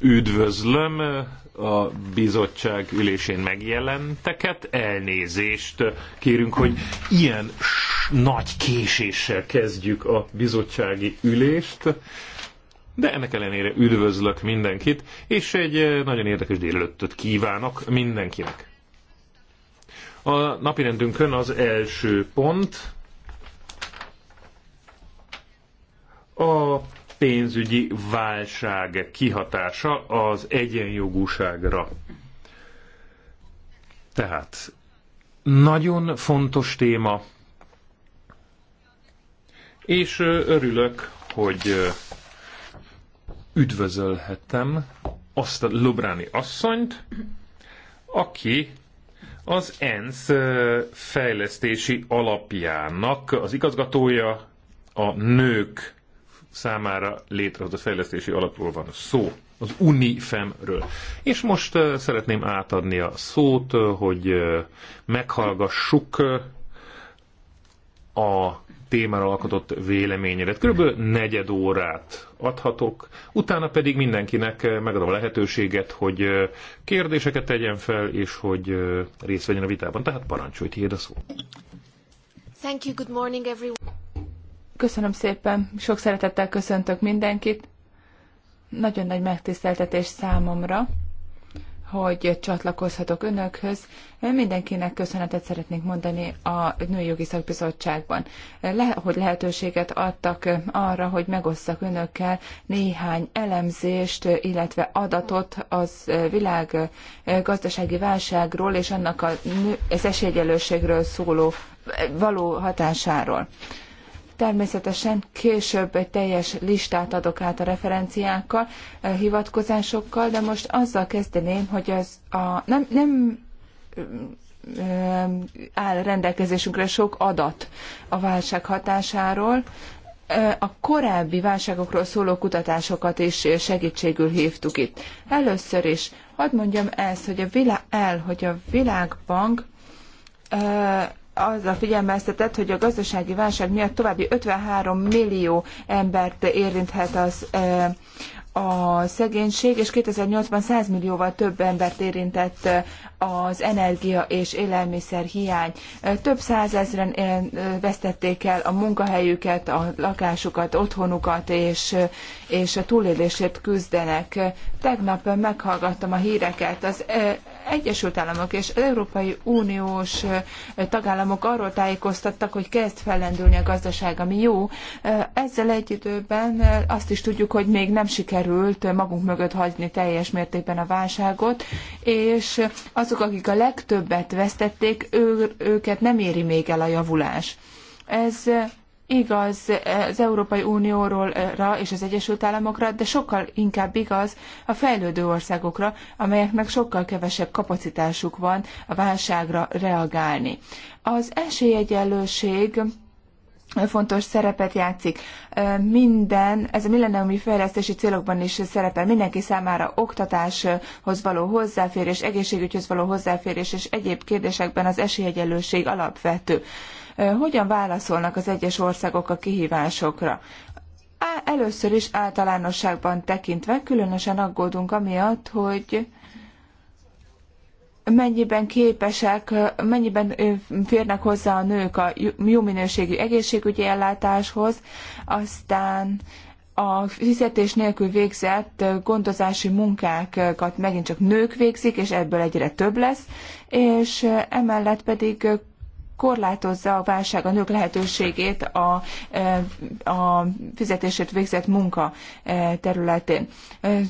Üdvözlöm a bizottság ülésén megjelenteket, elnézést kérünk, hogy ilyen nagy késéssel kezdjük a bizottsági ülést, de ennek ellenére üdvözlök mindenkit, és egy eh, nagyon érdekes délelőttöt kívánok mindenkinek. A napirendünkön az első pont, a pénzügyi válság kihatása az egyenjogúságra. Tehát nagyon fontos téma, és örülök, hogy üdvözölhettem azt a Lobráni asszonyt, aki az ENSZ fejlesztési alapjának az igazgatója, a nők számára létrehozott fejlesztési alapról van szó, az Unifemről. És most uh, szeretném átadni a szót, hogy uh, meghallgassuk a témára alkotott véleményedet. Körülbelül negyed órát adhatok, utána pedig mindenkinek megadom a lehetőséget, hogy kérdéseket tegyen fel, és hogy részt vegyen a vitában. Tehát parancsolj, tiéd a szó. Thank you, good morning everyone. Köszönöm szépen, sok szeretettel köszöntök mindenkit. Nagyon nagy megtiszteltetés számomra, hogy csatlakozhatok önökhöz. Mindenkinek köszönetet szeretnék mondani a Nőjogi Szakbizottságban, Le, hogy lehetőséget adtak arra, hogy megosszak önökkel néhány elemzést, illetve adatot az világ gazdasági válságról és annak az esélyegyelőségről szóló való hatásáról. Természetesen később egy teljes listát adok át a referenciákkal, eh, hivatkozásokkal, de most azzal kezdeném, hogy az a, nem, nem eh, áll rendelkezésünkre sok adat a válság hatásáról. Eh, a korábbi válságokról szóló kutatásokat is segítségül hívtuk itt. Először is, hadd mondjam ezt, hogy a, vilá- el, hogy a Világbank a figyelmeztetett, hogy a gazdasági válság miatt további 53 millió embert érinthet az a szegénység, és 2008-ban 100 millióval több embert érintett az energia és élelmiszer hiány. Több százezren vesztették el a munkahelyüket, a lakásukat, otthonukat, és, és a túlélésért küzdenek. Tegnap meghallgattam a híreket. Az Egyesült Államok és az Európai Uniós tagállamok arról tájékoztattak, hogy kezd fellendülni a gazdaság, ami jó. Ezzel egy időben azt is tudjuk, hogy még nem sikerült magunk mögött hagyni teljes mértékben a válságot, és azok, akik a legtöbbet vesztették, ő, őket nem éri még el a javulás. Ez igaz az Európai Unióra és az Egyesült Államokra, de sokkal inkább igaz a fejlődő országokra, amelyeknek sokkal kevesebb kapacitásuk van a válságra reagálni. Az esélyegyenlőség fontos szerepet játszik. Minden, ez a millenniumi fejlesztési célokban is szerepel mindenki számára oktatáshoz való hozzáférés, egészségügyhöz való hozzáférés és egyéb kérdésekben az esélyegyenlőség alapvető. Hogyan válaszolnak az egyes országok a kihívásokra? Először is általánosságban tekintve különösen aggódunk amiatt, hogy mennyiben képesek, mennyiben férnek hozzá a nők a jó minőségű egészségügyi ellátáshoz, aztán a fizetés nélkül végzett gondozási munkákat megint csak nők végzik, és ebből egyre több lesz, és emellett pedig korlátozza a válság a nők lehetőségét a, e, a fizetését végzett munka e, területén. E,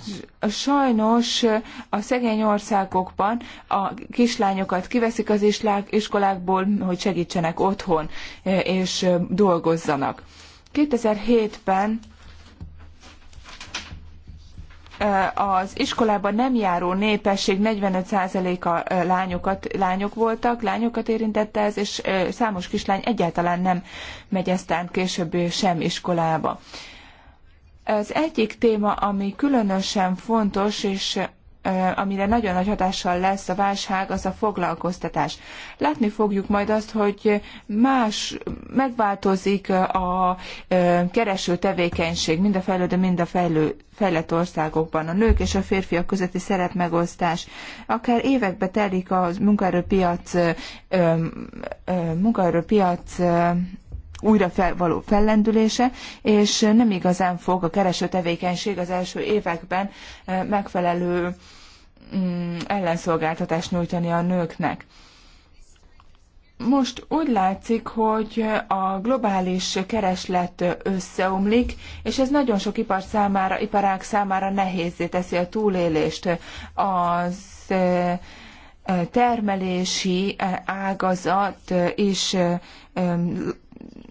sajnos a szegény országokban a kislányokat kiveszik az iskolákból, hogy segítsenek otthon és dolgozzanak. 2007-ben az iskolában nem járó népesség 45%-a lányokat, lányok voltak, lányokat érintette ez, és számos kislány egyáltalán nem megy eztán később sem iskolába. Az egyik téma, ami különösen fontos, és amire nagyon nagy hatással lesz a válság, az a foglalkoztatás. Látni fogjuk majd azt, hogy más, megváltozik a kereső tevékenység mind a fejlődő, mind a fejlő, fejlett országokban. A nők és a férfiak közötti szerepmegosztás. Akár évekbe telik a munkaerőpiac, munkaerőpiac újra fel, való fellendülése, és nem igazán fog a kereső tevékenység az első években eh, megfelelő mm, ellenszolgáltatást nyújtani a nőknek. Most úgy látszik, hogy a globális kereslet összeomlik, és ez nagyon sok ipar számára, iparág számára nehézé teszi a túlélést. Az eh, termelési eh, ágazat is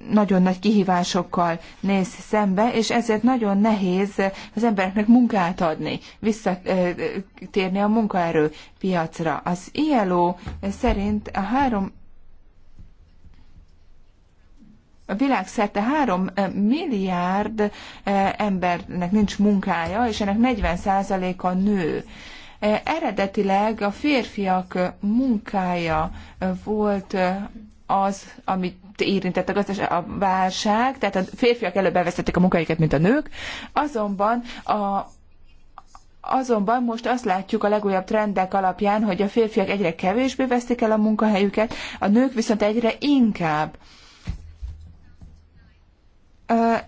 nagyon nagy kihívásokkal néz szembe, és ezért nagyon nehéz az embereknek munkát adni, visszatérni a munkaerő piacra. Az ILO szerint a három a világszerte 3 eh, milliárd eh, embernek nincs munkája, és ennek 40%-a nő. Eh, eredetileg a férfiak munkája volt az, amit érintett a, gazdaság, a válság, tehát a férfiak előbb elvesztették a munkáikat, mint a nők, azonban a Azonban most azt látjuk a legújabb trendek alapján, hogy a férfiak egyre kevésbé vesztik el a munkahelyüket, a nők viszont egyre inkább.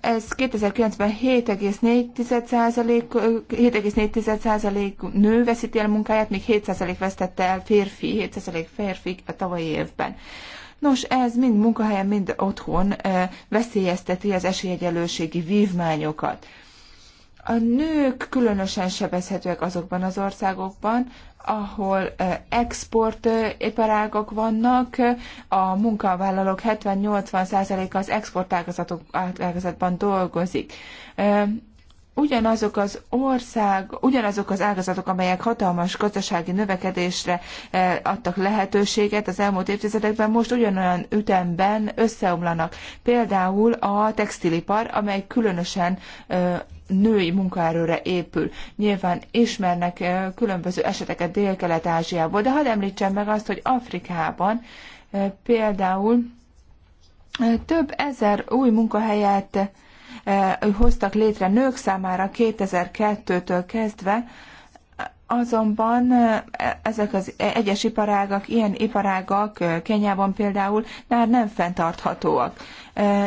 Ez 2009-ben 7,4% nő veszíti el munkáját, még 7% vesztette el férfi, 7% férfi a tavalyi évben. Nos, ez mind munkahelyen, mind otthon veszélyezteti az esélyegyelőségi vívmányokat. A nők különösen sebezhetőek azokban az országokban, ahol exportiparágok vannak, a munkavállalók 70-80%-a az exportágazatban dolgozik ugyanazok az ország, ugyanazok az ágazatok, amelyek hatalmas gazdasági növekedésre eh, adtak lehetőséget az elmúlt évtizedekben, most ugyanolyan ütemben összeomlanak. Például a textilipar, amely különösen eh, női munkaerőre épül. Nyilván ismernek eh, különböző eseteket Dél-Kelet-Ázsiából, de hadd említsem meg azt, hogy Afrikában például több ezer új munkahelyet hoztak létre nők számára 2002-től kezdve, Azonban ezek az egyes iparágak, ilyen iparágak Kenyában például már nem fenntarthatóak.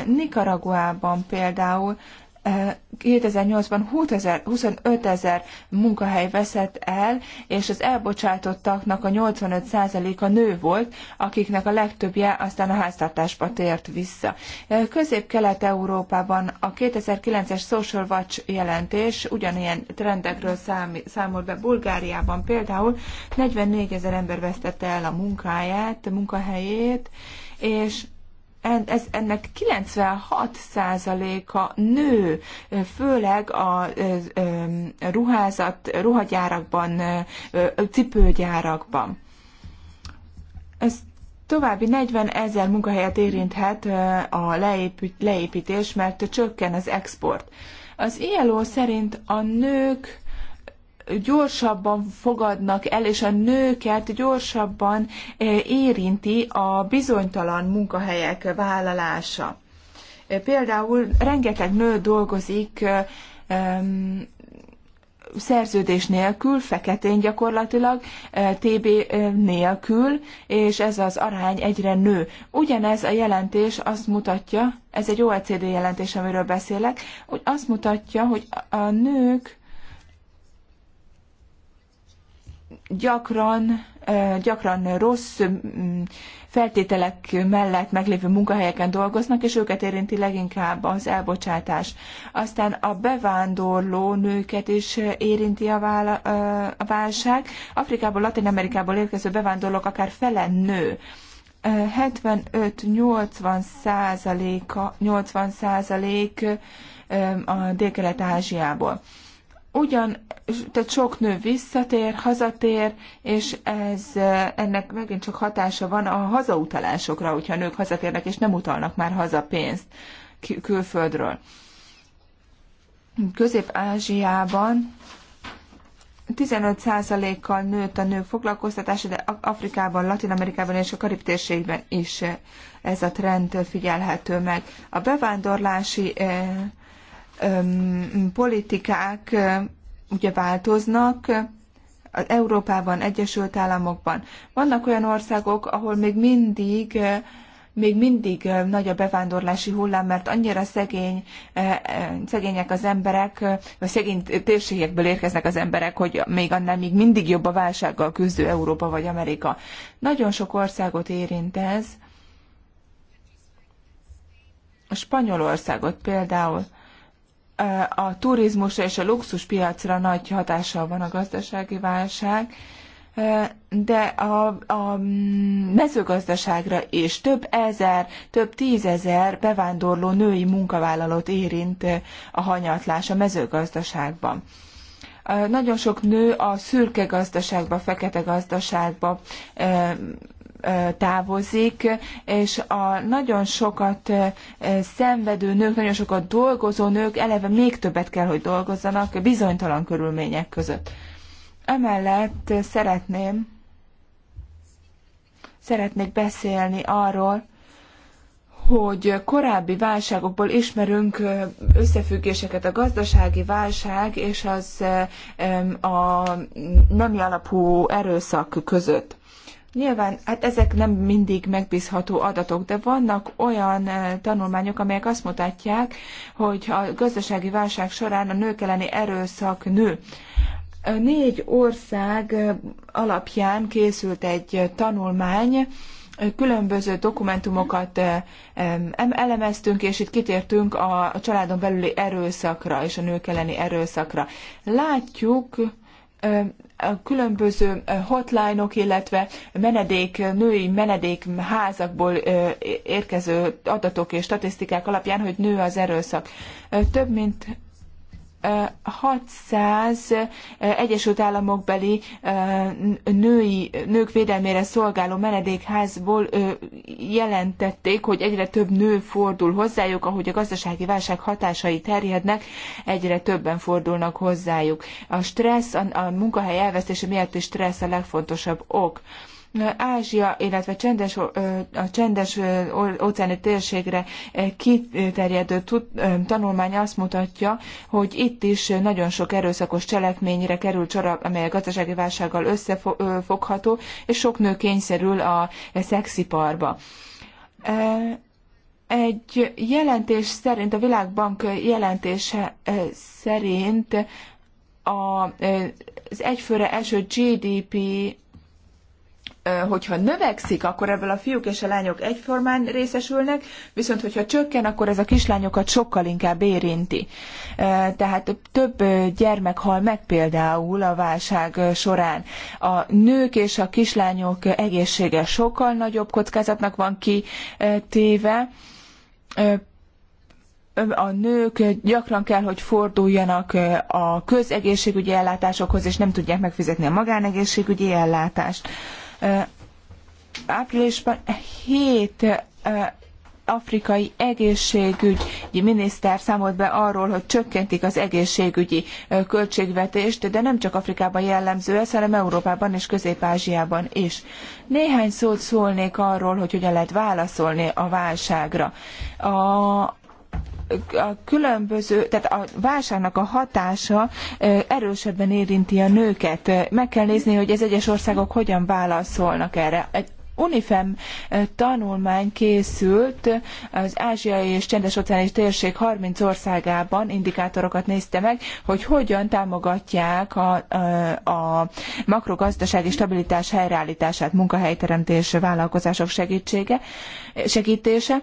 Nikaraguában például 2008-ban 25 ezer munkahely veszett el, és az elbocsátottaknak a 85%-a nő volt, akiknek a legtöbbje aztán a háztartásba tért vissza. Közép-Kelet-Európában a 2009-es Social Watch jelentés ugyanilyen trendekről számol be. Bulgáriában például 44 ezer ember vesztette el a munkáját, munkahelyét, és ez, ennek 96%-a nő, főleg a ruházat, ruhagyárakban, cipőgyárakban. Ez további 40 ezer munkahelyet érinthet a leépítés, mert csökken az export. Az ILO szerint a nők gyorsabban fogadnak el, és a nőket gyorsabban eh, érinti a bizonytalan munkahelyek vállalása. Eh, például rengeteg nő dolgozik eh, szerződés nélkül, feketén gyakorlatilag, TB nélkül, és ez az arány egyre nő. Ugyanez a jelentés azt mutatja, ez egy OECD jelentés, amiről beszélek, hogy azt mutatja, hogy a nők gyakran, gyakran rossz feltételek mellett meglévő munkahelyeken dolgoznak, és őket érinti leginkább az elbocsátás. Aztán a bevándorló nőket is érinti a, vála- a válság. Afrikából, Latin Amerikából érkező bevándorlók akár fele nő. 75-80 százaléka, 80 százalék a dél-kelet-ázsiából ugyan, tehát sok nő visszatér, hazatér, és ez ennek megint csak hatása van a hazautalásokra, hogyha nők hazatérnek, és nem utalnak már haza pénzt külföldről. Közép-Ázsiában 15%-kal nőtt a nők foglalkoztatása, de Afrikában, Latin-Amerikában és a Karib térségben is ez a trend figyelhető meg. A bevándorlási politikák ugye változnak, az Európában, Egyesült Államokban. Vannak olyan országok, ahol még mindig még mindig nagy a bevándorlási hullám, mert annyira szegény, szegények az emberek, vagy szegény térségekből érkeznek az emberek, hogy még annál még mindig jobb a válsággal küzdő Európa vagy Amerika. Nagyon sok országot érint ez. A Spanyolországot például a turizmusra és a luxuspiacra nagy hatással van a gazdasági válság, de a, a mezőgazdaságra is több ezer, több tízezer bevándorló női munkavállalót érint a hanyatlás a mezőgazdaságban. Nagyon sok nő a szürke gazdaságba, fekete gazdaságba távozik, és a nagyon sokat szenvedő nők, nagyon sokat dolgozó nők eleve még többet kell, hogy dolgozzanak bizonytalan körülmények között. Emellett szeretném, szeretnék beszélni arról, hogy korábbi válságokból ismerünk összefüggéseket a gazdasági válság és az a nemi alapú erőszak között. Nyilván, hát ezek nem mindig megbízható adatok, de vannak olyan eh, tanulmányok, amelyek azt mutatják, hogy a gazdasági válság során a nők elleni erőszak nő. Eh, négy ország eh, alapján készült egy tanulmány, különböző dokumentumokat elemeztünk, és itt kitértünk a családon belüli erőszakra és a nők elleni erőszakra. Látjuk különböző eh, hotline-ok, illetve menedék, női menedékházakból eh, érkező adatok és statisztikák alapján, hogy nő az erőszak. Eh, több mint 600 eh, Egyesült Államokbeli eh, női, nők védelmére szolgáló menedékházból eh, jelentették, hogy egyre több nő fordul hozzájuk, ahogy a gazdasági válság hatásai terjednek, egyre többen fordulnak hozzájuk. A stressz, a munkahely elvesztése miatt is stressz a legfontosabb ok. Ázsia, illetve csendes, a csendes óceáni térségre kiterjedő tanulmány azt mutatja, hogy itt is nagyon sok erőszakos cselekményre kerül sor, amely a gazdasági válsággal összefogható, és sok nő kényszerül a szexiparba. Egy jelentés szerint, a Világbank jelentése szerint a, az egyfőre eső GDP hogyha növekszik, akkor ebből a fiúk és a lányok egyformán részesülnek, viszont hogyha csökken, akkor ez a kislányokat sokkal inkább érinti. Tehát több gyermek hal meg például a válság során. A nők és a kislányok egészsége sokkal nagyobb kockázatnak van kitéve a nők gyakran kell, hogy forduljanak a közegészségügyi ellátásokhoz, és nem tudják megfizetni a magánegészségügyi ellátást áprilisban hét afrikai egészségügyi miniszter számolt be arról, hogy csökkentik az egészségügyi költségvetést, de nem csak Afrikában jellemző ez, hanem Európában és Közép-Ázsiában is. Néhány szót szólnék arról, hogy hogyan lehet válaszolni a válságra. A a különböző, tehát a válságnak a hatása erősebben érinti a nőket. Meg kell nézni, hogy az egyes országok hogyan válaszolnak erre. Egy UNIFEM tanulmány készült az ázsiai és csendes óceáni térség 30 országában, indikátorokat nézte meg, hogy hogyan támogatják a, a, a makrogazdasági stabilitás helyreállítását, munkahelyteremtés, vállalkozások segítsége, segítése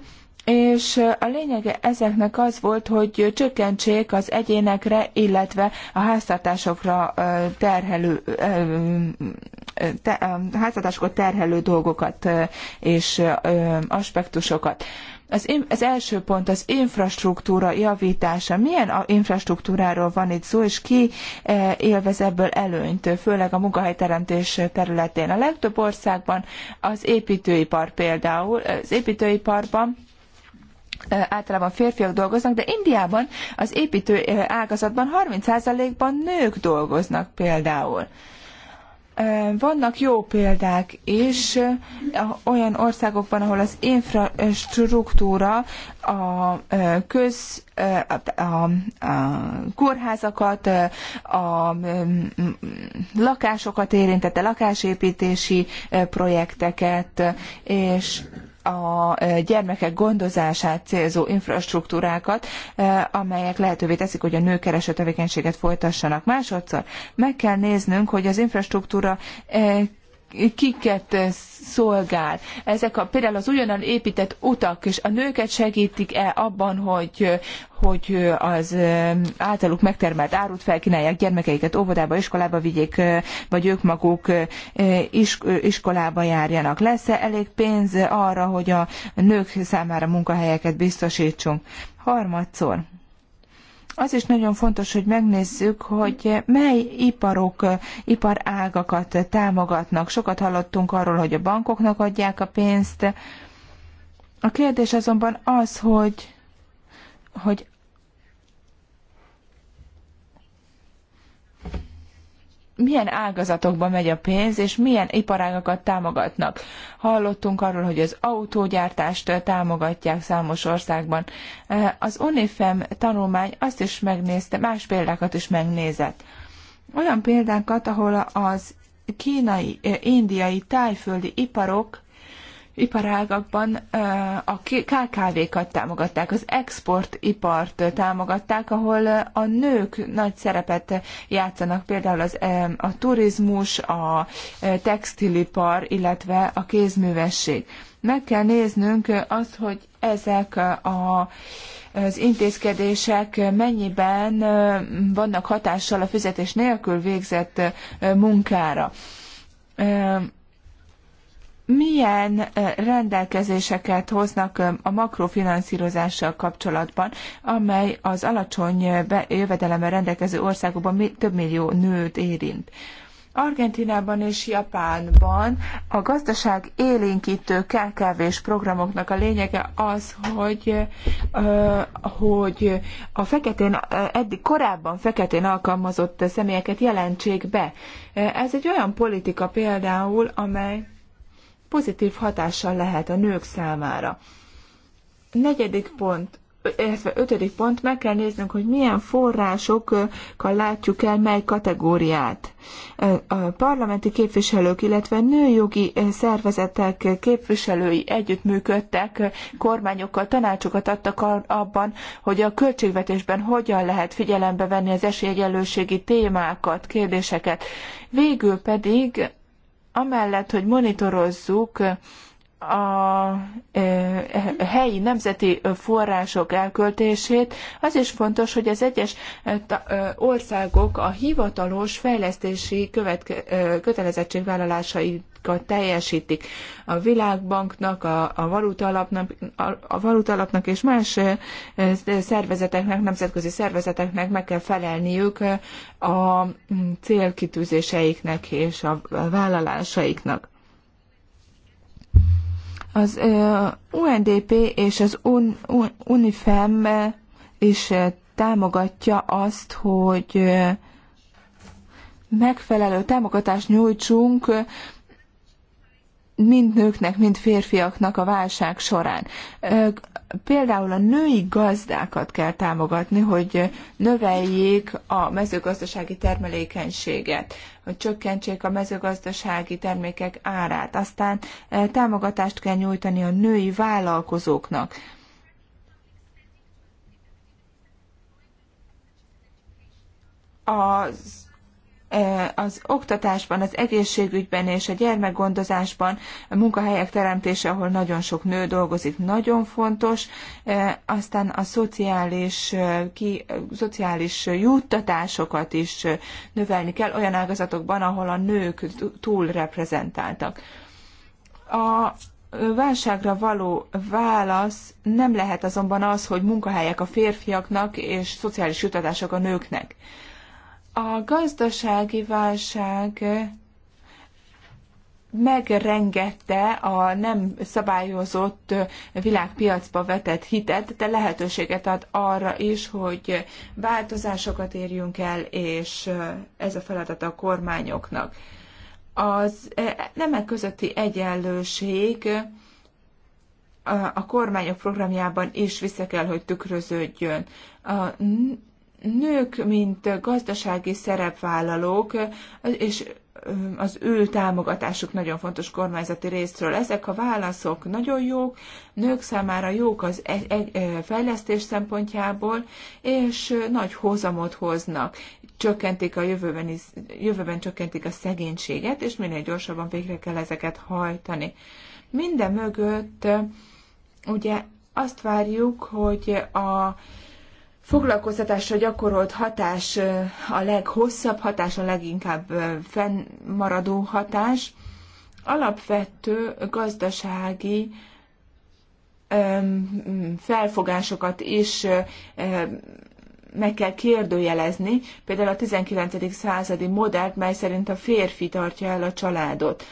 és a lényege ezeknek az volt, hogy csökkentsék az egyénekre, illetve a háztartásokra terhelő, te, háztartásokat terhelő dolgokat és aspektusokat. Az, az első pont az infrastruktúra javítása. Milyen a infrastruktúráról van itt szó, és ki élvez ebből előnyt, főleg a munkahelyteremtés területén. A legtöbb országban az építőipar például, az építőiparban általában férfiak dolgoznak, de Indiában az építő ágazatban 30%-ban nők dolgoznak például. Vannak jó példák is olyan országokban, ahol az infrastruktúra, a köz, a, a, a kórházakat, a lakásokat érintette, lakásépítési projekteket, és a e, gyermekek gondozását célzó infrastruktúrákat, e, amelyek lehetővé teszik, hogy a nők tevékenységet folytassanak. Másodszor meg kell néznünk, hogy az infrastruktúra e, kiket eh, szolgál. Ezek a, például az újonnan épített utak, és a nőket segítik-e abban, hogy, hogy az eh, általuk megtermelt árut felkínálják, gyermekeiket óvodába, iskolába vigyék, eh, vagy ők maguk iskolába járjanak. Lesz-e elég pénz arra, hogy a nők számára munkahelyeket biztosítsunk? Harmadszor, az is nagyon fontos, hogy megnézzük, hogy mely iparok, iparágakat támogatnak. Sokat hallottunk arról, hogy a bankoknak adják a pénzt. A kérdés azonban az, hogy, hogy milyen ágazatokba megy a pénz, és milyen iparágakat támogatnak. Hallottunk arról, hogy az autógyártást támogatják számos országban. Eh, az UNIFEM tanulmány azt is megnézte, más példákat is megnézett. Olyan példákat, ahol az kínai, eh, indiai, tájföldi iparok iparágakban a KKV-kat támogatták, az exportipart támogatták, ahol a nők nagy szerepet játszanak, például az, a turizmus, a textilipar, illetve a kézművesség. Meg kell néznünk azt, hogy ezek a, az intézkedések mennyiben vannak hatással a fizetés nélkül végzett munkára milyen rendelkezéseket hoznak a makrofinanszírozással kapcsolatban, amely az alacsony jövedelemmel rendelkező országokban több millió nőt érint. Argentinában és Japánban a gazdaság élénkítő KKV-s programoknak a lényege az, hogy, hogy a feketén, eddig korábban feketén alkalmazott személyeket jelentsék be. Ez egy olyan politika például, amely pozitív hatással lehet a nők számára. Negyedik pont, illetve ötödik pont, meg kell néznünk, hogy milyen forrásokkal látjuk el mely kategóriát. A parlamenti képviselők, illetve nőjogi szervezetek képviselői együttműködtek, kormányokkal tanácsokat adtak abban, hogy a költségvetésben hogyan lehet figyelembe venni az esélyegyenlőségi témákat, kérdéseket. Végül pedig amellett, hogy monitorozzuk a helyi nemzeti források elköltését, az is fontos, hogy az egyes országok a hivatalos fejlesztési követke, kötelezettségvállalásaikat teljesítik. A Világbanknak, a, a Valutalapnak, a, Valutalapnak és más szervezeteknek, nemzetközi szervezeteknek meg kell felelniük a célkitűzéseiknek és a vállalásaiknak az UNDP és az UNIFEM is támogatja azt, hogy megfelelő támogatást nyújtsunk mind nőknek, mind férfiaknak a válság során. Például a női gazdákat kell támogatni, hogy növeljék a mezőgazdasági termelékenységet, hogy csökkentsék a mezőgazdasági termékek árát. Aztán támogatást kell nyújtani a női vállalkozóknak. Az Eh, az oktatásban, az egészségügyben és a gyermekgondozásban a munkahelyek teremtése, ahol nagyon sok nő dolgozik, nagyon fontos. Eh, aztán a szociális, eh, ki, szociális juttatásokat is növelni kell olyan ágazatokban, ahol a nők túl reprezentáltak. A válságra való válasz nem lehet azonban az, hogy munkahelyek a férfiaknak és szociális juttatások a nőknek. A gazdasági válság megrengette a nem szabályozott világpiacba vetett hitet, de lehetőséget ad arra is, hogy változásokat érjünk el, és ez a feladat a kormányoknak. Az e, nemek közötti egyenlőség a kormányok programjában is vissza kell, hogy tükröződjön. A nők, mint gazdasági szerepvállalók, és az ő támogatásuk nagyon fontos kormányzati részről. Ezek a válaszok nagyon jók, nők számára jók az e- e- fejlesztés szempontjából, és nagy hozamot hoznak. Csökkentik a jövőben, jövőben csökkentik a szegénységet, és minél gyorsabban végre kell ezeket hajtani. Minden mögött ugye azt várjuk, hogy a foglalkoztatásra gyakorolt hatás a leghosszabb hatás, a leginkább fennmaradó hatás. Alapvető gazdasági felfogásokat is meg kell kérdőjelezni, például a 19. századi modellt, mely szerint a férfi tartja el a családot.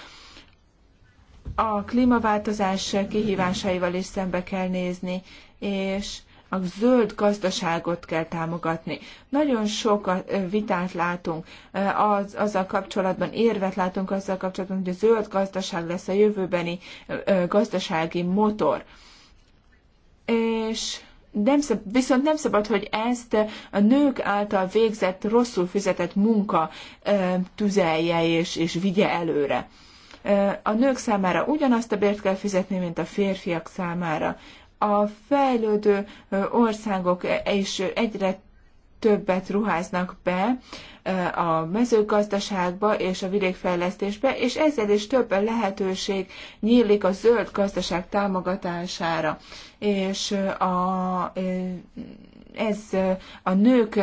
A klímaváltozás kihívásaival is szembe kell nézni, és a zöld gazdaságot kell támogatni. Nagyon sok vitát látunk, az, azzal kapcsolatban érvet látunk, azzal kapcsolatban, hogy a zöld gazdaság lesz a jövőbeni gazdasági motor. És nem szab, viszont nem szabad, hogy ezt a nők által végzett, rosszul fizetett munka tüzelje és, és vigye előre. A nők számára ugyanazt a bért kell fizetni, mint a férfiak számára a fejlődő országok és egyre többet ruháznak be a mezőgazdaságba és a vidékfejlesztésbe, és ezzel is több lehetőség nyílik a zöld gazdaság támogatására. És a, ez a nők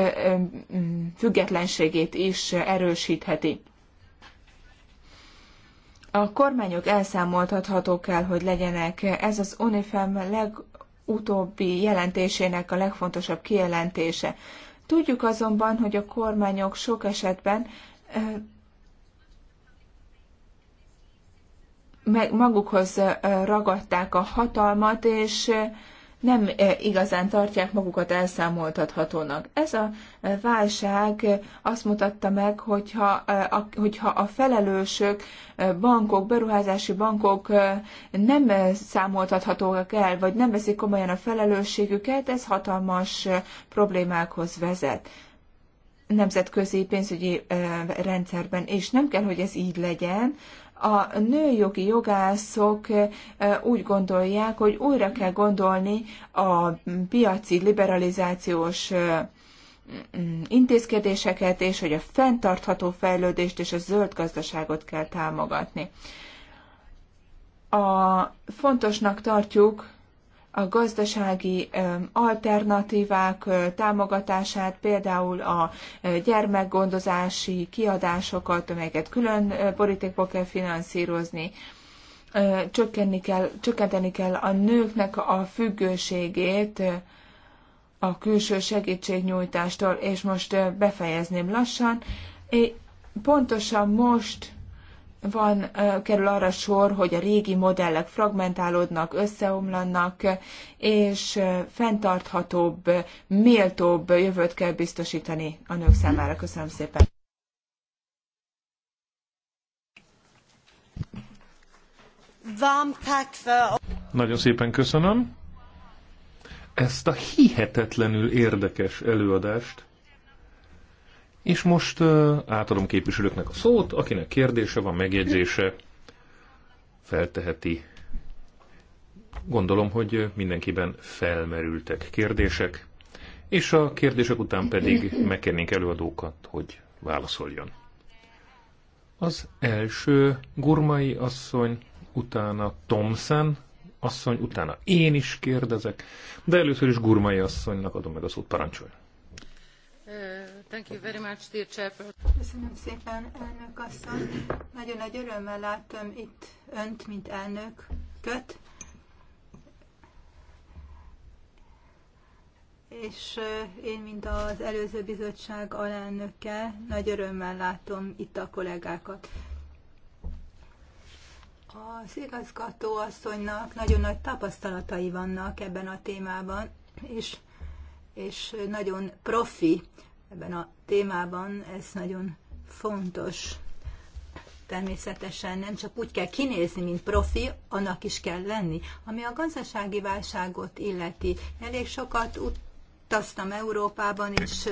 függetlenségét is erősítheti. A kormányok elszámoltathatók kell, hogy legyenek. Ez az UNIFEM legutóbbi jelentésének a legfontosabb kijelentése. Tudjuk azonban, hogy a kormányok sok esetben meg magukhoz ragadták a hatalmat, és nem e, igazán tartják magukat elszámoltathatónak. Ez a e, válság e, azt mutatta meg, hogyha hogyha a felelősök, bankok, beruházási bankok nem számoltathatóak el, vagy nem veszik komolyan a felelősségüket, ez hatalmas problémákhoz vezet nemzetközi pénzügyi rendszerben, és nem kell, hogy ez így legyen, a nőjogi jogászok úgy gondolják, hogy újra kell gondolni a piaci liberalizációs intézkedéseket, és hogy a fenntartható fejlődést és a zöld gazdaságot kell támogatni. A fontosnak tartjuk a gazdasági alternatívák támogatását, például a gyermekgondozási kiadásokat, amelyeket külön borítékból kell finanszírozni, csökkenni kell, csökkenteni kell a nőknek a függőségét a külső segítségnyújtástól, és most befejezném lassan. Pontosan most van, kerül arra sor, hogy a régi modellek fragmentálódnak, összeomlannak, és fenntarthatóbb, méltóbb jövőt kell biztosítani a nők számára. Köszönöm szépen. Nagyon szépen köszönöm ezt a hihetetlenül érdekes előadást. És most átadom képviselőknek a szót, akinek kérdése van, megjegyzése, felteheti. Gondolom, hogy mindenkiben felmerültek kérdések, és a kérdések után pedig megkérnénk előadókat, hogy válaszoljon. Az első Gurmai asszony, utána Thomson asszony, utána én is kérdezek, de először is Gurmai asszonynak adom meg a szót, parancsolj. Thank you very much, dear Köszönöm szépen, elnök asszony. Nagyon nagy örömmel látom itt önt, mint elnök köt. És én, mint az előző bizottság alelnöke, nagy örömmel látom itt a kollégákat. Az igazgató asszonynak nagyon nagy tapasztalatai vannak ebben a témában, és, és nagyon profi ebben a témában, ez nagyon fontos. Természetesen nem csak úgy kell kinézni, mint profi, annak is kell lenni. Ami a gazdasági válságot illeti, elég sokat utaztam Európában, és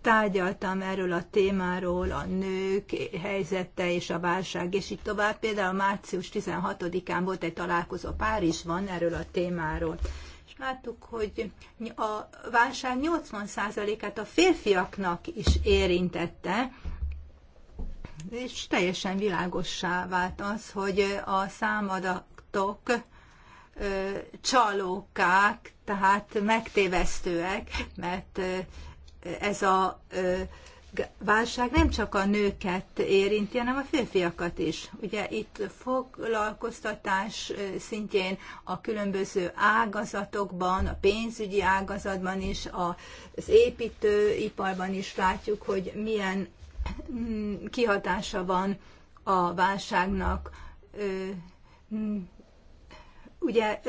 tárgyaltam erről a témáról, a nők helyzete és a válság, és így tovább. Például március 16-án volt egy találkozó Párizsban erről a témáról. Láttuk, hogy a válság 80%-át a férfiaknak is érintette, és teljesen világossá vált az, hogy a számadatok csalókák, tehát megtévesztőek, mert ez a válság nem csak a nőket érinti, hanem a férfiakat is. Ugye itt foglalkoztatás szintjén a különböző ágazatokban, a pénzügyi ágazatban is, az építőiparban is látjuk, hogy milyen mm, kihatása van a válságnak. Mm, ugye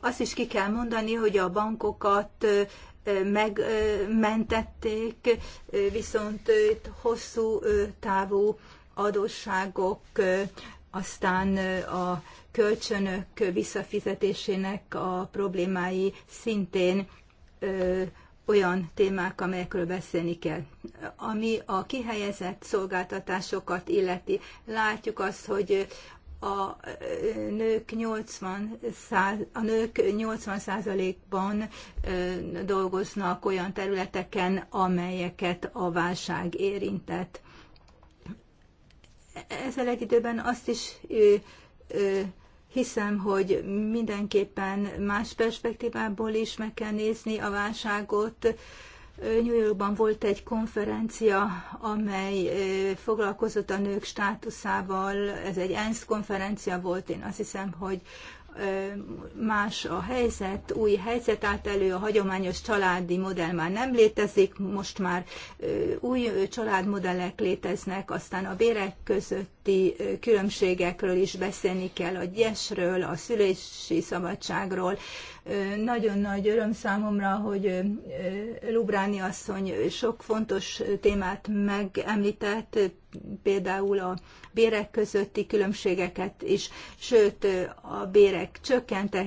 azt is ki kell mondani, hogy a bankokat megmentették, viszont itt hosszú távú adósságok, aztán a kölcsönök visszafizetésének a problémái szintén olyan témák, amelyekről beszélni kell. Ami a kihelyezett szolgáltatásokat illeti, látjuk azt, hogy a nők 80 száz, a nők 80%-ban dolgoznak olyan területeken, amelyeket a válság érintett. Ezzel egy időben azt is hiszem, hogy mindenképpen más perspektívából is meg kell nézni a válságot, New Yorkban volt egy konferencia, amely foglalkozott a nők státuszával. Ez egy ENSZ konferencia volt, én azt hiszem, hogy más a helyzet, új helyzet állt elő, a hagyományos családi modell már nem létezik, most már új családmodellek léteznek, aztán a bérek közötti különbségekről is beszélni kell, a gyesről, a szülési szabadságról. Nagyon nagy öröm számomra, hogy Lubráni asszony sok fontos témát megemlített, például a bérek közötti különbségeket is, sőt a bérek csökkentek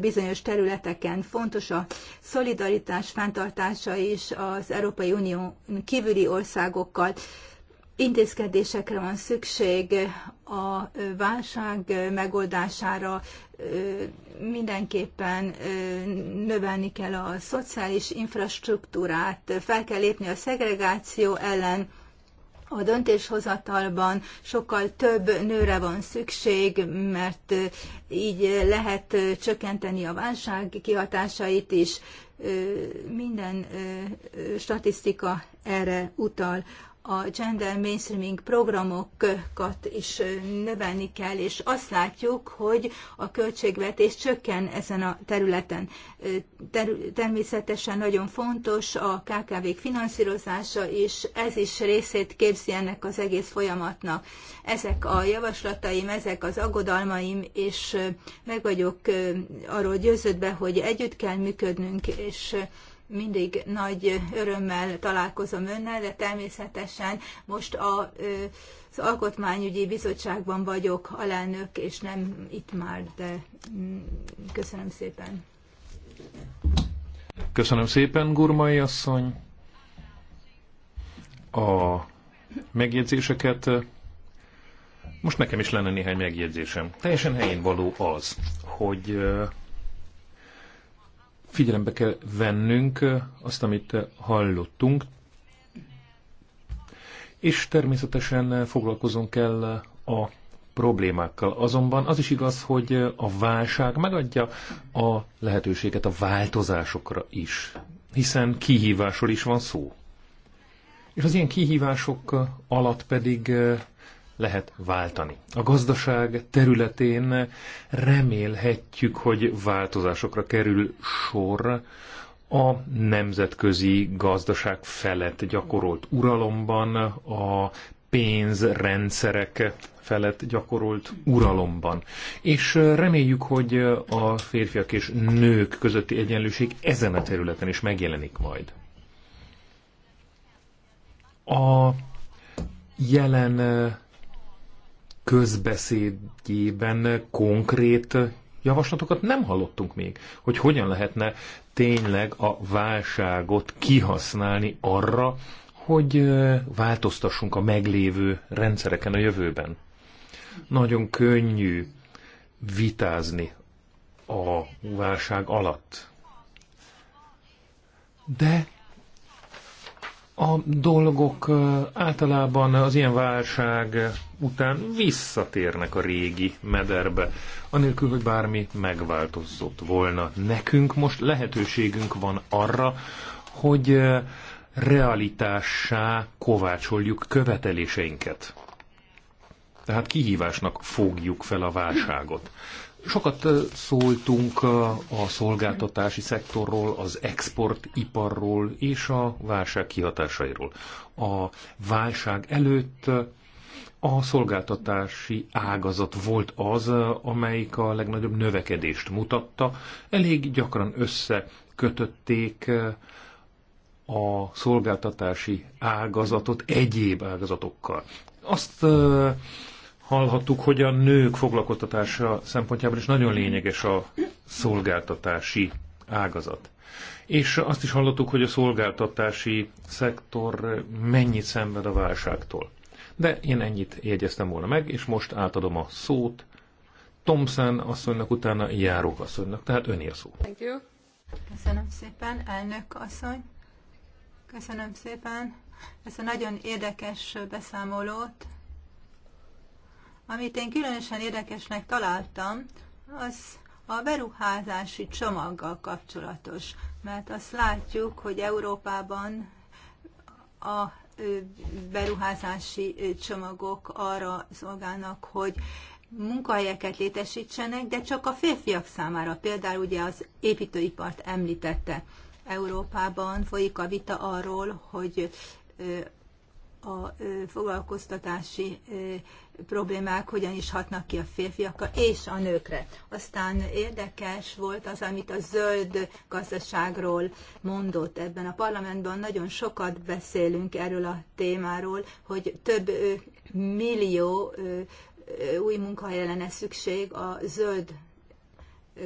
bizonyos területeken fontos a szolidaritás fenntartása is az Európai Unió kívüli országokkal. Intézkedésekre van szükség a válság megoldására, mindenképpen növelni kell a szociális infrastruktúrát, fel kell lépni a szegregáció ellen, a döntéshozatalban sokkal több nőre van szükség, mert így lehet csökkenteni a válság kihatásait is. Minden statisztika erre utal a gender mainstreaming programokat is növelni kell, és azt látjuk, hogy a költségvetés csökken ezen a területen. Természetesen nagyon fontos a KKV-k finanszírozása, és ez is részét képzi ennek az egész folyamatnak. Ezek a javaslataim, ezek az aggodalmaim, és meg vagyok arról győződve, hogy együtt kell működnünk, és mindig nagy örömmel találkozom önnel, de természetesen most a, az Alkotmányügyi Bizottságban vagyok alelnök, és nem itt már, de mm, köszönöm szépen. Köszönöm szépen, Gurmai asszony. A megjegyzéseket. Most nekem is lenne néhány megjegyzésem. Teljesen helyén való az, hogy figyelembe kell vennünk azt, amit hallottunk, és természetesen foglalkozunk kell a problémákkal. Azonban az is igaz, hogy a válság megadja a lehetőséget a változásokra is, hiszen kihívásról is van szó. És az ilyen kihívások alatt pedig lehet váltani. A gazdaság területén remélhetjük, hogy változásokra kerül sor a nemzetközi gazdaság felett gyakorolt uralomban, a pénzrendszerek felett gyakorolt uralomban. És reméljük, hogy a férfiak és nők közötti egyenlőség ezen a területen is megjelenik majd. A jelen közbeszédjében konkrét javaslatokat nem hallottunk még, hogy hogyan lehetne tényleg a válságot kihasználni arra, hogy változtassunk a meglévő rendszereken a jövőben. Nagyon könnyű vitázni a válság alatt. De a dolgok általában az ilyen válság után visszatérnek a régi mederbe, anélkül, hogy bármi megváltozott volna. Nekünk most lehetőségünk van arra, hogy realitássá kovácsoljuk követeléseinket. Tehát kihívásnak fogjuk fel a válságot. Sokat szóltunk a szolgáltatási szektorról, az exportiparról és a válság kihatásairól. A válság előtt a szolgáltatási ágazat volt az, amelyik a legnagyobb növekedést mutatta. Elég gyakran összekötötték a szolgáltatási ágazatot egyéb ágazatokkal. Azt hallhattuk, hogy a nők foglalkoztatása szempontjából is nagyon lényeges a szolgáltatási ágazat. És azt is hallottuk, hogy a szolgáltatási szektor mennyit szenved a válságtól. De én ennyit jegyeztem volna meg, és most átadom a szót Thompson asszonynak, utána Járók asszonynak. Tehát öné a szó. Thank you. Köszönöm szépen, elnök asszony. Köszönöm szépen ezt a nagyon érdekes beszámolót. Amit én különösen érdekesnek találtam, az a beruházási csomaggal kapcsolatos, mert azt látjuk, hogy Európában a beruházási csomagok arra szolgálnak, hogy munkahelyeket létesítsenek, de csak a férfiak számára. Például ugye az építőipart említette. Európában folyik a vita arról, hogy a foglalkoztatási problémák hogyan is hatnak ki a férfiakra és a nőkre. Aztán érdekes volt az, amit a zöld gazdaságról mondott ebben a parlamentben. Nagyon sokat beszélünk erről a témáról, hogy több millió új munkahelyre lenne szükség a zöld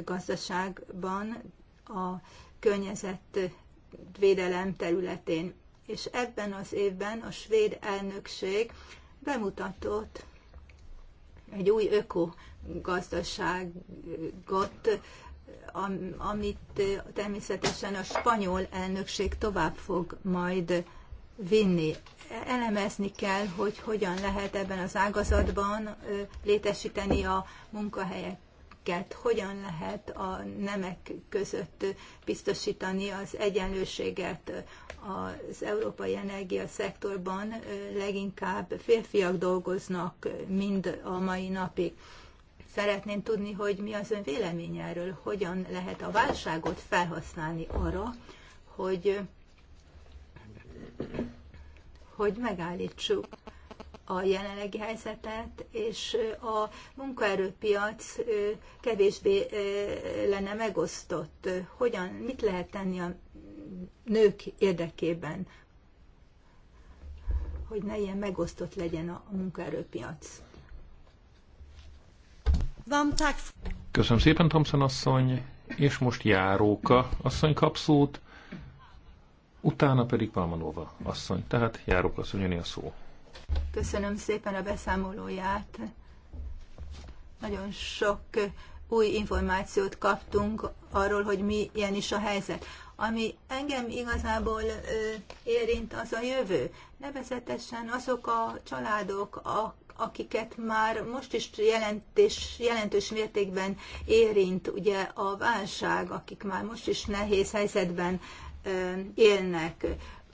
gazdaságban, a környezetvédelem területén. És ebben az évben a svéd elnökség bemutatott egy új ökogazdaságot, amit természetesen a spanyol elnökség tovább fog majd vinni. Elemezni kell, hogy hogyan lehet ebben az ágazatban létesíteni a munkahelyek nőket, hogyan lehet a nemek között biztosítani az egyenlőséget az európai energiaszektorban leginkább férfiak dolgoznak mind a mai napig. Szeretném tudni, hogy mi az ön véleménye erről, hogyan lehet a válságot felhasználni arra, hogy, hogy megállítsuk a jelenlegi helyzetet, és a munkaerőpiac kevésbé lenne megosztott. Hogyan, mit lehet tenni a nők érdekében, hogy ne ilyen megosztott legyen a munkaerőpiac? Köszönöm szépen, Thompson asszony, és most járóka asszony kapszót, utána pedig Palmanova asszony, tehát járóka asszony a szó. Köszönöm szépen a beszámolóját. Nagyon sok új információt kaptunk arról, hogy mi ilyen is a helyzet. Ami engem igazából ö, érint, az a jövő. Nevezetesen azok a családok, a, akiket már most is jelentés, jelentős mértékben érint ugye a válság, akik már most is nehéz helyzetben élnek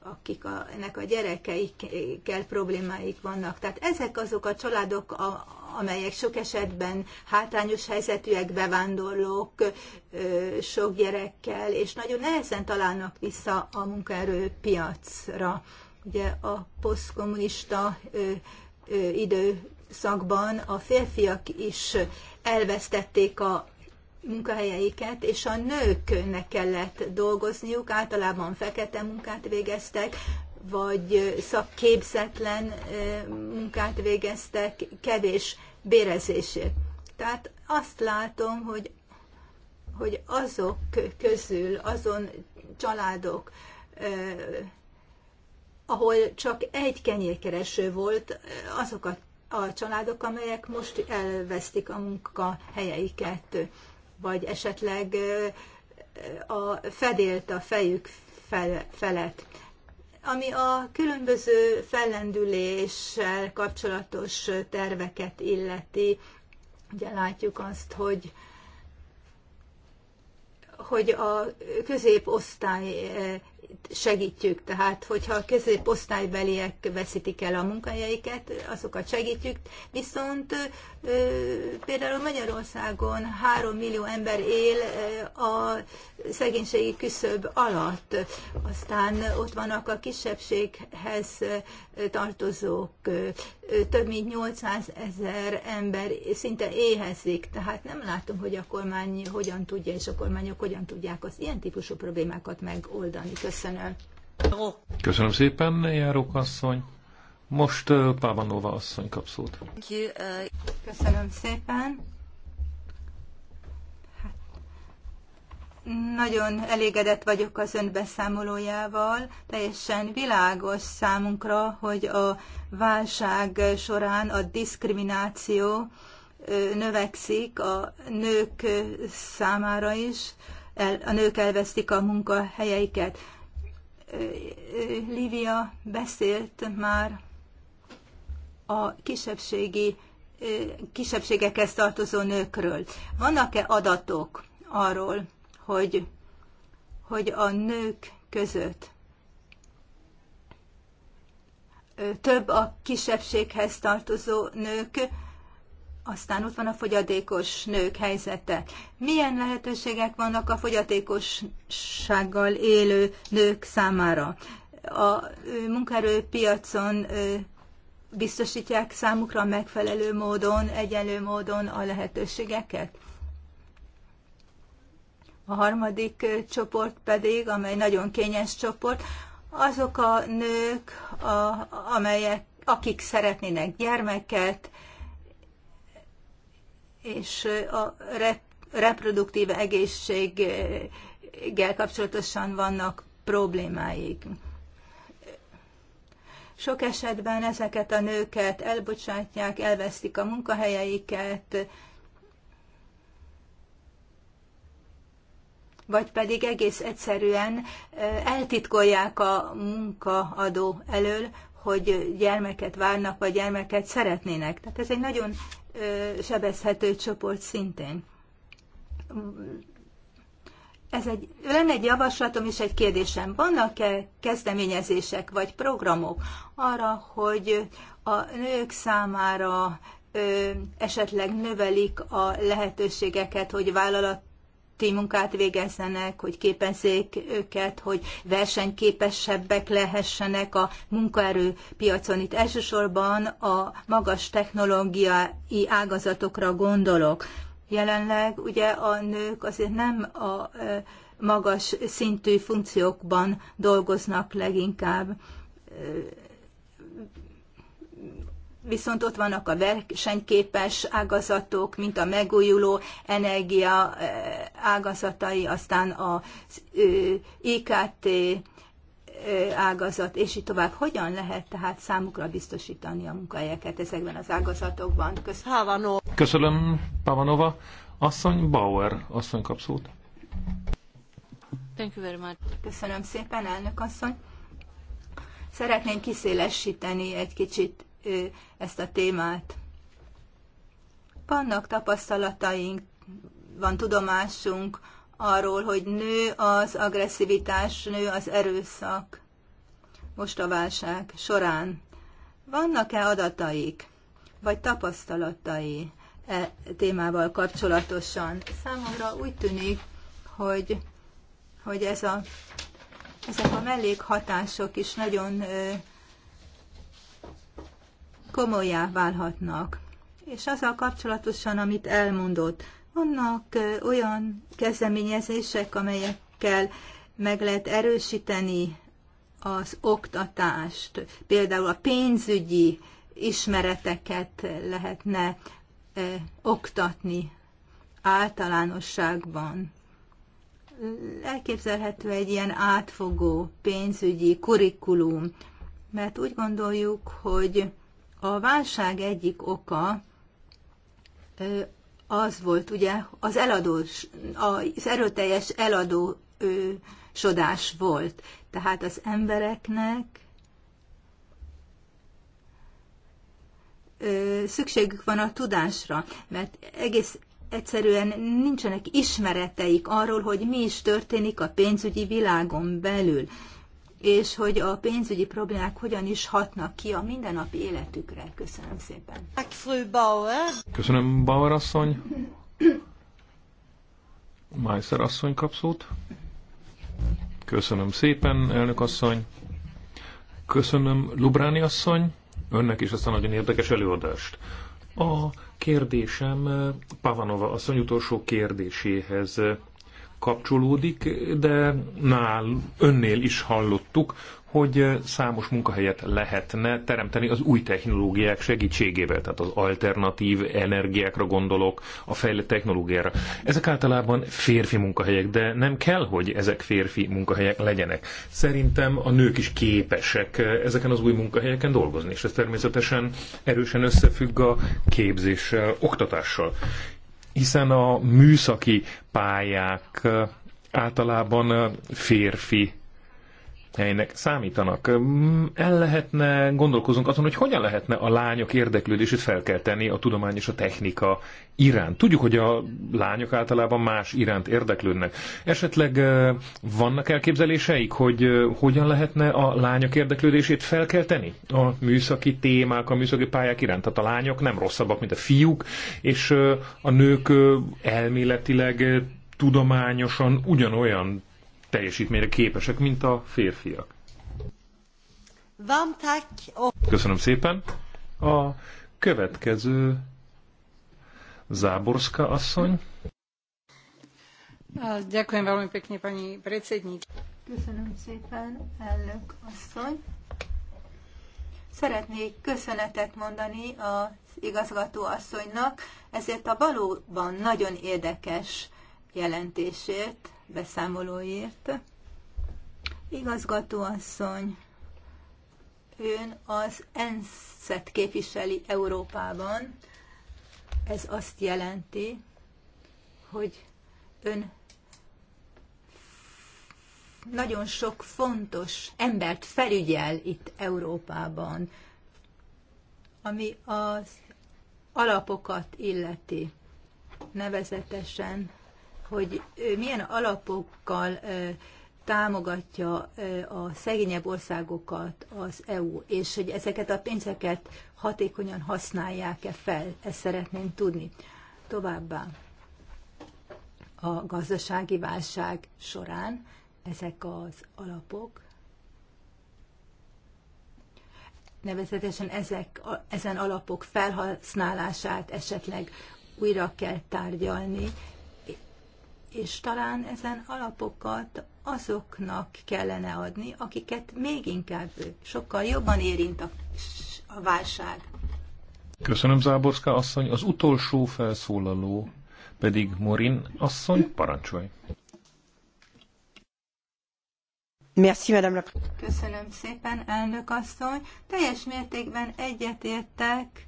akik a, ennek a gyerekeikkel problémáik vannak. Tehát ezek azok a családok, a, amelyek sok esetben hátrányos helyzetűek, bevándorlók, ö, sok gyerekkel, és nagyon nehezen találnak vissza a munkaerőpiacra. Ugye a posztkommunista időszakban a férfiak is elvesztették a munkahelyeiket, és a nőknek kellett dolgozniuk, általában fekete munkát végeztek, vagy szakképzetlen munkát végeztek, kevés bérezésért. Tehát azt látom, hogy, hogy azok közül, azon családok, ahol csak egy kenyérkereső volt, azokat a családok, amelyek most elvesztik a munkahelyeiket vagy esetleg a fedélt a fejük felett. Ami a különböző fellendüléssel kapcsolatos terveket illeti, ugye látjuk azt, hogy hogy a középosztály segítjük. Tehát, hogyha a középosztálybeliek veszítik el a munkahelyeiket, azokat segítjük. Viszont például Magyarországon 3 millió ember él a szegénységi küszöb alatt. Aztán ott vannak a kisebbséghez tartozók, több mint 800 ezer ember szinte éhezik, tehát nem látom, hogy a kormány hogyan tudja, és a kormányok hogyan tudják az ilyen típusú problémákat megoldani. Köszönöm. Köszönöm. Köszönöm szépen, Járók asszony. Most Pábanova asszony kap szót. Köszönöm szépen. Hát, nagyon elégedett vagyok az ön beszámolójával. Teljesen világos számunkra, hogy a válság során a diszkrimináció növekszik a nők számára is, a nők elvesztik a munkahelyeiket Lívia beszélt már a kisebbségi kisebbségekhez tartozó nőkről. Vannak-e adatok arról, hogy, hogy a nők között több a kisebbséghez tartozó nők, aztán ott van a fogyatékos nők helyzete. Milyen lehetőségek vannak a fogyatékossággal élő nők számára? A munkaerőpiacon biztosítják számukra megfelelő módon, egyenlő módon a lehetőségeket? A harmadik csoport pedig, amely nagyon kényes csoport, azok a nők, a, amelyek, akik szeretnének gyermeket, és a reproduktív egészséggel kapcsolatosan vannak problémáik. Sok esetben ezeket a nőket elbocsátják, elvesztik a munkahelyeiket, vagy pedig egész egyszerűen eltitkolják a munkaadó elől, hogy gyermeket várnak, vagy gyermeket szeretnének. Tehát ez egy nagyon sebezhető csoport szintén. Ez egy, lenne egy javaslatom és egy kérdésem. Vannak-e kezdeményezések vagy programok arra, hogy a nők számára ö, esetleg növelik a lehetőségeket, hogy vállalat munkát végezzenek, hogy képezzék őket, hogy versenyképesebbek lehessenek a munkaerőpiacon. Itt elsősorban a magas technológiai ágazatokra gondolok. Jelenleg ugye a nők azért nem a magas szintű funkciókban dolgoznak leginkább Viszont ott vannak a versenyképes ágazatok, mint a megújuló energia eh, ágazatai, aztán az IKT ágazat, és így tovább. Hogyan lehet tehát számukra biztosítani a munkahelyeket ezekben az ágazatokban? Köszönöm. Köszönöm, Pavanova. Asszony Bauer, asszony kap szót. Thank you very much. Köszönöm szépen, elnök asszony. Szeretném kiszélesíteni egy kicsit ezt a témát. Vannak tapasztalataink, van tudomásunk arról, hogy nő az agresszivitás, nő az erőszak most a válság során. Vannak-e adataik, vagy tapasztalatai e témával kapcsolatosan? Számomra úgy tűnik, hogy, hogy ez a, ezek a mellékhatások is nagyon komolyá válhatnak. És azzal kapcsolatosan, amit elmondott, vannak olyan kezdeményezések, amelyekkel meg lehet erősíteni az oktatást, például a pénzügyi ismereteket lehetne oktatni általánosságban. Elképzelhető egy ilyen átfogó pénzügyi kurikulum, mert úgy gondoljuk, hogy a válság egyik oka az volt ugye az eladós, az erőteljes eladó sodás volt. Tehát az embereknek szükségük van a tudásra, mert egész egyszerűen nincsenek ismereteik arról, hogy mi is történik a pénzügyi világon belül és hogy a pénzügyi problémák hogyan is hatnak ki a mindennapi életükre. Köszönöm szépen. Köszönöm, Bauer asszony. Májszer asszony kap szót. Köszönöm szépen, elnök asszony. Köszönöm, Lubráni asszony, önnek is ezt a nagyon érdekes előadást. A kérdésem Pavanova asszony utolsó kérdéséhez kapcsolódik, de nál önnél is hallottuk, hogy számos munkahelyet lehetne teremteni az új technológiák segítségével, tehát az alternatív energiákra gondolok, a fejlett technológiára. Ezek általában férfi munkahelyek, de nem kell, hogy ezek férfi munkahelyek legyenek. Szerintem a nők is képesek ezeken az új munkahelyeken dolgozni, és ez természetesen erősen összefügg a képzéssel, oktatással hiszen a műszaki pályák általában férfi helynek számítanak. El lehetne, gondolkozunk azon, hogy hogyan lehetne a lányok érdeklődését felkelteni a tudomány és a technika iránt. Tudjuk, hogy a lányok általában más iránt érdeklődnek. Esetleg vannak elképzeléseik, hogy hogyan lehetne a lányok érdeklődését felkelteni? A műszaki témák, a műszaki pályák iránt. Tehát a lányok nem rosszabbak, mint a fiúk, és a nők elméletileg tudományosan ugyanolyan teljesítményre képesek, mint a férfiak. Köszönöm szépen. A következő Záborska asszony. Ďakujem veľmi pekne, pani Köszönöm szépen, elnök asszony. Szeretnék köszönetet mondani az igazgató asszonynak, ezért a valóban nagyon érdekes jelentését beszámolóért. Igazgatóasszony, ön az ENSZ-et képviseli Európában. Ez azt jelenti, hogy ön nagyon sok fontos embert felügyel itt Európában, ami az alapokat illeti, nevezetesen hogy milyen alapokkal támogatja a szegényebb országokat az EU, és hogy ezeket a pénzeket hatékonyan használják-e fel, ezt szeretném tudni. Továbbá a gazdasági válság során ezek az alapok, nevezetesen ezek, ezen alapok felhasználását esetleg újra kell tárgyalni, és talán ezen alapokat azoknak kellene adni, akiket még inkább sokkal jobban érint a, a válság. Köszönöm, Záborszka asszony. Az utolsó felszólaló pedig Morin asszony, parancsolj. Merci, madame Köszönöm szépen, elnök asszony. Teljes mértékben egyetértek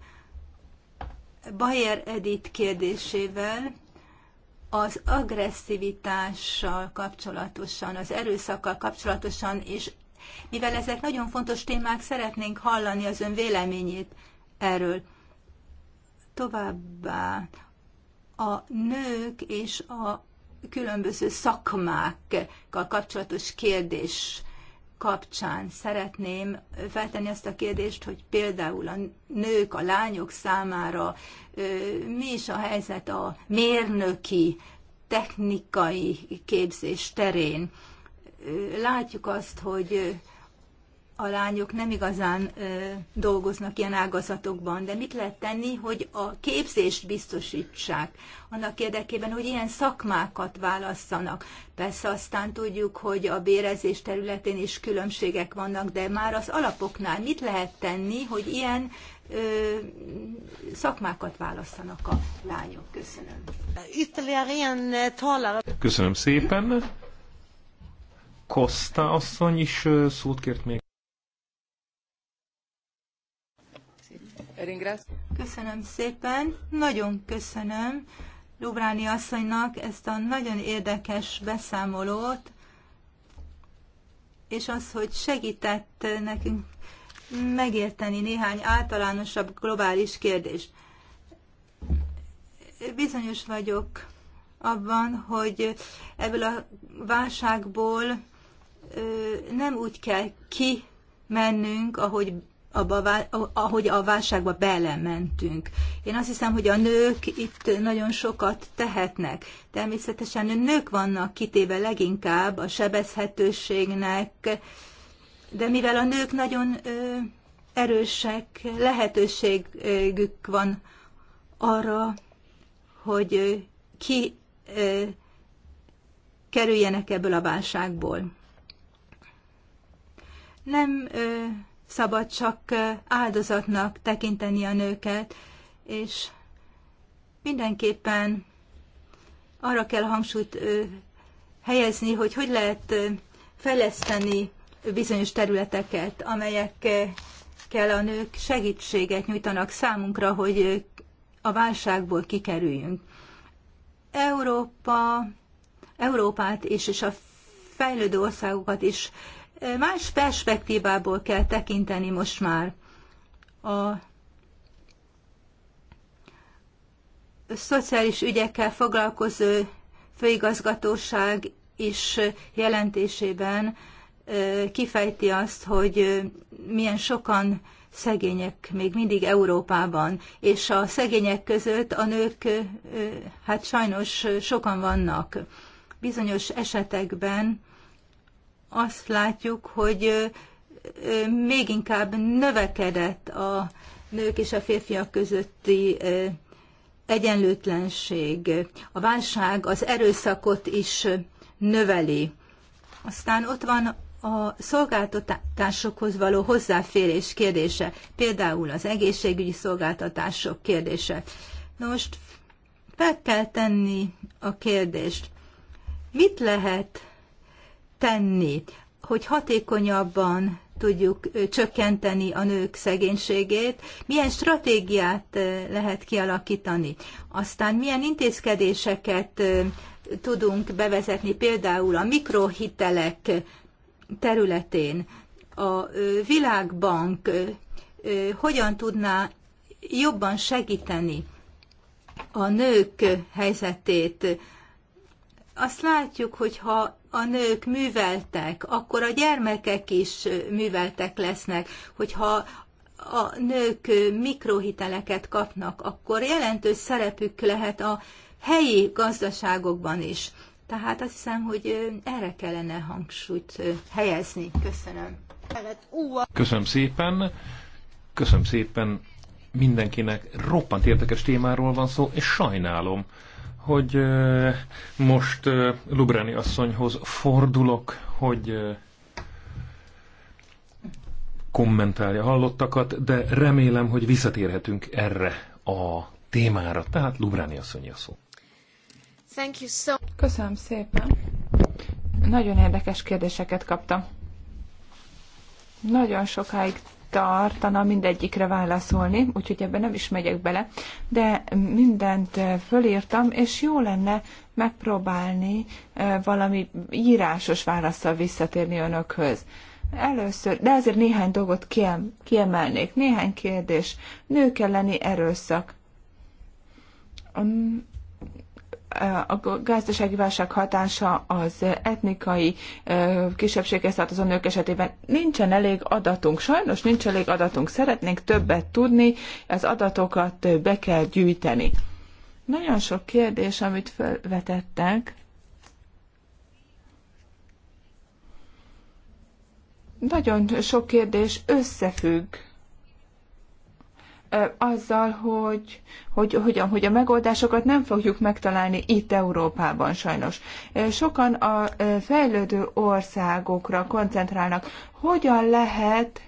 Bayer Edith kérdésével, az agresszivitással kapcsolatosan, az erőszakkal kapcsolatosan, és mivel ezek nagyon fontos témák, szeretnénk hallani az ön véleményét erről. Továbbá a nők és a különböző szakmákkal kapcsolatos kérdés kapcsán szeretném feltenni azt a kérdést, hogy például a nők, a lányok számára mi is a helyzet a mérnöki, technikai képzés terén. Látjuk azt, hogy a lányok nem igazán ö, dolgoznak ilyen ágazatokban, de mit lehet tenni, hogy a képzést biztosítsák annak érdekében, hogy ilyen szakmákat válasszanak. Persze aztán tudjuk, hogy a bérezés területén is különbségek vannak, de már az alapoknál mit lehet tenni, hogy ilyen ö, szakmákat válasszanak a lányok? Köszönöm. Eh, Köszönöm szépen. Kosta asszony is szót kért még. Köszönöm szépen, nagyon köszönöm Lubráni asszonynak ezt a nagyon érdekes beszámolót, és az, hogy segített nekünk megérteni néhány általánosabb globális kérdést. Bizonyos vagyok abban, hogy ebből a válságból nem úgy kell ki mennünk, ahogy abba, ahogy a válságba belementünk. Én azt hiszem, hogy a nők itt nagyon sokat tehetnek. Természetesen nők vannak kitéve leginkább a sebezhetőségnek, de mivel a nők nagyon erősek, lehetőségük van arra, hogy ki kerüljenek ebből a válságból. Nem szabad csak áldozatnak tekinteni a nőket, és mindenképpen arra kell hangsúlyt helyezni, hogy hogy lehet fejleszteni bizonyos területeket, amelyekkel a nők segítséget nyújtanak számunkra, hogy a válságból kikerüljünk. Európa, Európát is, és a fejlődő országokat is más perspektívából kell tekinteni most már. A szociális ügyekkel foglalkozó főigazgatóság is jelentésében kifejti azt, hogy milyen sokan szegények még mindig Európában, és a szegények között a nők hát sajnos sokan vannak. Bizonyos esetekben azt látjuk, hogy még inkább növekedett a nők és a férfiak közötti egyenlőtlenség. A válság az erőszakot is növeli. Aztán ott van a szolgáltatásokhoz való hozzáférés kérdése, például az egészségügyi szolgáltatások kérdése. Na most fel kell tenni a kérdést, mit lehet tenni, hogy hatékonyabban tudjuk csökkenteni a nők szegénységét, milyen stratégiát lehet kialakítani, aztán milyen intézkedéseket tudunk bevezetni például a mikrohitelek területén, a világbank hogyan tudná jobban segíteni a nők helyzetét. Azt látjuk, hogy ha a nők műveltek, akkor a gyermekek is műveltek lesznek. Hogyha a nők mikrohiteleket kapnak, akkor jelentős szerepük lehet a helyi gazdaságokban is. Tehát azt hiszem, hogy erre kellene hangsúlyt helyezni. Köszönöm. Köszönöm szépen. Köszönöm szépen mindenkinek. Roppant érdekes témáról van szó, és sajnálom, hogy most Lubreni asszonyhoz fordulok, hogy kommentálja hallottakat, de remélem, hogy visszatérhetünk erre a témára. Tehát Lubráni asszony a szó. Thank you so Köszönöm szépen. Nagyon érdekes kérdéseket kaptam. Nagyon sokáig tartana mindegyikre válaszolni, úgyhogy ebben nem is megyek bele, de mindent eh, fölírtam, és jó lenne megpróbálni eh, valami írásos válaszsal visszatérni önökhöz. Először, de azért néhány dolgot kiemelnék. Néhány kérdés. Nők elleni erőszak a gazdasági válság hatása az etnikai kisebbséghez tartozó nők esetében nincsen elég adatunk. Sajnos nincs elég adatunk. Szeretnénk többet tudni, az adatokat be kell gyűjteni. Nagyon sok kérdés, amit felvetettek. Nagyon sok kérdés összefügg azzal, hogy, hogy, hogy, hogy a megoldásokat nem fogjuk megtalálni itt Európában sajnos. Sokan a fejlődő országokra koncentrálnak. Hogyan lehet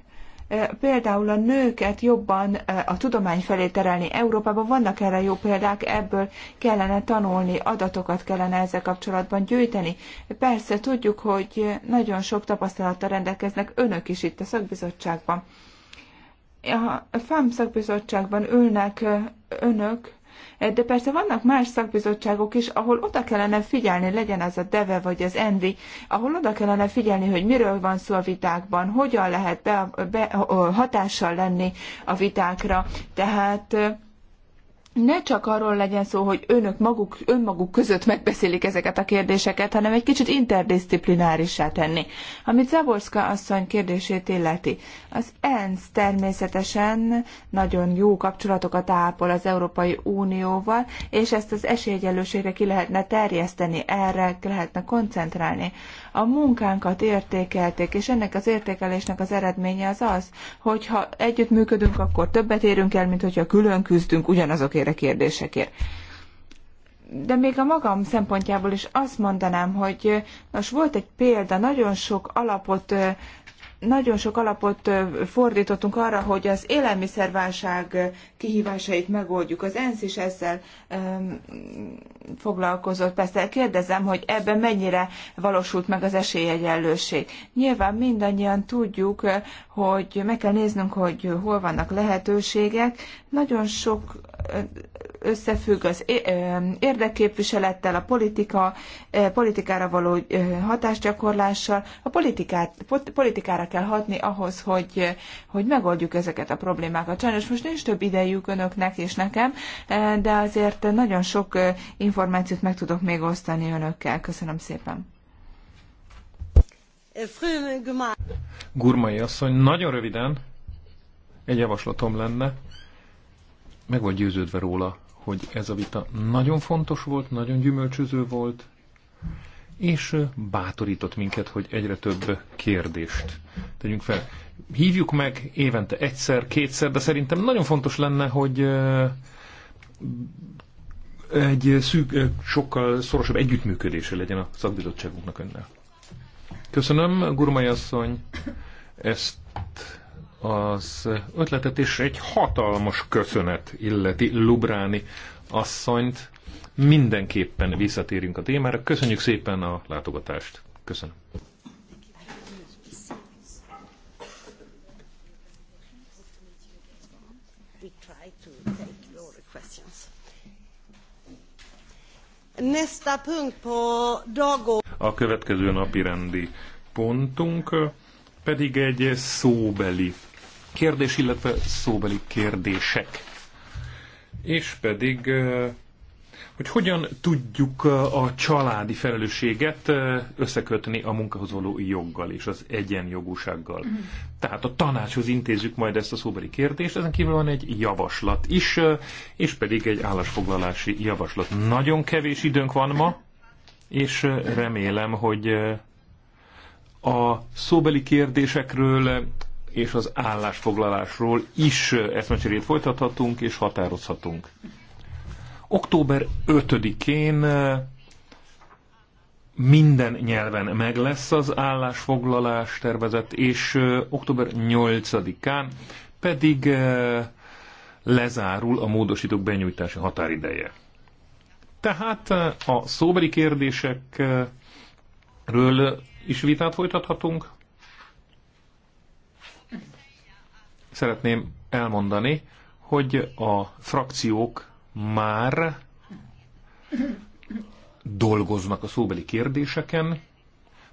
például a nőket jobban a tudomány felé terelni Európában. Vannak erre jó példák, ebből kellene tanulni, adatokat kellene ezzel kapcsolatban gyűjteni. Persze tudjuk, hogy nagyon sok tapasztalattal rendelkeznek önök is itt a szakbizottságban a FAM szakbizottságban ülnek önök, eh, de persze vannak más szakbizottságok is, ahol oda kellene figyelni, legyen az a DEVE vagy az ENVI, ahol oda kellene figyelni, hogy miről van szó a vitákban, hogyan lehet be, be, hatással lenni a vitákra. Tehát ne csak arról legyen szó, hogy önök maguk, önmaguk között megbeszélik ezeket a kérdéseket, hanem egy kicsit interdisziplinárissá tenni. Amit Zaborska asszony kérdését illeti, az ENSZ természetesen nagyon jó kapcsolatokat ápol az Európai Unióval, és ezt az esélyegyenlőségre ki lehetne terjeszteni, erre lehetne koncentrálni a munkánkat értékelték, és ennek az értékelésnek az eredménye az az, hogy ha együttműködünk, akkor többet érünk el, mint hogyha külön küzdünk ugyanazokért a kérdésekért de még a magam szempontjából is azt mondanám, hogy most volt egy példa, nagyon sok alapot nagyon sok alapot fordítottunk arra, hogy az élelmiszerválság kihívásait megoldjuk. Az ENSZ is ezzel um, foglalkozott. Persze kérdezem, hogy ebben mennyire valósult meg az esélyegyenlőség. Nyilván mindannyian tudjuk, hogy meg kell néznünk, hogy hol vannak lehetőségek. Nagyon sok összefügg az érdekképviselettel, a politika, politikára való hatásgyakorlással. A politikát, politikára kell hatni ahhoz, hogy, hogy megoldjuk ezeket a problémákat. Sajnos most nincs több idejük önöknek és nekem, de azért nagyon sok információt meg tudok még osztani önökkel. Köszönöm szépen. Gurmai asszony, nagyon röviden egy javaslatom lenne meg vagy győződve róla, hogy ez a vita nagyon fontos volt, nagyon gyümölcsöző volt, és bátorított minket, hogy egyre több kérdést tegyünk fel. Hívjuk meg évente egyszer, kétszer, de szerintem nagyon fontos lenne, hogy egy szűk, sokkal szorosabb együttműködése legyen a szakbizottságunknak önnel. Köszönöm, Gurmai asszony, ezt az ötletet, és egy hatalmas köszönet illeti Lubráni asszonyt. Mindenképpen visszatérünk a témára. Köszönjük szépen a látogatást. Köszönöm. A következő napi rendi pontunk pedig egy szóbeli kérdés, illetve szóbeli kérdések. És pedig, eh, hogy hogyan tudjuk eh, a családi felelősséget eh, összekötni a munkahoz való joggal és az egyenjogúsággal. Mm. Tehát a tanácshoz intézzük majd ezt a szóbeli kérdést, ezen kívül van egy javaslat is, és pedig egy állásfoglalási javaslat. Nagyon kevés időnk van ma, és remélem, hogy a szóbeli kérdésekről és az állásfoglalásról is eszmecserét folytathatunk és határozhatunk. Október 5-én eh, minden nyelven meg lesz az állásfoglalás tervezet, és eh, október 8-án pedig eh, lezárul a módosítók benyújtási határideje. Tehát a szóbeli kérdésekről is vitát folytathatunk, szeretném elmondani, hogy a frakciók már dolgoznak a szóbeli kérdéseken,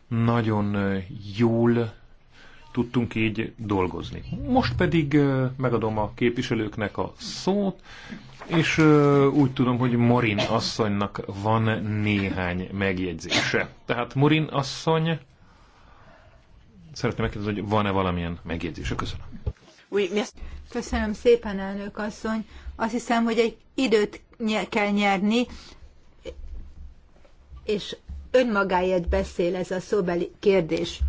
nagyon jól tudtunk így dolgozni. Most pedig megadom a képviselőknek a szót, és úgy tudom, hogy Morin asszonynak van néhány megjegyzése. Tehát Morin asszony, szeretném megkérdezni, hogy van-e valamilyen megjegyzése? Köszönöm. Köszönöm szépen, elnök asszony. Azt hiszem, hogy egy időt kell nyerni, és önmagáért beszél ez a szóbeli kérdés.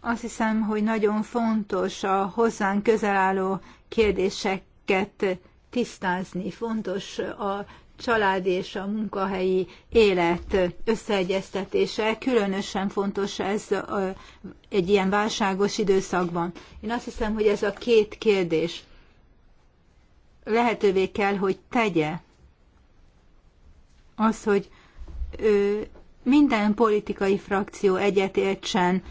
Azt hiszem, hogy nagyon fontos a hozzánk közel álló kérdéseket tisztázni, fontos a család és a munkahelyi élet összeegyeztetése. Különösen fontos ez egy ilyen válságos időszakban. Én azt hiszem, hogy ez a két kérdés lehetővé kell, hogy tegye az, hogy minden politikai frakció egyetértsen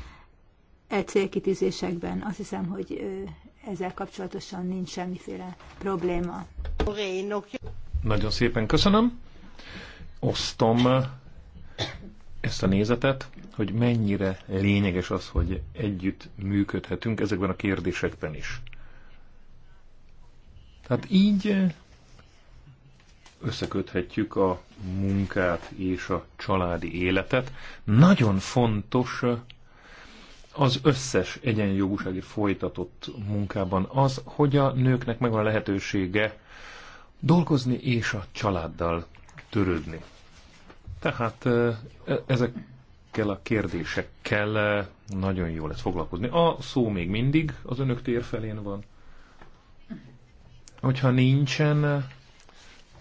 e célkitűzésekben. Azt hiszem, hogy ezzel kapcsolatosan nincs semmiféle probléma. Nagyon szépen köszönöm. Osztom ezt a nézetet, hogy mennyire lényeges az, hogy együtt működhetünk ezekben a kérdésekben is. Tehát így összeköthetjük a munkát és a családi életet. Nagyon fontos az összes egyenjogúsági folytatott munkában az, hogy a nőknek megvan a lehetősége dolgozni és a családdal törődni. Tehát e, ezekkel a kérdésekkel nagyon jó lesz foglalkozni. A szó még mindig az önök tér felén van. Hogyha nincsen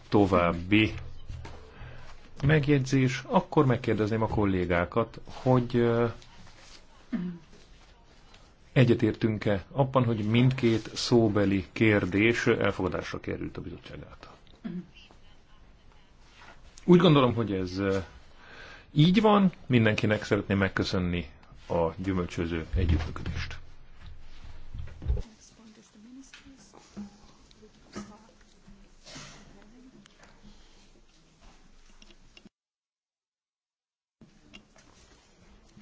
további megjegyzés, akkor megkérdezném a kollégákat, hogy Egyetértünk-e abban, hogy mindkét szóbeli kérdés elfogadásra került a bizottság által? Úgy gondolom, hogy ez így van. Mindenkinek szeretném megköszönni a gyümölcsöző együttműködést.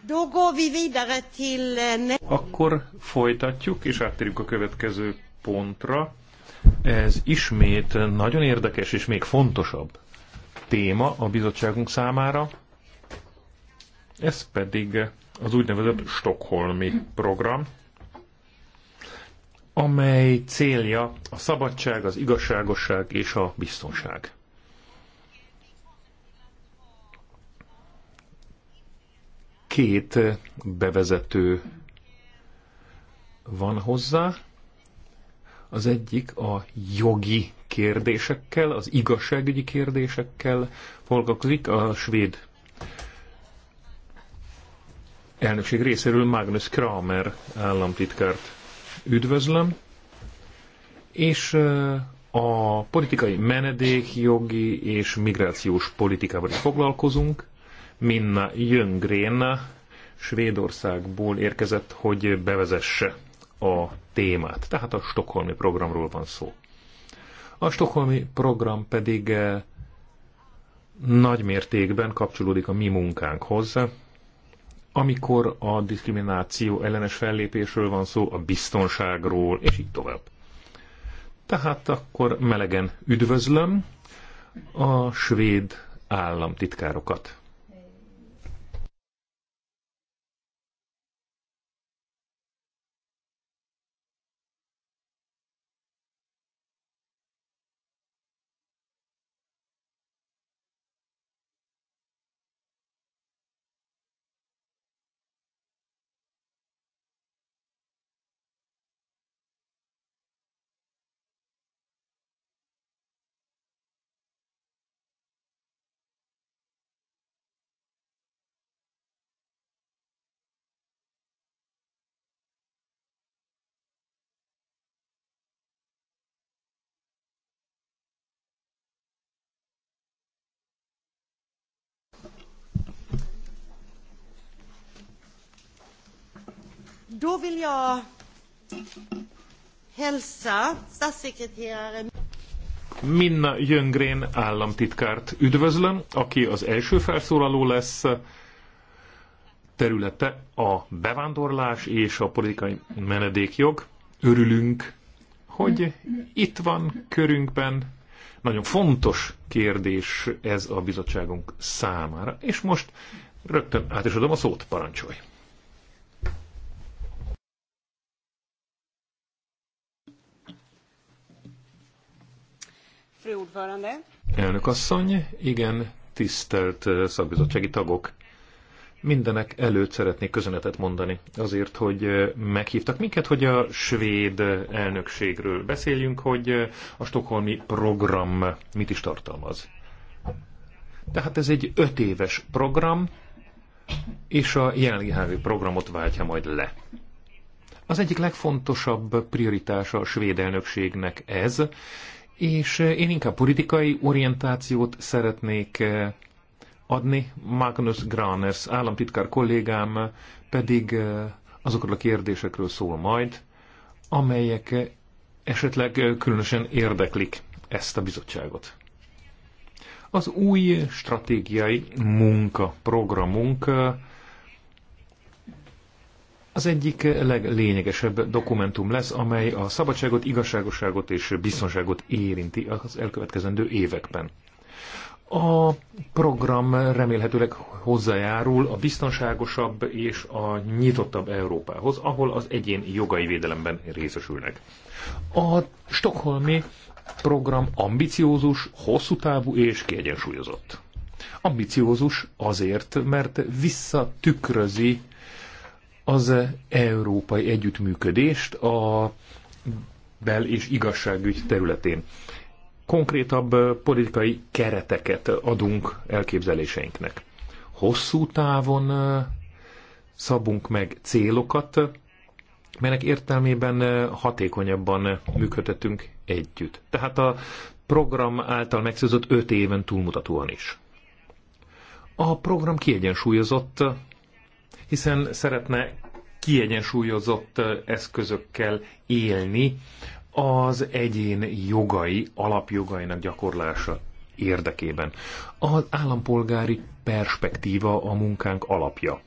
Eh, Akkor folytatjuk, és áttérünk a következő pontra. Ez ismét nagyon érdekes és még fontosabb téma a bizottságunk számára. Ez pedig az úgynevezett Stockholmi program, amely célja a szabadság, az igazságosság és a biztonság. két bevezető van hozzá. Az egyik a jogi kérdésekkel, az igazságügyi kérdésekkel foglalkozik a svéd elnökség részéről Magnus Kramer államtitkárt üdvözlöm, és a politikai menedékjogi és migrációs politikával is foglalkozunk, Minna Jöngrén Svédországból érkezett, hogy bevezesse a témát. Tehát a Stockholmi programról van szó. A Stockholmi program pedig eh, nagy mértékben kapcsolódik a mi munkánkhoz. Amikor a diszkrimináció ellenes fellépésről van szó, a biztonságról, és így tovább. Tehát akkor melegen üdvözlöm a svéd államtitkárokat. Då vill jag hälsa statssekreterare Minna Jöngrén államtitkárt üdvözlöm, aki az első felszólaló lesz. Területe a bevándorlás és a politikai menedékjog. Örülünk, hogy itt van körünkben. Nagyon fontos kérdés ez a bizottságunk számára. És most rögtön át is adom a szót, parancsolj! Elnök asszony, igen, tisztelt szakbizottsági tagok. Mindenek előtt szeretnék köszönetet mondani azért, hogy meghívtak minket, hogy a svéd elnökségről beszéljünk, hogy a stokholmi program mit is tartalmaz. Tehát ez egy öt éves program, és a jelenlegi három programot váltja majd le. Az egyik legfontosabb prioritása a svéd elnökségnek ez, és eh, én inkább politikai orientációt szeretnék eh, adni. Magnus Graners, államtitkár kollégám pedig eh, azokról a kérdésekről szól majd, amelyek esetleg különösen érdeklik ezt a bizottságot. Az új stratégiai munka, programunk az egyik leglényegesebb dokumentum lesz, amely a szabadságot, igazságosságot és biztonságot érinti az elkövetkezendő években. A program remélhetőleg hozzájárul a biztonságosabb és a nyitottabb Európához, ahol az egyén jogai védelemben részesülnek. A stokholmi program ambiciózus, hosszú távú és kiegyensúlyozott. Ambiciózus azért, mert visszatükrözi az európai együttműködést a bel- és igazságügy területén. Konkrétabb politikai kereteket adunk elképzeléseinknek. Hosszú távon szabunk meg célokat, melynek értelmében hatékonyabban működhetünk együtt. Tehát a program által megszűzött öt éven túlmutatóan is. A program kiegyensúlyozott hiszen szeretne kiegyensúlyozott eszközökkel élni az egyén jogai, alapjogainak gyakorlása érdekében. Az állampolgári perspektíva a munkánk alapja.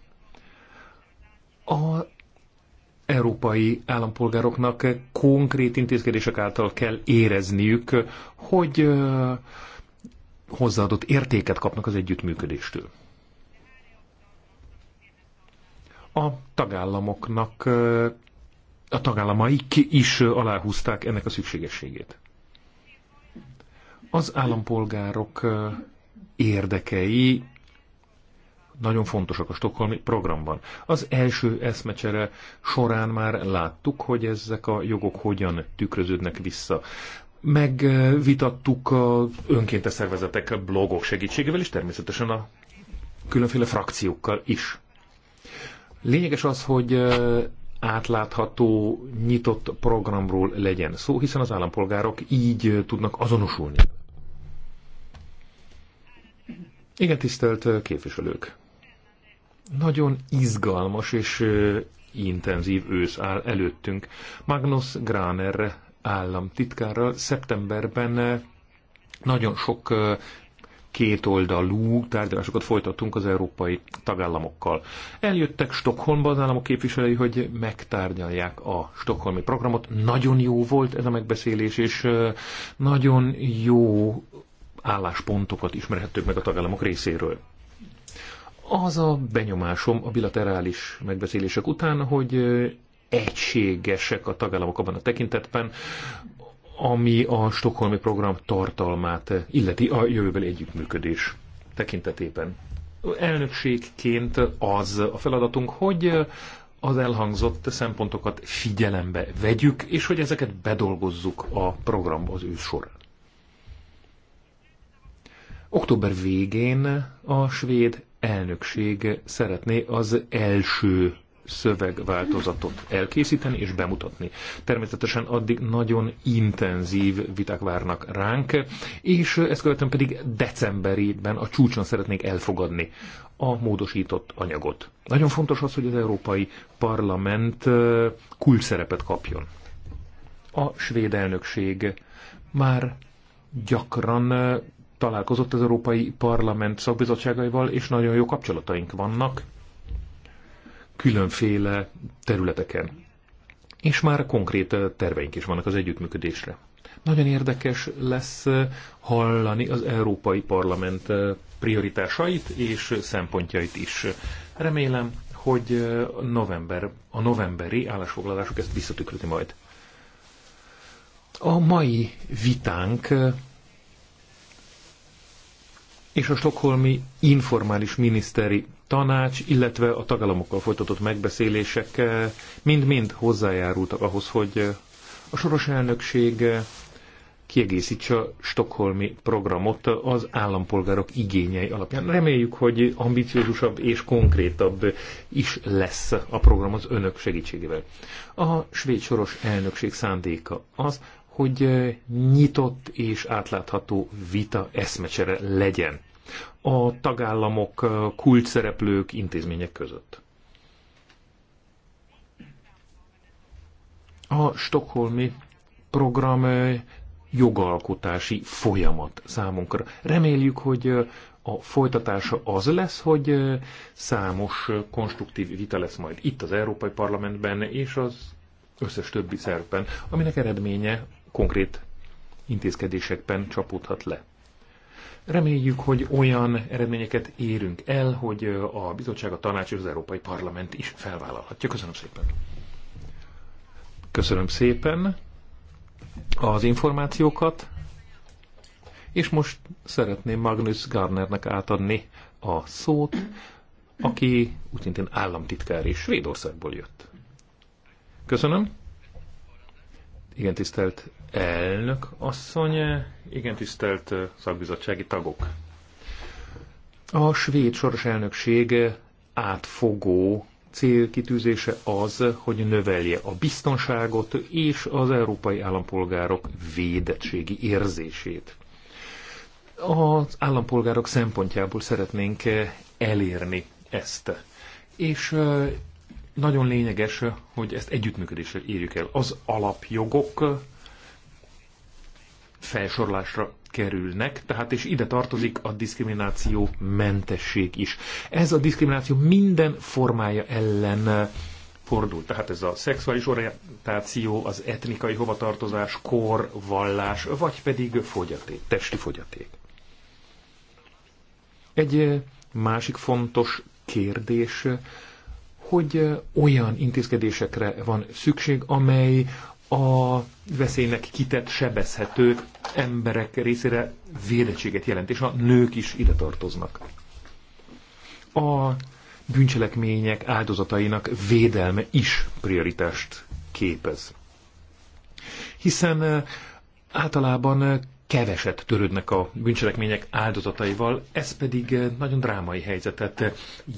A európai állampolgároknak konkrét intézkedések által kell érezniük, hogy hozzáadott értéket kapnak az együttműködéstől. a tagállamoknak, a tagállamaik is aláhúzták ennek a szükségességét. Az állampolgárok érdekei nagyon fontosak a stokholmi programban. Az első eszmecsere során már láttuk, hogy ezek a jogok hogyan tükröződnek vissza. Megvitattuk az önkéntes szervezetek blogok segítségével, és természetesen a különféle frakciókkal is. Lényeges az, hogy átlátható, nyitott programról legyen szó, hiszen az állampolgárok így tudnak azonosulni. Igen, tisztelt képviselők! Nagyon izgalmas és intenzív ősz áll előttünk. Magnus Graner államtitkárral szeptemberben nagyon sok kétoldalú tárgyalásokat folytattunk az európai tagállamokkal. Eljöttek Stockholmba az államok képviselői, hogy megtárgyalják a stockholmi programot. Nagyon jó volt ez a megbeszélés, és nagyon jó álláspontokat ismerhettük meg a tagállamok részéről. Az a benyomásom a bilaterális megbeszélések után, hogy egységesek a tagállamok abban a tekintetben, ami a Stokholmi program tartalmát illeti a jövőbeli együttműködés tekintetében. Elnökségként az a feladatunk, hogy az elhangzott szempontokat figyelembe vegyük, és hogy ezeket bedolgozzuk a programba az ősz során. Október végén a svéd elnökség szeretné az első szövegváltozatot elkészíteni és bemutatni. Természetesen addig nagyon intenzív viták várnak ránk, és ezt követően pedig decemberiben a csúcson szeretnék elfogadni a módosított anyagot. Nagyon fontos az, hogy az Európai Parlament szerepet kapjon. A svéd elnökség már gyakran találkozott az Európai Parlament szakbizottságaival, és nagyon jó kapcsolataink vannak különféle területeken. És már konkrét terveink is vannak az együttműködésre. Nagyon érdekes lesz hallani az Európai Parlament prioritásait és szempontjait is. Remélem, hogy november, a novemberi állásfoglalások ezt visszatükrözi majd. A mai vitánk és a stokholmi informális miniszteri tanács, illetve a tagállamokkal folytatott megbeszélések eh, mind-mind hozzájárultak ahhoz, hogy eh, a soros elnökség eh, kiegészítse a stokholmi programot az állampolgárok igényei alapján. Reméljük, hogy ambiciózusabb és konkrétabb is lesz a program az önök segítségével. A svéd soros elnökség szándéka az, hogy nyitott és átlátható vita eszmecsere legyen a tagállamok szereplők intézmények között. A stokholmi program jogalkotási folyamat számunkra. Reméljük, hogy a folytatása az lesz, hogy számos konstruktív vita lesz majd itt az Európai Parlamentben és az összes többi szerben, aminek eredménye konkrét intézkedésekben csapódhat le. Reméljük, hogy olyan eredményeket érünk el, hogy a bizottság, a tanács és az Európai Parlament is felvállalhatja. Köszönöm szépen. Köszönöm szépen az információkat, és most szeretném Magnus Garnernek átadni a szót, aki úgy szintén államtitkár és Svédországból jött. Köszönöm. Igen, tisztelt Elnök asszony, igen tisztelt szakbizottsági tagok. A svéd soros elnökség átfogó célkitűzése az, hogy növelje a biztonságot és az európai állampolgárok védettségi érzését. Az állampolgárok szempontjából szeretnénk elérni ezt. És nagyon lényeges, hogy ezt együttműködéssel érjük el. Az alapjogok felsorlásra kerülnek, tehát és ide tartozik a diszkrimináció mentesség is. Ez a diszkrimináció minden formája ellen eh, fordul. Tehát ez a szexuális orientáció, az etnikai hovatartozás, kor, vallás, vagy pedig fogyaték, testi fogyaték. Egy eh, másik fontos kérdés, eh, hogy olyan intézkedésekre van szükség, amely a veszélynek kitett, sebezhető emberek részére védettséget jelent, és a nők is ide tartoznak. A bűncselekmények áldozatainak védelme is prioritást képez. Hiszen eh, általában keveset törődnek a bűncselekmények áldozataival, ez pedig eh, nagyon drámai helyzetet eh,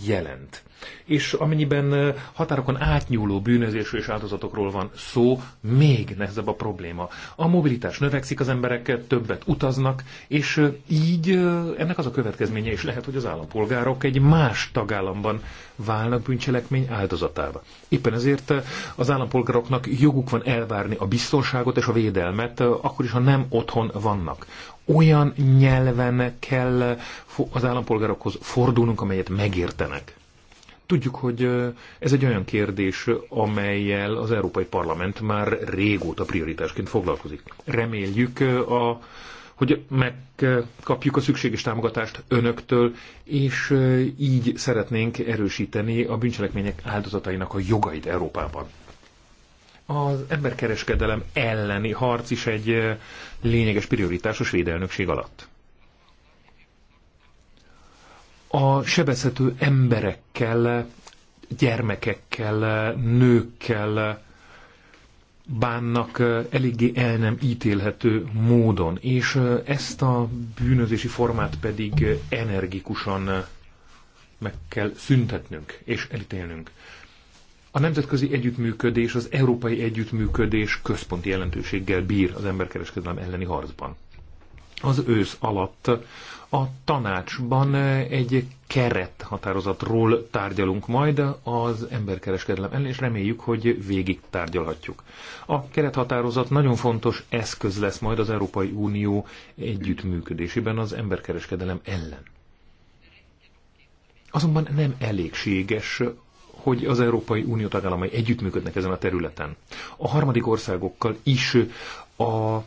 jelent. És amennyiben határokon átnyúló bűnözésről és áldozatokról van szó, még nehezebb a probléma. A mobilitás növekszik, az emberek többet utaznak, és így ennek az a következménye is lehet, hogy az állampolgárok egy más tagállamban válnak bűncselekmény áldozatába. Éppen ezért az állampolgároknak joguk van elvárni a biztonságot és a védelmet, akkor is, ha nem otthon vannak. Olyan nyelven kell az állampolgárokhoz fordulnunk, amelyet megértenek. Tudjuk, hogy ez egy olyan kérdés, amelyel az Európai Parlament már régóta prioritásként foglalkozik. Reméljük, a, hogy megkapjuk a szükséges támogatást önöktől, és így szeretnénk erősíteni a bűncselekmények áldozatainak a jogait Európában. Az emberkereskedelem elleni harc is egy lényeges prioritásos védelnökség alatt a sebezhető emberekkel, gyermekekkel, nőkkel bánnak eléggé el nem ítélhető módon, és ezt a bűnözési formát pedig energikusan meg kell szüntetnünk és elítélnünk. A nemzetközi együttműködés, az európai együttműködés központi jelentőséggel bír az emberkereskedelem elleni harcban. Az ősz alatt a tanácsban egy keret határozatról tárgyalunk majd az emberkereskedelem ellen, és reméljük, hogy végig tárgyalhatjuk. A kerethatározat nagyon fontos eszköz lesz majd az Európai Unió együttműködésében az emberkereskedelem ellen. Azonban nem elégséges, hogy az Európai Unió tagállamai együttműködnek ezen a területen. A harmadik országokkal is a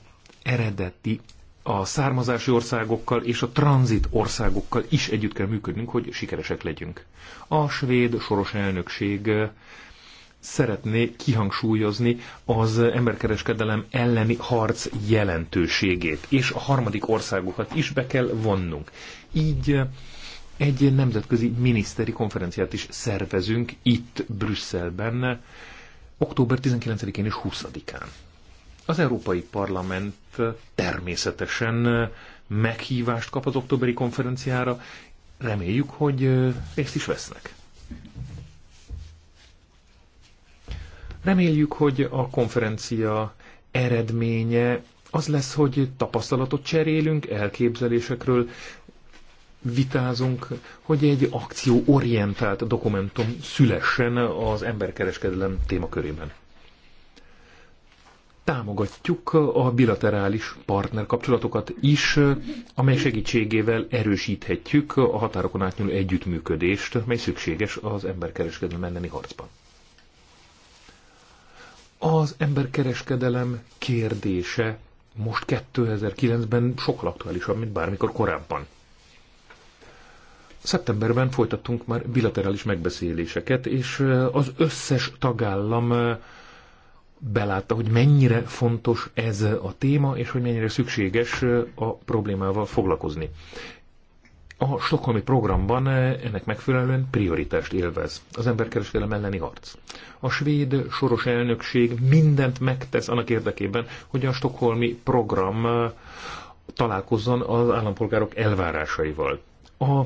eredeti a származási országokkal és a tranzit országokkal is együtt kell működnünk, hogy sikeresek legyünk. A svéd soros elnökség eh, szeretné kihangsúlyozni az emberkereskedelem elleni harc jelentőségét, és a harmadik országokat is be kell vonnunk. Így eh, egy nemzetközi miniszteri konferenciát is szervezünk itt Brüsszelben, eh, október 19-én és 20-án. Az Európai Parlament természetesen meghívást kap az októberi konferenciára. Reméljük, hogy részt is vesznek. Reméljük, hogy a konferencia eredménye az lesz, hogy tapasztalatot cserélünk, elképzelésekről vitázunk, hogy egy akcióorientált dokumentum szülessen az emberkereskedelem témakörében támogatjuk a bilaterális partnerkapcsolatokat is, amely segítségével erősíthetjük a határokon átnyúló együttműködést, mely szükséges az emberkereskedelem elleni harcban. Az emberkereskedelem kérdése most 2009-ben sokkal aktuálisabb, mint bármikor korábban. Szeptemberben folytattunk már bilaterális megbeszéléseket, és az összes tagállam belátta, hogy mennyire fontos ez a téma, és hogy mennyire szükséges a problémával foglalkozni. A stokholmi programban ennek megfelelően prioritást élvez az emberkereskedelem elleni harc. A svéd soros elnökség mindent megtesz annak érdekében, hogy a stokholmi program találkozzon az állampolgárok elvárásaival. A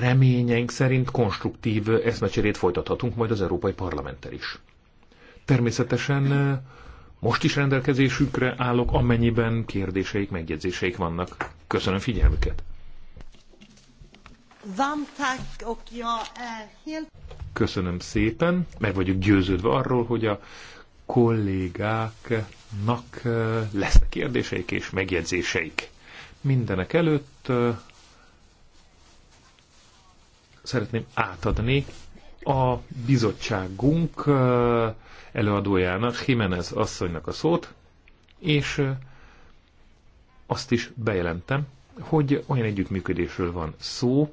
reményeink szerint konstruktív eszmecserét folytathatunk majd az Európai Parlamenttel is. Természetesen eh, most is rendelkezésükre állok, amennyiben kérdéseik, megjegyzéseik vannak. Köszönöm figyelmüket! Köszönöm szépen, meg vagyok győződve arról, hogy a kollégáknak eh, lesznek kérdéseik és megjegyzéseik. Mindenek előtt eh, szeretném átadni a bizottságunk előadójának, Jimenez asszonynak a szót, és azt is bejelentem, hogy olyan együttműködésről van szó,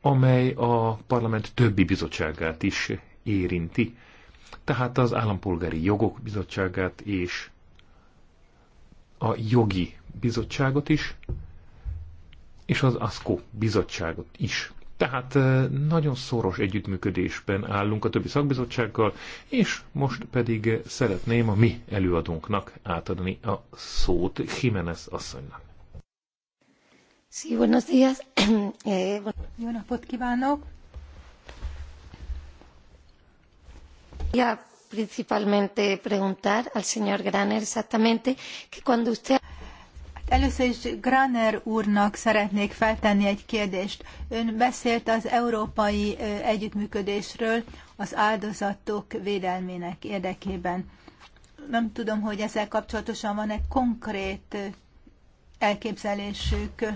amely a parlament többi bizottságát is érinti, tehát az Állampolgári Jogok Bizottságát és a Jogi Bizottságot is, és az ASZKO Bizottságot is. Tehát eh, nagyon szoros együttműködésben állunk a többi szakbizottsággal, és most pedig eh, szeretném a mi előadónknak átadni a szót Jiménez asszonynak. Sí, buenos días. Eh, Jó napot kívánok! principalmente preguntar al señor Graner exactamente que cuando usted Először is Graner úrnak szeretnék feltenni egy kérdést. Ön beszélt az európai együttműködésről az áldozatok védelmének érdekében. Nem tudom, hogy ezzel kapcsolatosan van-e konkrét elképzelésük,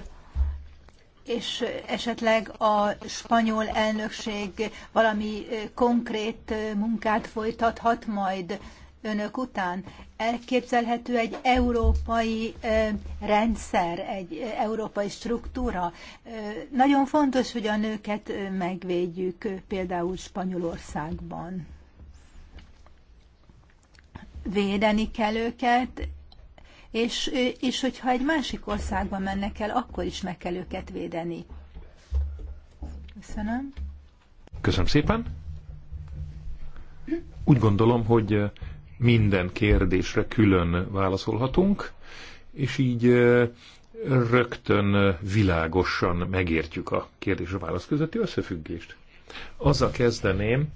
és esetleg a spanyol elnökség valami konkrét munkát folytathat majd önök után. Elképzelhető egy európai rendszer, egy európai struktúra. Nagyon fontos, hogy a nőket megvédjük például Spanyolországban. Védeni kell őket, és, és hogyha egy másik országba mennek el, akkor is meg kell őket védeni. Köszönöm. Köszönöm szépen. Úgy gondolom, hogy minden kérdésre külön válaszolhatunk, és így rögtön világosan megértjük a kérdés a válasz közötti összefüggést. Azzal kezdeném,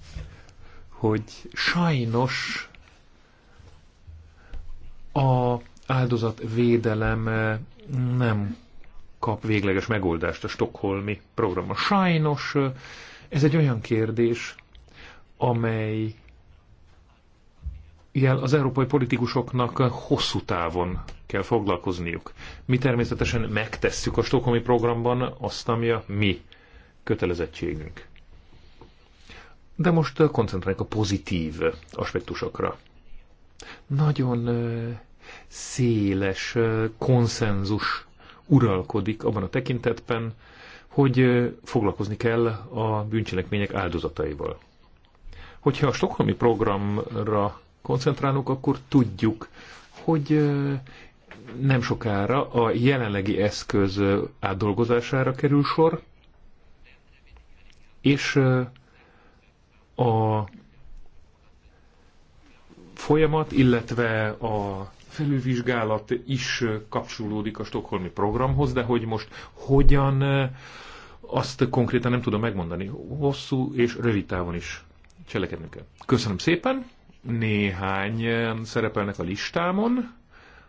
hogy sajnos a áldozatvédelem nem kap végleges megoldást a stokholmi programon. Sajnos ez egy olyan kérdés, amely jel az európai politikusoknak hosszú távon kell foglalkozniuk. Mi természetesen megtesszük a Stockholmi programban azt, ami a mi kötelezettségünk. De most koncentráljunk a pozitív aspektusokra. Nagyon széles konszenzus uralkodik abban a tekintetben, hogy foglalkozni kell a bűncselekmények áldozataival. Hogyha a Stockholmi programra koncentrálunk, akkor tudjuk, hogy nem sokára a jelenlegi eszköz átdolgozására kerül sor, és a folyamat, illetve a felülvizsgálat is kapcsolódik a stokholmi programhoz, de hogy most hogyan, azt konkrétan nem tudom megmondani. Hosszú és rövid távon is cselekednünk kell. Köszönöm szépen! néhány szerepelnek a listámon,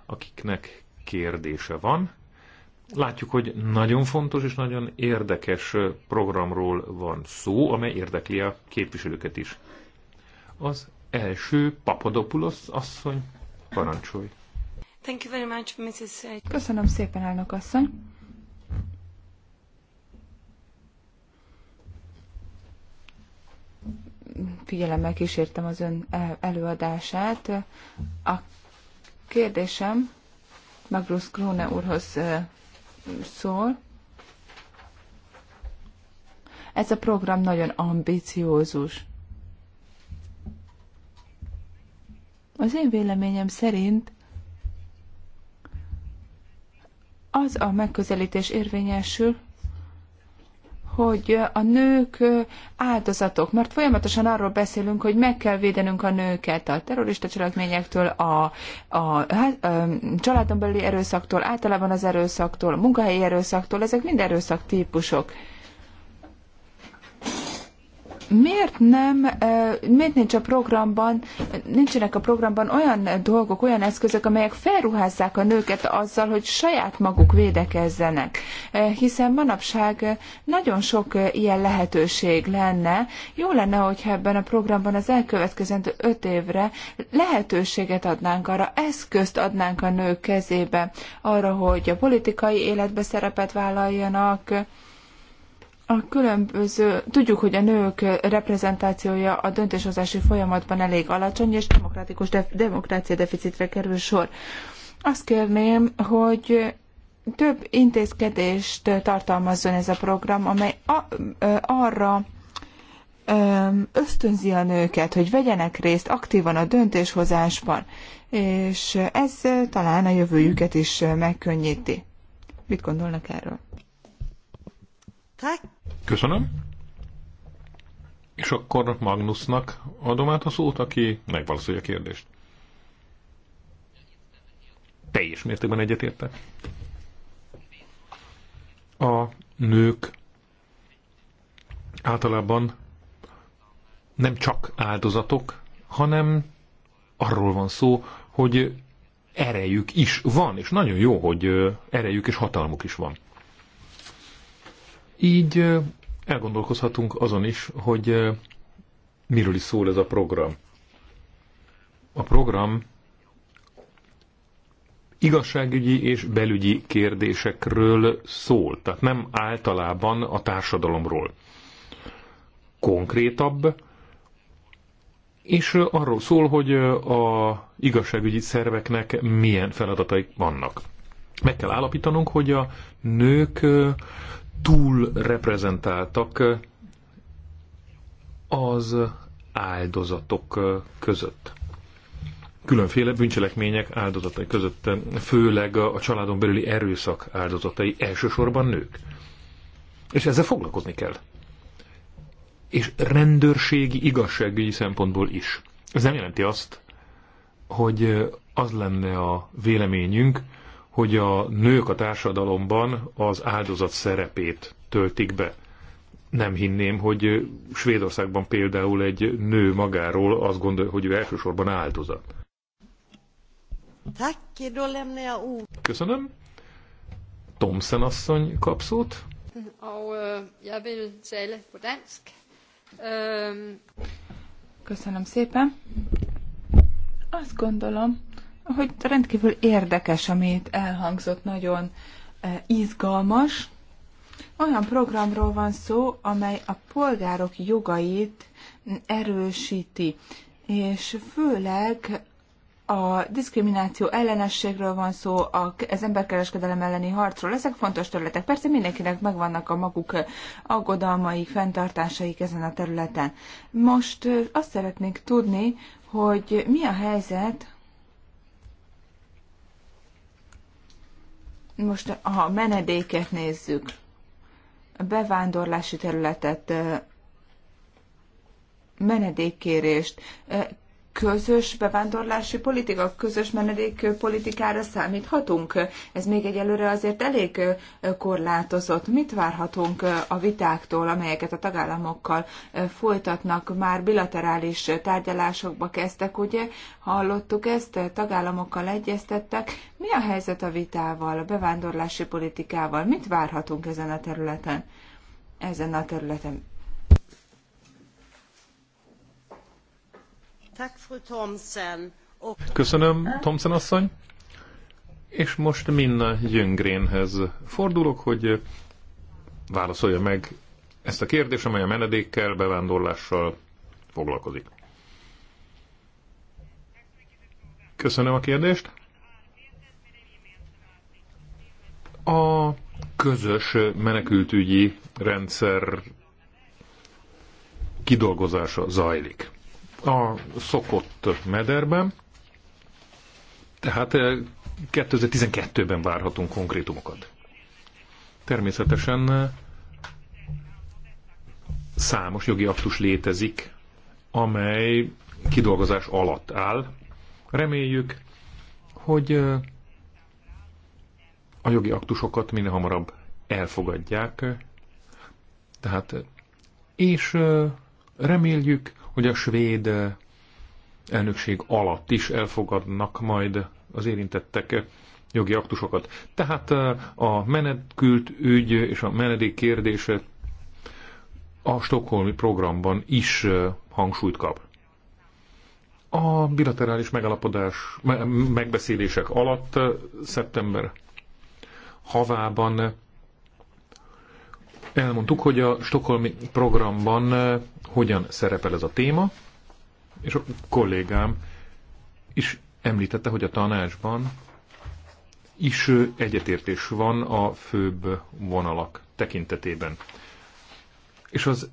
akiknek kérdése van. Látjuk, hogy nagyon fontos és nagyon érdekes programról van szó, amely érdekli a képviselőket is. Az első Papadopoulos asszony parancsolj. Thank you very much, Mrs. Köszönöm szépen, elnök asszony. figyelemmel kísértem az ön e- előadását. A kérdésem Magnus Króne úrhoz e, szól. Ez a program nagyon ambiciózus. Az én véleményem szerint az a megközelítés érvényesül, hogy a nők áldozatok, mert folyamatosan arról beszélünk, hogy meg kell védenünk a nőket a terrorista cselekményektől, a, a, a, hát, a családon belüli erőszaktól, általában az erőszaktól, a munkahelyi erőszaktól, ezek mind erőszak típusok miért nem, miért nincs a programban, nincsenek a programban olyan dolgok, olyan eszközök, amelyek felruházzák a nőket azzal, hogy saját maguk védekezzenek. Hiszen manapság nagyon sok ilyen lehetőség lenne. Jó lenne, hogyha ebben a programban az elkövetkezendő öt évre lehetőséget adnánk arra, eszközt adnánk a nők kezébe arra, hogy a politikai életbe szerepet vállaljanak, a különböző, tudjuk, hogy a nők reprezentációja a döntéshozási folyamatban elég alacsony, és demokratikus def, demokrácia deficitre kerül sor. Azt kérném, hogy több intézkedést tartalmazzon ez a program, amely a, arra ösztönzi a nőket, hogy vegyenek részt aktívan a döntéshozásban, és ez talán a jövőjüket is megkönnyíti. Mit gondolnak erről? Tak. Köszönöm. És akkor Magnusnak adom át a szót, aki megválaszolja a kérdést. Teljes mértékben egyetértek. A nők általában nem csak áldozatok, hanem arról van szó, hogy erejük is van, és nagyon jó, hogy erejük és hatalmuk is van. Így elgondolkozhatunk azon is, hogy miről is szól ez a program. A program igazságügyi és belügyi kérdésekről szól, tehát nem általában a társadalomról. Konkrétabb, és arról szól, hogy a igazságügyi szerveknek milyen feladataik vannak. Meg kell állapítanunk, hogy a nők túl reprezentáltak az áldozatok között. Különféle bűncselekmények áldozatai között, főleg a családon belüli erőszak áldozatai, elsősorban nők. És ezzel foglalkozni kell. És rendőrségi, igazságügyi szempontból is. Ez nem jelenti azt, hogy az lenne a véleményünk, hogy a nők a társadalomban az áldozat szerepét töltik be. Nem hinném, hogy Svédországban például egy nő magáról azt gondolja, hogy ő elsősorban áldozat. Köszönöm. Thomsen asszony kap szót. Øh, øh, Köszönöm szépen. Azt gondolom, hogy rendkívül érdekes, amit elhangzott, nagyon eh, izgalmas. Olyan programról van szó, amely a polgárok jogait erősíti, és főleg a diszkrimináció ellenességről van szó, az emberkereskedelem elleni harcról, ezek fontos területek. Persze mindenkinek megvannak a maguk eh, aggodalmai, fenntartásaik ezen a területen. Most eh, azt szeretnék tudni, hogy mi a helyzet Most a menedéket nézzük, a bevándorlási területet, menedékkérést közös bevándorlási politika, közös menedékpolitikára számíthatunk? Ez még egyelőre azért elég korlátozott. Mit várhatunk a vitáktól, amelyeket a tagállamokkal folytatnak? Már bilaterális tárgyalásokba kezdtek, ugye? Hallottuk ezt, tagállamokkal egyeztettek. Mi a helyzet a vitával, a bevándorlási politikával? Mit várhatunk ezen a területen? Ezen a területen Köszönöm, Thomsen asszony. És most Minna Jöngrénhez fordulok, hogy válaszolja meg ezt a kérdést, amely a menedékkel, bevándorlással foglalkozik. Köszönöm a kérdést. A közös menekültügyi rendszer kidolgozása zajlik a szokott mederben, tehát 2012-ben eh, várhatunk konkrétumokat. Természetesen eh, számos jogi aktus létezik, amely kidolgozás alatt áll. Reméljük, hogy eh, a jogi aktusokat minél hamarabb elfogadják, tehát és reméljük, hogy a svéd elnökség alatt is elfogadnak majd az érintettek jogi aktusokat. Tehát a menekült ügy és a menedék kérdése a stokholmi programban is hangsúlyt kap. A bilaterális megalapodás, megbeszélések alatt szeptember havában elmondtuk, hogy a stokholmi programban hogyan szerepel ez a téma, és a kollégám is említette, hogy a tanácsban is egyetértés van a főbb vonalak tekintetében. És az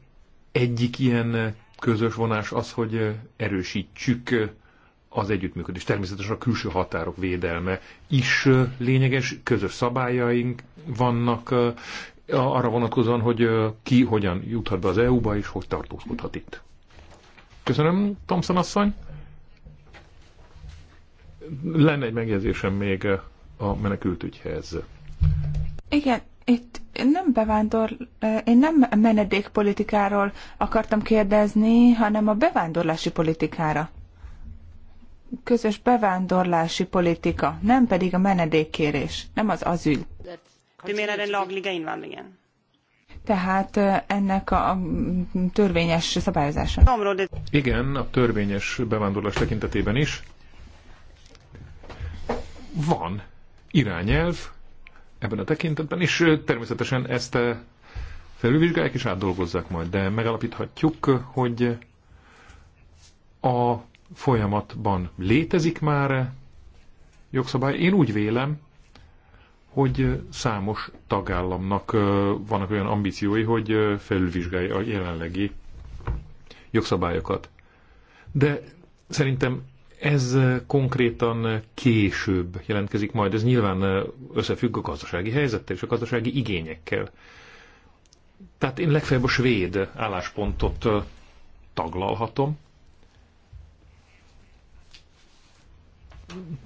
egyik ilyen közös vonás az, hogy erősítsük az együttműködés. Természetesen a külső határok védelme is lényeges, közös szabályaink vannak, arra vonatkozóan, hogy ki hogyan juthat be az EU-ba, és hogy tartózkodhat itt. Köszönöm, Thompson asszony. Lenne egy megjegyzésem még a menekültügyhez. Igen, itt nem bevándor, én nem menedékpolitikáról akartam kérdezni, hanem a bevándorlási politikára. Közös bevándorlási politika, nem pedig a menedékkérés, nem az azül. Du den lagliga invandringen? tehát ennek a törvényes szabályozása. Igen, a törvényes bevándorlás tekintetében is van irányelv ebben a tekintetben, és természetesen ezt felülvizsgálják és átdolgozzák majd, de megalapíthatjuk, hogy a folyamatban létezik már jogszabály. Én úgy vélem, hogy számos tagállamnak vannak olyan ambíciói, hogy felülvizsgálja a jelenlegi jogszabályokat. De szerintem ez konkrétan később jelentkezik majd, ez nyilván összefügg a gazdasági helyzettel és a gazdasági igényekkel. Tehát én legfeljebb a svéd álláspontot taglalhatom,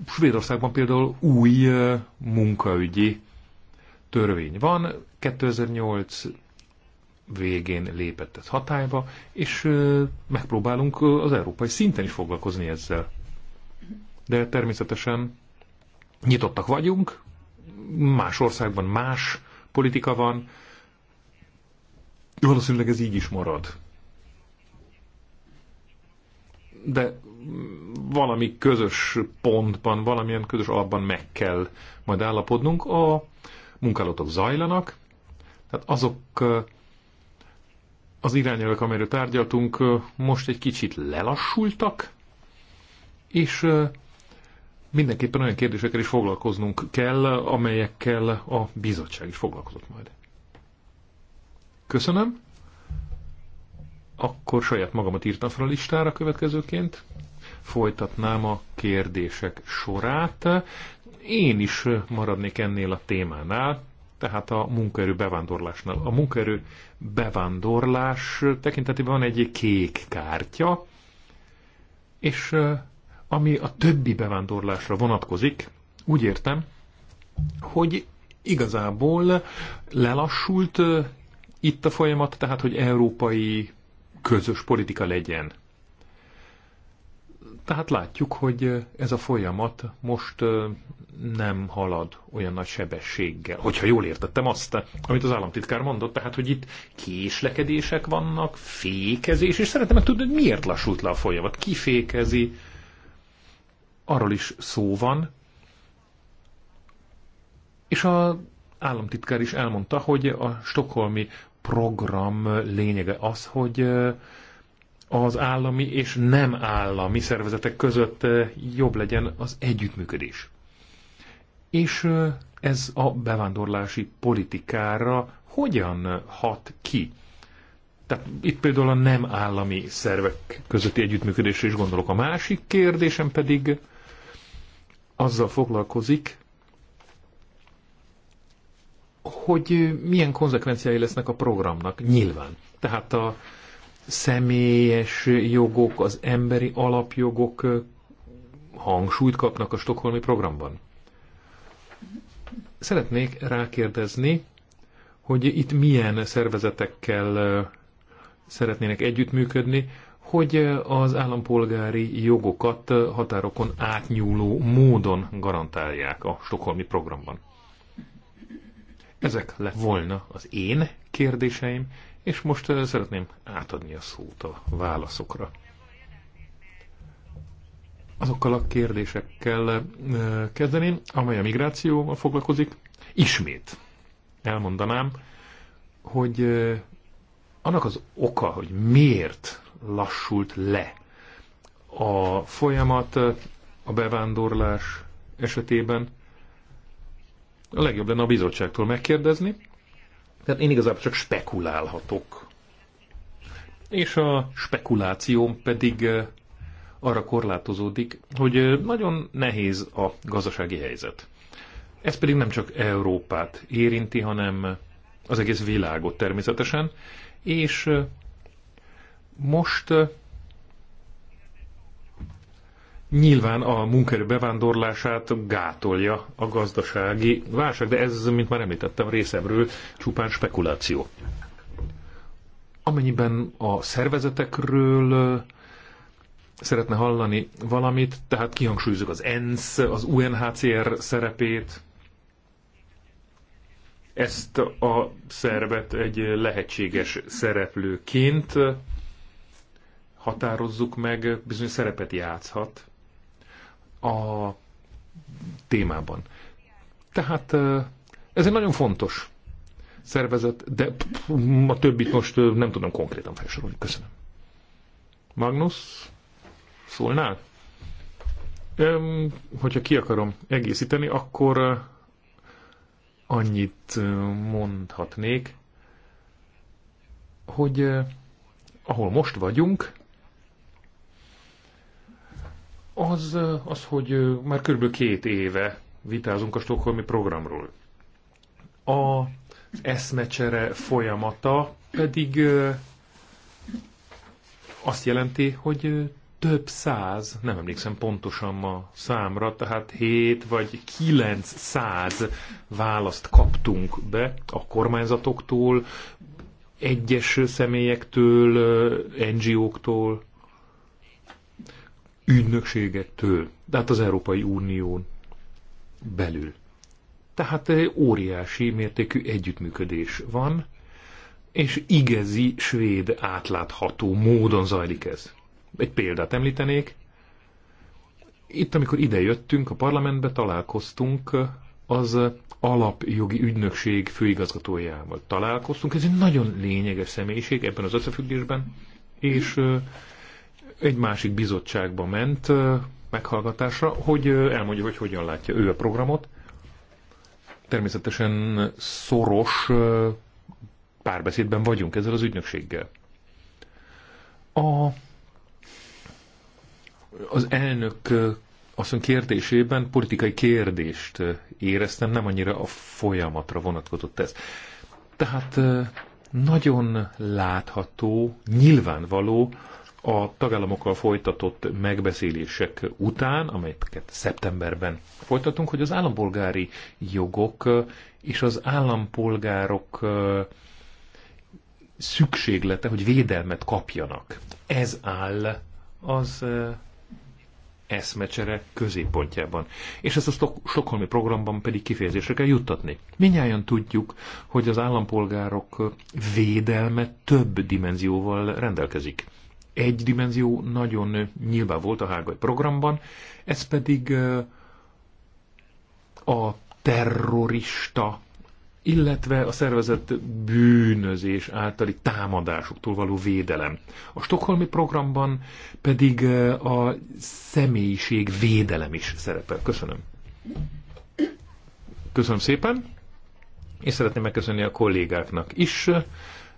Svédországban például új munkaügyi törvény van, 2008 végén lépett ez hatályba, és megpróbálunk az európai szinten is foglalkozni ezzel. De természetesen nyitottak vagyunk, más országban más politika van, valószínűleg ez így is marad. De valami közös pontban, valamilyen közös alapban meg kell majd állapodnunk. A munkálatok zajlanak, tehát azok az irányelvek, amelyről tárgyaltunk, most egy kicsit lelassultak, és mindenképpen olyan kérdésekkel is foglalkoznunk kell, amelyekkel a bizottság is foglalkozott majd. Köszönöm. Akkor saját magamat írtam fel a listára következőként folytatnám a kérdések sorát. Én is maradnék ennél a témánál, tehát a munkaerő bevándorlásnál. A munkaerő bevándorlás tekintetében van egy kék kártya, és ami a többi bevándorlásra vonatkozik, úgy értem, hogy igazából lelassult itt a folyamat, tehát hogy európai közös politika legyen. Tehát látjuk, hogy ez a folyamat most nem halad olyan nagy sebességgel, hogyha jól értettem azt, amit az államtitkár mondott, tehát, hogy itt késlekedések vannak, fékezés, és szeretném tudni, hogy miért lassult le a folyamat, ki fékezi, arról is szó van, és az államtitkár is elmondta, hogy a stokholmi program lényege az, hogy az állami és nem állami szervezetek között eh, jobb legyen az együttműködés. És eh, ez a bevándorlási politikára hogyan hat ki? Tehát itt például a nem állami szervek közötti együttműködésre is gondolok. A másik kérdésem pedig azzal foglalkozik, hogy eh, milyen konzekvenciái lesznek a programnak, nyilván. Tehát a személyes jogok, az emberi alapjogok hangsúlyt kapnak a stokholmi programban. Szeretnék rákérdezni, hogy itt milyen szervezetekkel szeretnének együttműködni, hogy az állampolgári jogokat határokon átnyúló módon garantálják a stokholmi programban. Ezek lett volna az én kérdéseim, és most eh, szeretném átadni a szót a válaszokra. Azokkal a kérdésekkel eh, kezdeném, amely a migrációval foglalkozik. Ismét elmondanám, hogy eh, annak az oka, hogy miért lassult le a folyamat a bevándorlás esetében, a legjobb lenne a bizottságtól megkérdezni, tehát én igazából csak spekulálhatok. És a spekulációm pedig eh, arra korlátozódik, hogy eh, nagyon nehéz a gazdasági helyzet. Ez pedig nem csak Európát érinti, hanem az egész világot természetesen, és eh, most nyilván a munkerő bevándorlását gátolja a gazdasági válság, de ez, mint már említettem, részemről csupán spekuláció. Amennyiben a szervezetekről szeretne hallani valamit, tehát kihangsúlyozok az ENSZ, az UNHCR szerepét, ezt a szervet egy lehetséges szereplőként határozzuk meg, bizony szerepet játszhat a témában. Tehát ez egy nagyon fontos szervezet, de a többit most nem tudom konkrétan felsorolni. Köszönöm. Magnus, szólnál? Öm, hogyha ki akarom egészíteni, akkor annyit mondhatnék, hogy ahol most vagyunk, az, az, hogy már kb. két éve vitázunk a stokholmi programról. A eszmecsere folyamata pedig azt jelenti, hogy több száz, nem emlékszem pontosan ma számra, tehát 7 vagy 900 választ kaptunk be a kormányzatoktól, egyes személyektől, NGO-któl, ügynökségektől, de hát az Európai Unión belül. Tehát eh, óriási mértékű együttműködés van, és igazi svéd átlátható módon zajlik ez. Egy példát említenék. Itt, amikor idejöttünk a parlamentbe, találkoztunk eh, az alapjogi ügynökség főigazgatójával. Találkoztunk, ez egy nagyon lényeges személyiség ebben az összefüggésben, és eh, egy másik bizottságba ment meghallgatásra, hogy elmondja, hogy hogyan látja ő a programot. Természetesen szoros párbeszédben vagyunk ezzel az ügynökséggel. A, az elnök azon kérdésében politikai kérdést éreztem, nem annyira a folyamatra vonatkozott ez. Tehát nagyon látható, nyilvánvaló, a tagállamokkal folytatott megbeszélések után, amelyeket szeptemberben folytatunk, hogy az állampolgári jogok és az állampolgárok szükséglete, hogy védelmet kapjanak. Ez áll az eszmecsere középpontjában. És ezt a Stokholmi programban pedig kifejezésre kell juttatni. Minnyáján tudjuk, hogy az állampolgárok védelme több dimenzióval rendelkezik egy dimenzió nagyon nyilván volt a hágai programban, ez pedig a terrorista, illetve a szervezett bűnözés általi támadásoktól való védelem. A stokholmi programban pedig a személyiség védelem is szerepel. Köszönöm. Köszönöm szépen, és szeretném megköszönni a kollégáknak is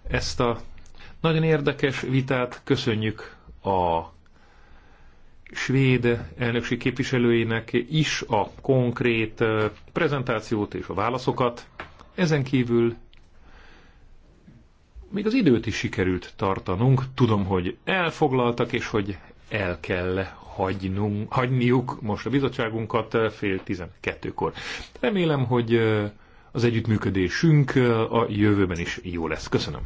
ezt a nagyon érdekes vitát köszönjük a svéd elnökség képviselőinek is a konkrét prezentációt és a válaszokat. Ezen kívül még az időt is sikerült tartanunk. Tudom, hogy elfoglaltak, és hogy el kell hagynunk, hagyniuk most a bizottságunkat fél 12-kor. Remélem, hogy az együttműködésünk a jövőben is jó lesz. Köszönöm.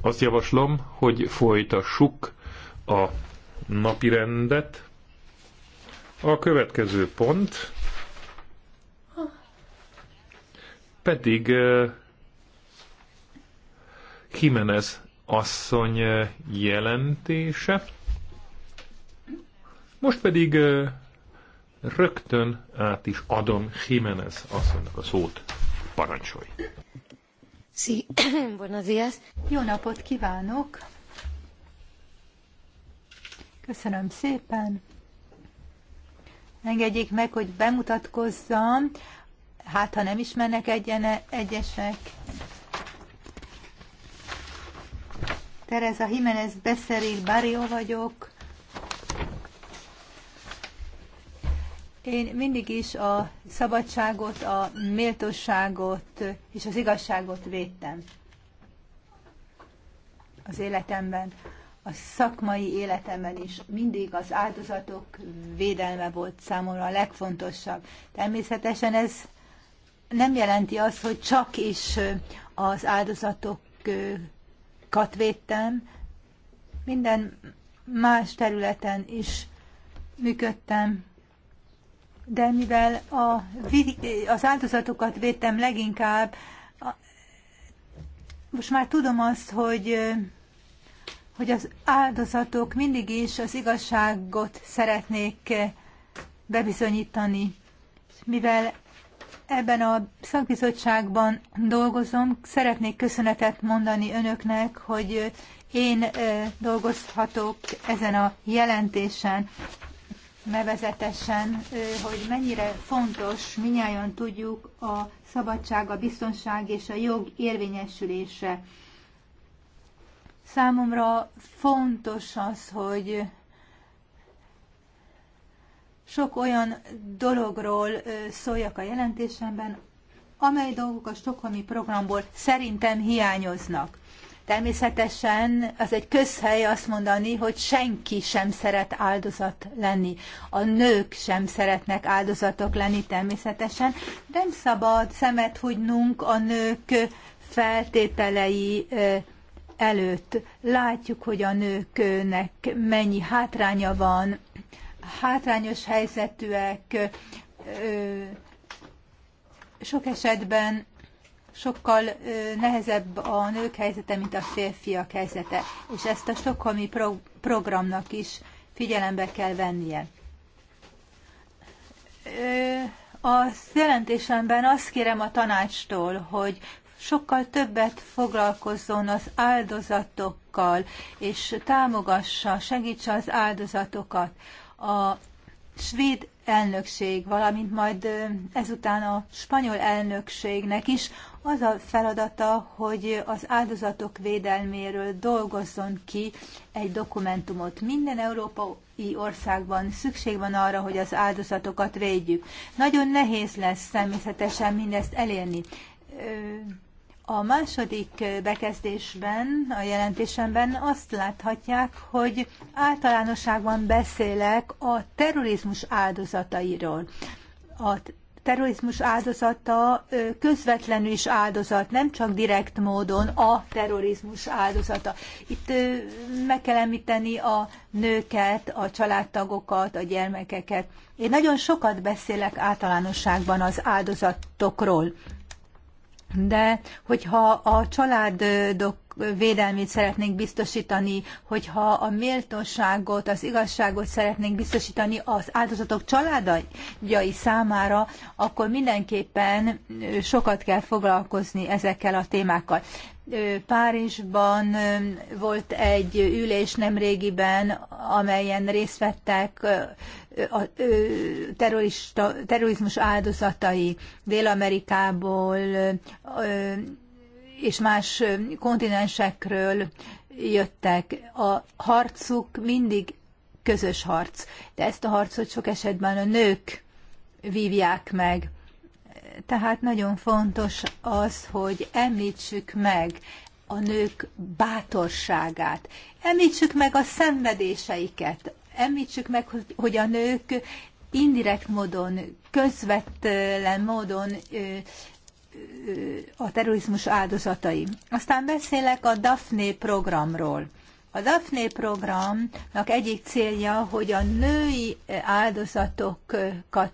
Azt javaslom, hogy folytassuk a napi rendet. A következő pont pedig eh, Jimenez asszony eh, jelentése. Most pedig eh, rögtön át is adom Jimenez asszonynak a szót. Parancsolj! Sí, buenos días. Jó napot kívánok! Köszönöm szépen! Engedjék meg, hogy bemutatkozzam, hát ha nem ismernek egyene, egyesek. Tereza Jiménez Beszeril Barrio vagyok, Én mindig is a szabadságot, a méltóságot és az igazságot védtem az életemben, a szakmai életemben is mindig az áldozatok védelme volt számomra a legfontosabb. Természetesen ez nem jelenti azt, hogy csak is az áldozatokat védtem, minden más területen is működtem, de mivel a, az áldozatokat vétem leginkább, most már tudom azt, hogy, hogy az áldozatok mindig is az igazságot szeretnék bebizonyítani. Mivel ebben a szakbizottságban dolgozom, szeretnék köszönetet mondani önöknek, hogy én dolgozhatok ezen a jelentésen nevezetesen, hogy mennyire fontos, minnyáján tudjuk, a szabadság, a biztonság és a jog érvényesülése. Számomra fontos az, hogy sok olyan dologról szóljak a jelentésemben, amely dolgok a stokholmi programból szerintem hiányoznak. Természetesen az egy közhely azt mondani, hogy senki sem szeret áldozat lenni. A nők sem szeretnek áldozatok lenni természetesen. Nem szabad szemet húgynunk a nők feltételei előtt. Látjuk, hogy a nőknek mennyi hátránya van, hátrányos helyzetűek, sok esetben sokkal nehezebb a nők helyzete, mint a férfiak helyzete, és ezt a stokholmi pro- programnak is figyelembe kell vennie. A jelentésemben azt kérem a tanácstól, hogy sokkal többet foglalkozzon az áldozatokkal, és támogassa, segítse az áldozatokat. A svéd elnökség, valamint majd ezután a spanyol elnökségnek is az a feladata, hogy az áldozatok védelméről dolgozzon ki egy dokumentumot. Minden európai országban szükség van arra, hogy az áldozatokat védjük. Nagyon nehéz lesz természetesen mindezt elérni. A második bekezdésben, a jelentésemben azt láthatják, hogy általánosságban beszélek a terrorizmus áldozatairól. A terrorizmus áldozata közvetlenül is áldozat, nem csak direkt módon a terrorizmus áldozata. Itt meg kell említeni a nőket, a családtagokat, a gyermekeket. Én nagyon sokat beszélek általánosságban az áldozatokról, de hogyha a családok védelmét szeretnénk biztosítani, hogyha a méltóságot, az igazságot szeretnénk biztosítani az áldozatok családjai számára, akkor mindenképpen sokat kell foglalkozni ezekkel a témákkal. Párizsban volt egy ülés nemrégiben, amelyen részt vettek a terrorista, terrorizmus áldozatai Dél-Amerikából, és más kontinensekről jöttek. A harcuk mindig közös harc, de ezt a harcot sok esetben a nők vívják meg. Tehát nagyon fontos az, hogy említsük meg a nők bátorságát, említsük meg a szenvedéseiket, említsük meg, hogy a nők indirekt módon, közvetlen módon a terrorizmus áldozatai. Aztán beszélek a DAFNE programról. A DAFNE programnak egyik célja, hogy a női áldozatokat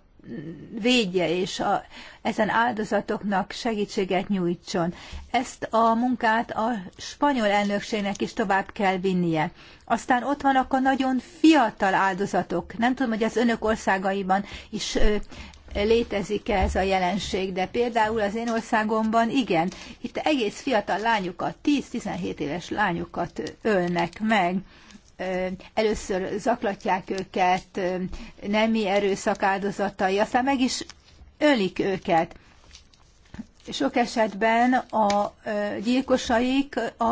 védje és a, ezen áldozatoknak segítséget nyújtson. Ezt a munkát a spanyol elnökségnek is tovább kell vinnie. Aztán ott vannak a nagyon fiatal áldozatok. Nem tudom, hogy az önök országaiban is ö, létezik-e ez a jelenség, de például az én országomban igen, itt egész fiatal lányokat, 10-17 éves lányokat ölnek meg. Először zaklatják őket, nemi erőszak áldozatai, aztán meg is ölik őket. Sok esetben a gyilkosaik a,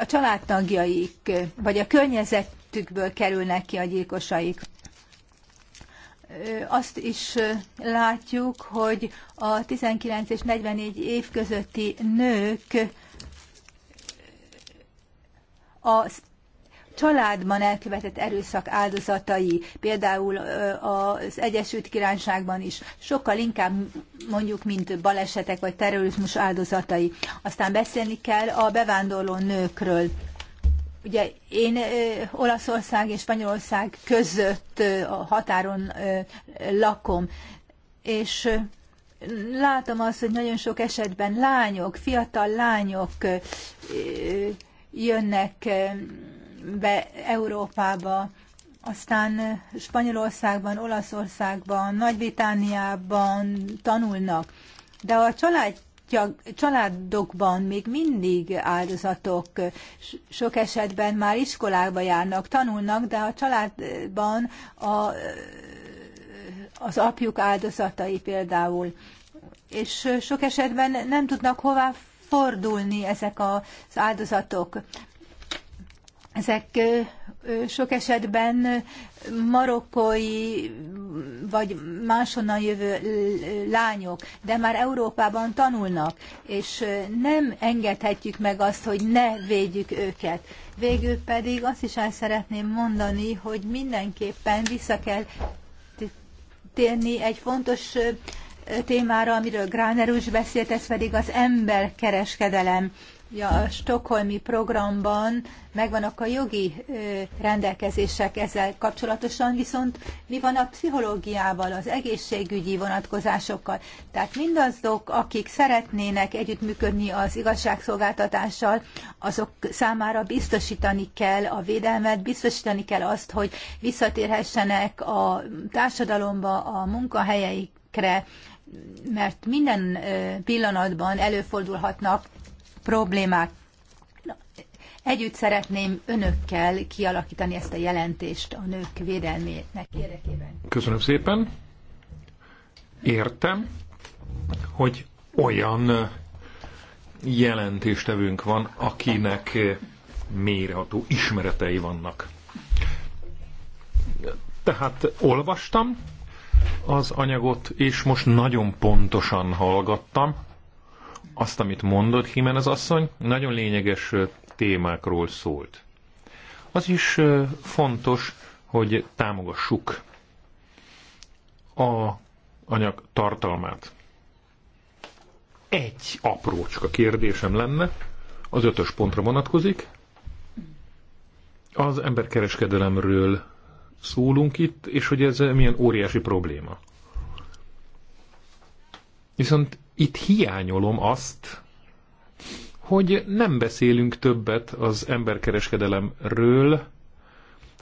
a családtagjaik, vagy a környezetükből kerülnek ki a gyilkosaik azt is látjuk, hogy a 19 és 44 év közötti nők a családban elkövetett erőszak áldozatai, például az Egyesült Királyságban is sokkal inkább mondjuk, mint balesetek vagy terrorizmus áldozatai. Aztán beszélni kell a bevándorló nőkről. Ugye én Olaszország és Spanyolország között a határon lakom, és látom azt, hogy nagyon sok esetben lányok, fiatal lányok jönnek be Európába, aztán Spanyolországban, Olaszországban, Nagy-Britániában tanulnak. De a család családokban még mindig áldozatok, sok esetben már iskolába járnak, tanulnak, de a családban a, az apjuk áldozatai például. És sok esetben nem tudnak hová fordulni ezek az áldozatok. Ezek sok esetben marokkói vagy máshonnan jövő lányok, de már Európában tanulnak, és nem engedhetjük meg azt, hogy ne védjük őket. Végül pedig azt is el szeretném mondani, hogy mindenképpen vissza kell térni egy fontos témára, amiről Gráner is beszélt, ez pedig az emberkereskedelem a stokholmi programban megvannak a jogi rendelkezések ezzel kapcsolatosan, viszont mi van a pszichológiával, az egészségügyi vonatkozásokkal? Tehát mindazok, akik szeretnének együttműködni az igazságszolgáltatással, azok számára biztosítani kell a védelmet, biztosítani kell azt, hogy visszatérhessenek a társadalomba, a munkahelyeikre, mert minden pillanatban előfordulhatnak problémák. Együtt szeretném önökkel kialakítani ezt a jelentést a nők védelmének érdekében. Köszönöm szépen. Értem, hogy olyan jelentéstevünk van, akinek méreható ismeretei vannak. Tehát olvastam az anyagot, és most nagyon pontosan hallgattam, azt, amit mondott az asszony, nagyon lényeges témákról szólt. Az is fontos, hogy támogassuk a anyag tartalmát. Egy aprócska kérdésem lenne, az ötös pontra vonatkozik. Az emberkereskedelemről szólunk itt, és hogy ez milyen óriási probléma. Viszont itt hiányolom azt, hogy nem beszélünk többet az emberkereskedelemről,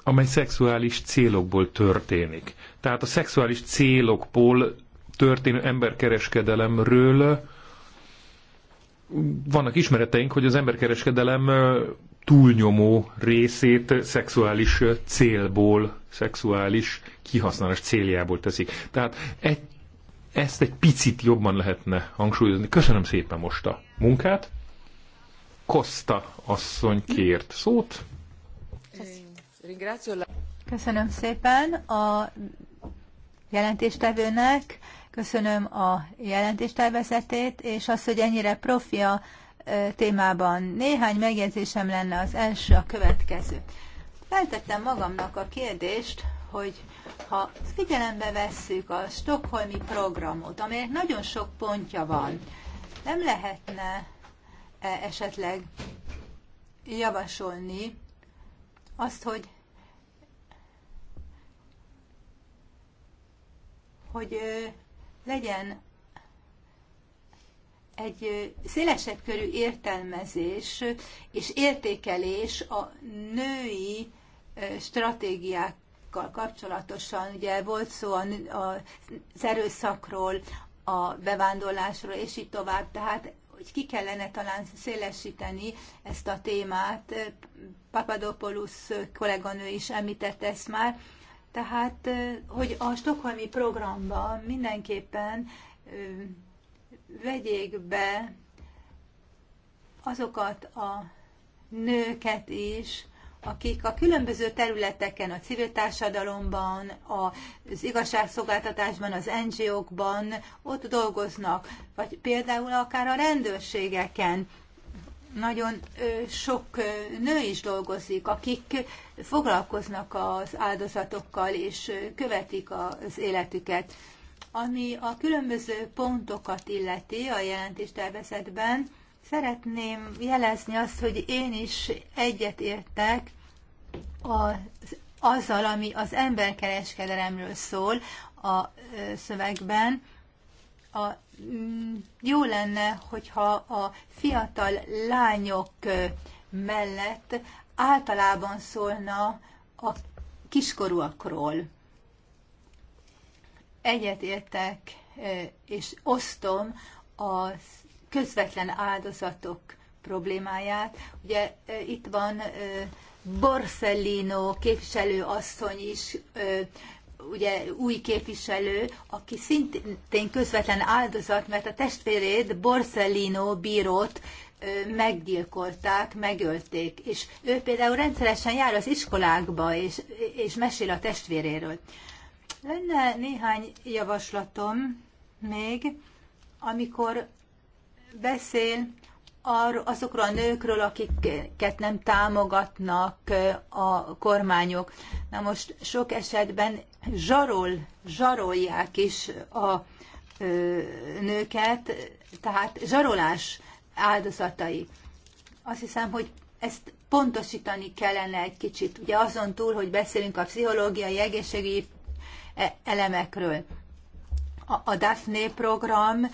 amely szexuális célokból történik. Tehát a szexuális célokból történő emberkereskedelemről vannak ismereteink, hogy az emberkereskedelem túlnyomó részét szexuális célból, szexuális kihasználás céljából teszik. Tehát egy ezt egy picit jobban lehetne hangsúlyozni. Köszönöm szépen most a munkát. Kosta asszony kért szót. Köszönöm szépen a jelentéstevőnek, köszönöm a jelentéstervezetét, és az, hogy ennyire profi a témában. Néhány megjegyzésem lenne az első, a következő. Feltettem magamnak a kérdést, hogy ha figyelembe vesszük a stokholmi programot, amelyek nagyon sok pontja van, nem lehetne -e esetleg javasolni azt, hogy hogy legyen egy szélesebb körű értelmezés és értékelés a női stratégiák erőszakkal kapcsolatosan, ugye volt szó az erőszakról, a bevándorlásról, és így tovább, tehát hogy ki kellene talán szélesíteni ezt a témát. Papadopoulos kolléganő is említette ezt már. Tehát, hogy a stokholmi programba mindenképpen vegyék be azokat a nőket is, akik a különböző területeken, a civil társadalomban, az igazságszolgáltatásban, az NGO-kban ott dolgoznak, vagy például akár a rendőrségeken. Nagyon sok nő is dolgozik, akik foglalkoznak az áldozatokkal és követik az életüket. Ami a különböző pontokat illeti a jelentéstervezetben, Szeretném jelezni azt, hogy én is egyetértek az, azzal, ami az emberkereskedelemről szól a szövegben. A, mm, jó lenne, hogyha a fiatal lányok mellett általában szólna a kiskorúakról. Egyetértek és osztom az közvetlen áldozatok problémáját. Ugye e, itt van e, Borsellino képviselő asszony is, e, ugye új képviselő, aki szintén közvetlen áldozat, mert a testvérét Borsellino bírót meggyilkolták, megölték, és ő például rendszeresen jár az iskolákba, és, és mesél a testvéréről. Lenne néhány javaslatom még, amikor beszél azokról a nőkről, akiket nem támogatnak a kormányok. Na most sok esetben zsarol, zsarolják is a nőket, tehát zsarolás áldozatai. Azt hiszem, hogy ezt pontosítani kellene egy kicsit, ugye azon túl, hogy beszélünk a pszichológiai, egészségügyi e, elemekről. A Daphne program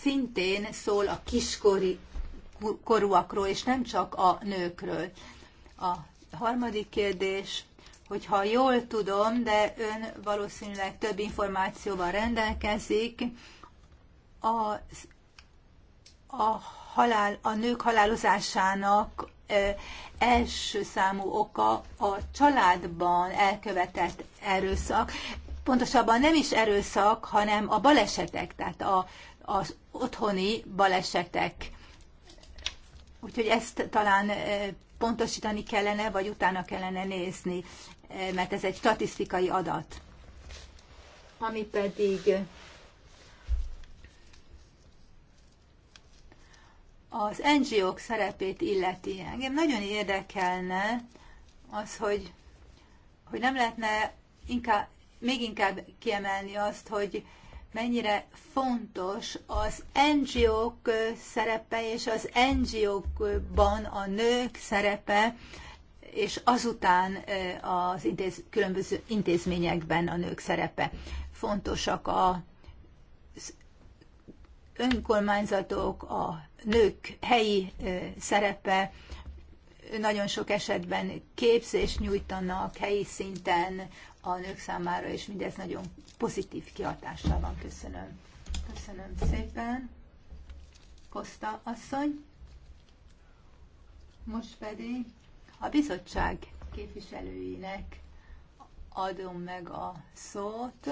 szintén szól a kiskori korúakról, és nem csak a nőkről. A harmadik kérdés, hogyha jól tudom, de ön valószínűleg több információval rendelkezik, a, a, halál, a nők halálozásának első számú oka a családban elkövetett erőszak pontosabban nem is erőszak, hanem a balesetek, tehát a, az otthoni balesetek. Úgyhogy ezt talán e, pontosítani kellene, vagy utána kellene nézni, e, mert ez egy statisztikai adat. Ami pedig az NGO-k szerepét illeti. Engem nagyon érdekelne az, hogy, hogy nem lehetne inkább még inkább kiemelni azt, hogy mennyire fontos az NGO-k szerepe és az NGO-kban a nők szerepe, és azután eh, az intéz, különböző intézményekben a nők szerepe. Fontosak a önkormányzatok, a nők helyi eh, szerepe, nagyon sok esetben képzést nyújtanak helyi szinten a nők számára, és mindez nagyon pozitív kihatással van. Köszönöm. Köszönöm szépen. Kosta asszony. Most pedig a bizottság képviselőinek adom meg a szót,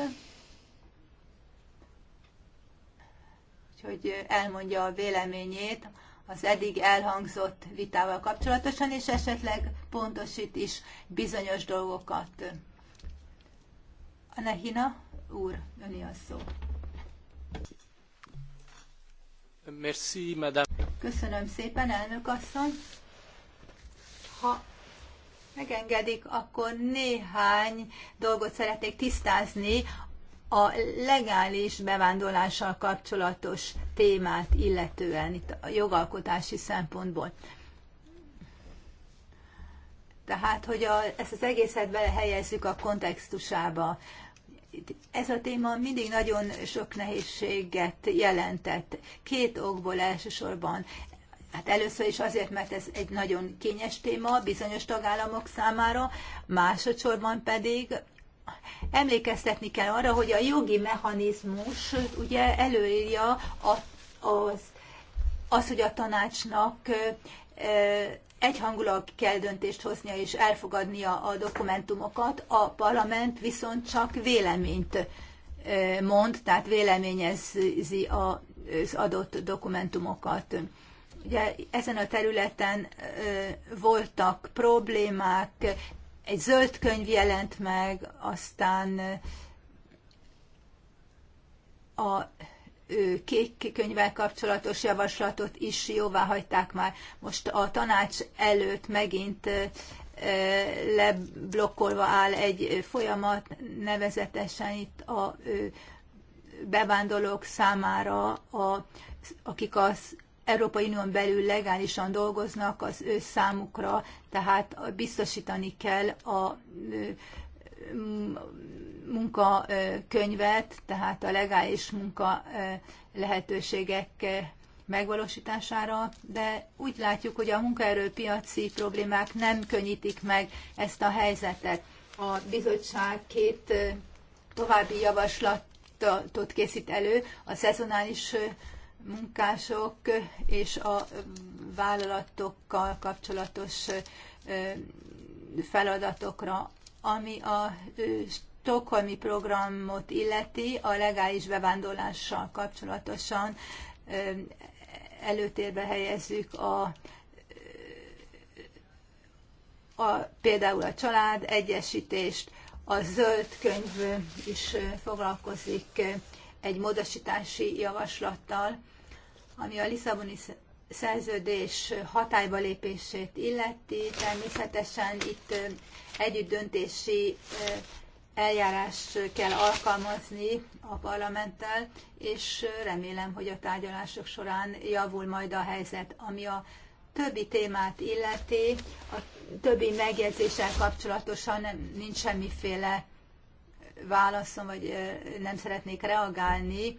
hogy elmondja a véleményét az eddig elhangzott vitával kapcsolatosan, és esetleg pontosít is bizonyos dolgokat úr, öné a szó. Merci, madame. Köszönöm szépen, elnök asszony. Ha megengedik, akkor néhány dolgot szeretnék tisztázni a legális bevándorlással kapcsolatos témát illetően itt a jogalkotási szempontból. Tehát, hogy a, ezt az egészet belehelyezzük a kontextusába. Ez a téma mindig nagyon sok nehézséget jelentett. Két okból elsősorban. Hát először is azért, mert ez egy nagyon kényes téma bizonyos tagállamok számára, másodszorban pedig emlékeztetni kell arra, hogy a jogi mechanizmus ugye előírja az, az, az hogy a tanácsnak egyhangulag kell döntést hoznia és elfogadnia a dokumentumokat, a parlament viszont csak véleményt mond, tehát véleményezi az adott dokumentumokat. Ugye ezen a területen voltak problémák, egy zöld könyv jelent meg, aztán a kék könyvvel kapcsolatos javaslatot is jóvá hagyták már. Most a tanács előtt megint leblokkolva áll egy folyamat, nevezetesen itt a bevándorlók számára, a, akik az Európai Unión belül legálisan dolgoznak, az ő számukra, tehát biztosítani kell a munkakönyvet, tehát a legális munka lehetőségek megvalósítására, de úgy látjuk, hogy a munkaerőpiaci problémák nem könnyítik meg ezt a helyzetet. A bizottság két további javaslatot készít elő, a szezonális munkások és a vállalatokkal kapcsolatos feladatokra ami a Stokholmi programot illeti, a legális bevándorlással kapcsolatosan előtérbe helyezzük a a, például a család egyesítést, a zöld könyv is foglalkozik egy módosítási javaslattal, ami a Lisszaboni szerződés hatályba lépését illeti, természetesen itt együttdöntési eljárást kell alkalmazni a parlamenttel, és remélem, hogy a tárgyalások során javul majd a helyzet, ami a többi témát illeti, a többi megjegyzéssel kapcsolatosan nem, nincs semmiféle válaszom, vagy nem szeretnék reagálni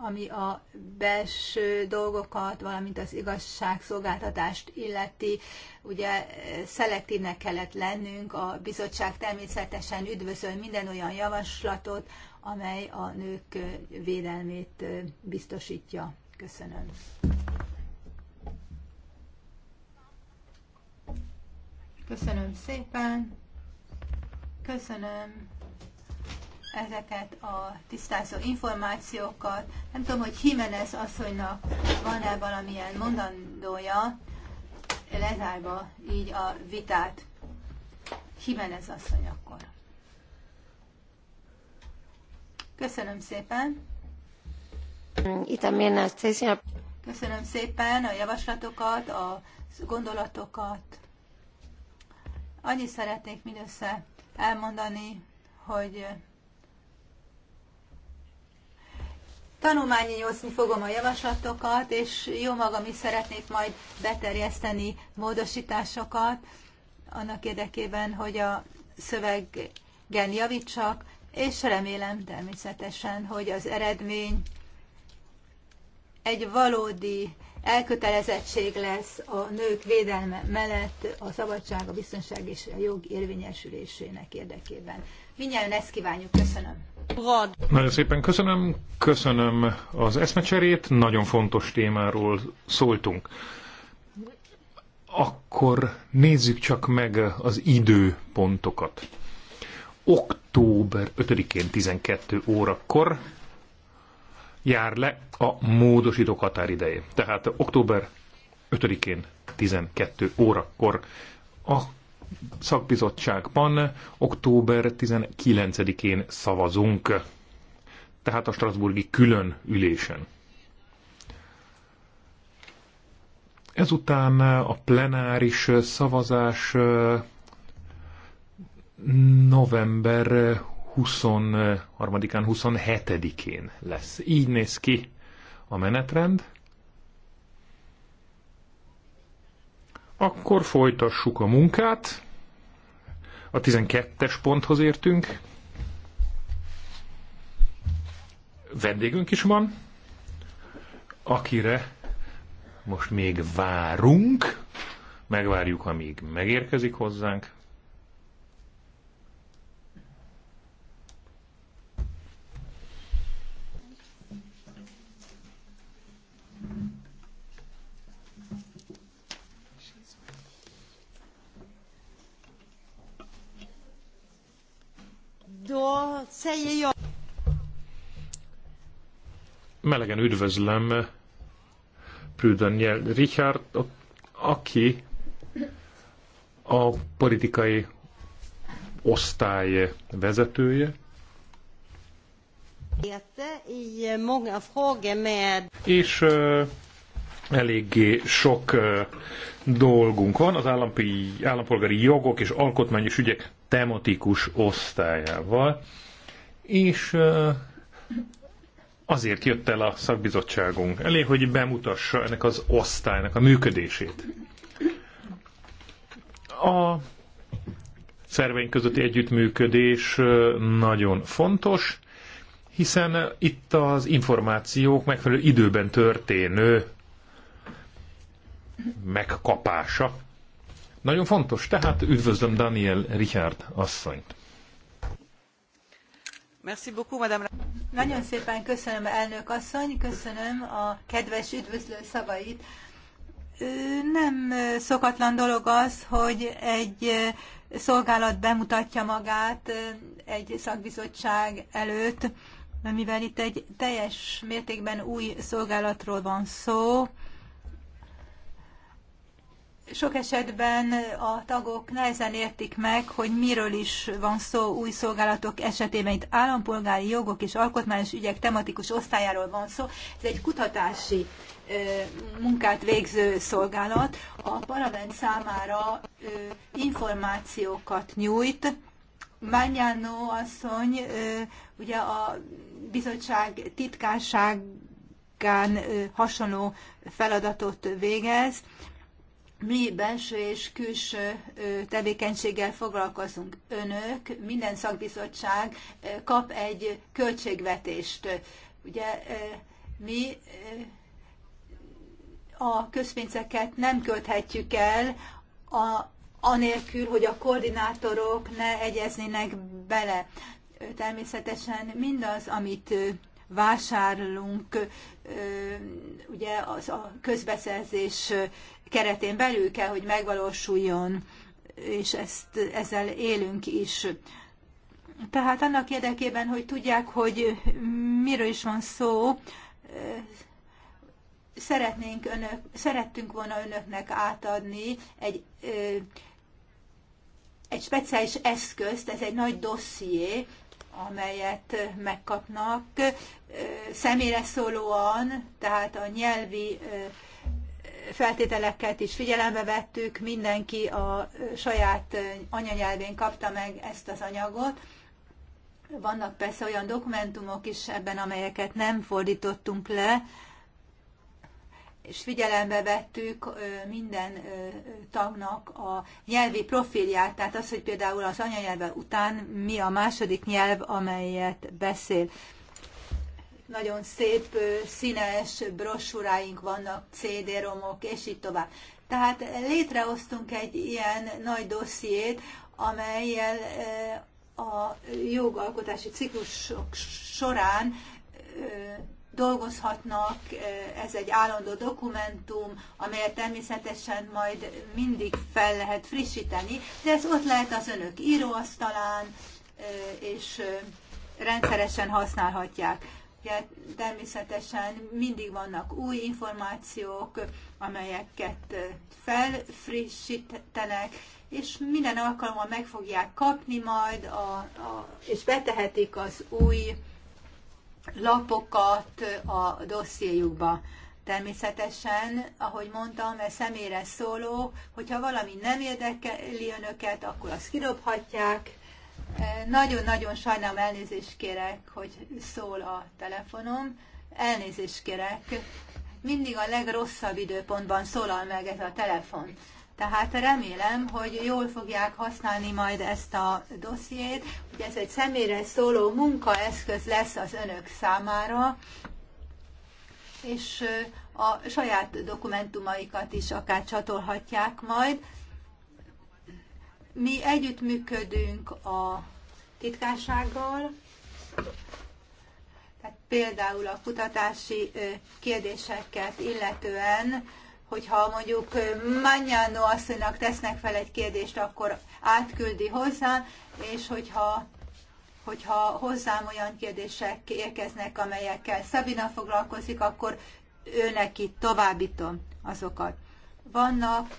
ami a belső dolgokat, valamint az igazságszolgáltatást illeti. Ugye szelektívnek kellett lennünk, a bizottság természetesen üdvözöl minden olyan javaslatot, amely a nők védelmét biztosítja. Köszönöm. Köszönöm szépen. Köszönöm ezeket a tisztázó információkat. Nem tudom, hogy Jimenez asszonynak van-e valamilyen mondandója, lezárva így a vitát. Jimenez asszony akkor. Köszönöm szépen. a Köszönöm szépen a javaslatokat, a gondolatokat. Annyit szeretnék mindössze elmondani, hogy Tanulmányozni fogom a javaslatokat, és jó magam is szeretnék majd beterjeszteni módosításokat annak érdekében, hogy a szöveggen javítsak, és remélem természetesen, hogy az eredmény egy valódi elkötelezettség lesz a nők védelme mellett a szabadság, a biztonság és a jog érvényesülésének érdekében. Mindjárt ezt kívánjuk. Köszönöm. Nagyon szépen köszönöm, köszönöm az eszmecserét, nagyon fontos témáról szóltunk. Akkor nézzük csak meg az időpontokat. Október 5-én 12 órakor jár le a módosítók határideje. Tehát október 5-én 12 órakor a szakbizottságban október 19-én szavazunk, tehát a Strasburgi külön ülésen. Ezután a plenáris szavazás november 23-án, 27-én lesz. Így néz ki a menetrend. Akkor folytassuk a munkát. A 12-es ponthoz értünk. Vendégünk is van, akire most még várunk. Megvárjuk, amíg megérkezik hozzánk. Då säger jag... Melegen üdvözlöm Prudaniel Richard, aki a politikai osztály vezetője. És uh, eléggé sok uh, dolgunk van az állampi, állampolgári jogok és alkotmányos ügyek tematikus osztályával, és azért jött el a szakbizottságunk elé, hogy bemutassa ennek az osztálynak a működését. A szerveink közötti együttműködés nagyon fontos, hiszen itt az információk megfelelő időben történő megkapása nagyon fontos, tehát üdvözlöm Daniel Richard asszonyt. Merci beaucoup, madame. Nagyon szépen köszönöm, elnök asszony, köszönöm a kedves üdvözlő szavait. Nem szokatlan dolog az, hogy egy szolgálat bemutatja magát egy szakbizottság előtt, mivel itt egy teljes mértékben új szolgálatról van szó, sok esetben a tagok nehezen értik meg, hogy miről is van szó új szolgálatok esetében. Itt állampolgári jogok és alkotmányos ügyek tematikus osztályáról van szó. Ez egy kutatási munkát végző szolgálat. A parlament számára információkat nyújt. Mányánó asszony ugye a bizottság titkárságán hasonló feladatot végez mi belső és külső tevékenységgel foglalkozunk. Önök, minden szakbizottság kap egy költségvetést. Ugye mi a közpénzeket nem köthetjük el a, anélkül, hogy a koordinátorok ne egyeznének bele. Természetesen mindaz, amit vásárlunk, ugye az a közbeszerzés keretén belül kell, hogy megvalósuljon, és ezt, ezzel élünk is. Tehát annak érdekében, hogy tudják, hogy miről is van szó, szeretnénk önök, szerettünk volna önöknek átadni egy, egy speciális eszközt, ez egy nagy dosszié, amelyet megkapnak személyre szólóan, tehát a nyelvi feltételeket is figyelembe vettük, mindenki a saját anyanyelvén kapta meg ezt az anyagot. Vannak persze olyan dokumentumok is ebben, amelyeket nem fordítottunk le, és figyelembe vettük minden tagnak a nyelvi profilját, tehát az, hogy például az anyanyelve után mi a második nyelv, amelyet beszél. Nagyon szép, színes brosúráink vannak, CD-romok, és így tovább. Tehát létrehoztunk egy ilyen nagy dossziét, amelyel a jogalkotási ciklusok során dolgozhatnak, ez egy állandó dokumentum, amelyet természetesen majd mindig fel lehet frissíteni, de ez ott lehet az önök íróasztalán, és rendszeresen használhatják. Ugye természetesen mindig vannak új információk, amelyeket felfrissítenek, és minden alkalommal meg fogják kapni majd, a, a, és betehetik az új lapokat a dossziéjukba. Természetesen, ahogy mondtam, ez személyre szóló, hogyha valami nem érdekeli önöket, akkor azt kidobhatják. Nagyon-nagyon sajnálom, elnézést kérek, hogy szól a telefonom. Elnézést kérek, mindig a legrosszabb időpontban szólal meg ez a telefon. Tehát remélem, hogy jól fogják használni majd ezt a dossziét, hogy ez egy személyre szóló munkaeszköz lesz az önök számára, és a saját dokumentumaikat is akár csatolhatják majd. Mi együttműködünk a titkársággal, tehát például a kutatási kérdéseket illetően hogyha mondjuk Magnano asszonynak tesznek fel egy kérdést, akkor átküldi hozzám, és hogyha, hogyha hozzám olyan kérdések érkeznek, amelyekkel Szabina foglalkozik, akkor ő neki továbbítom azokat. Vannak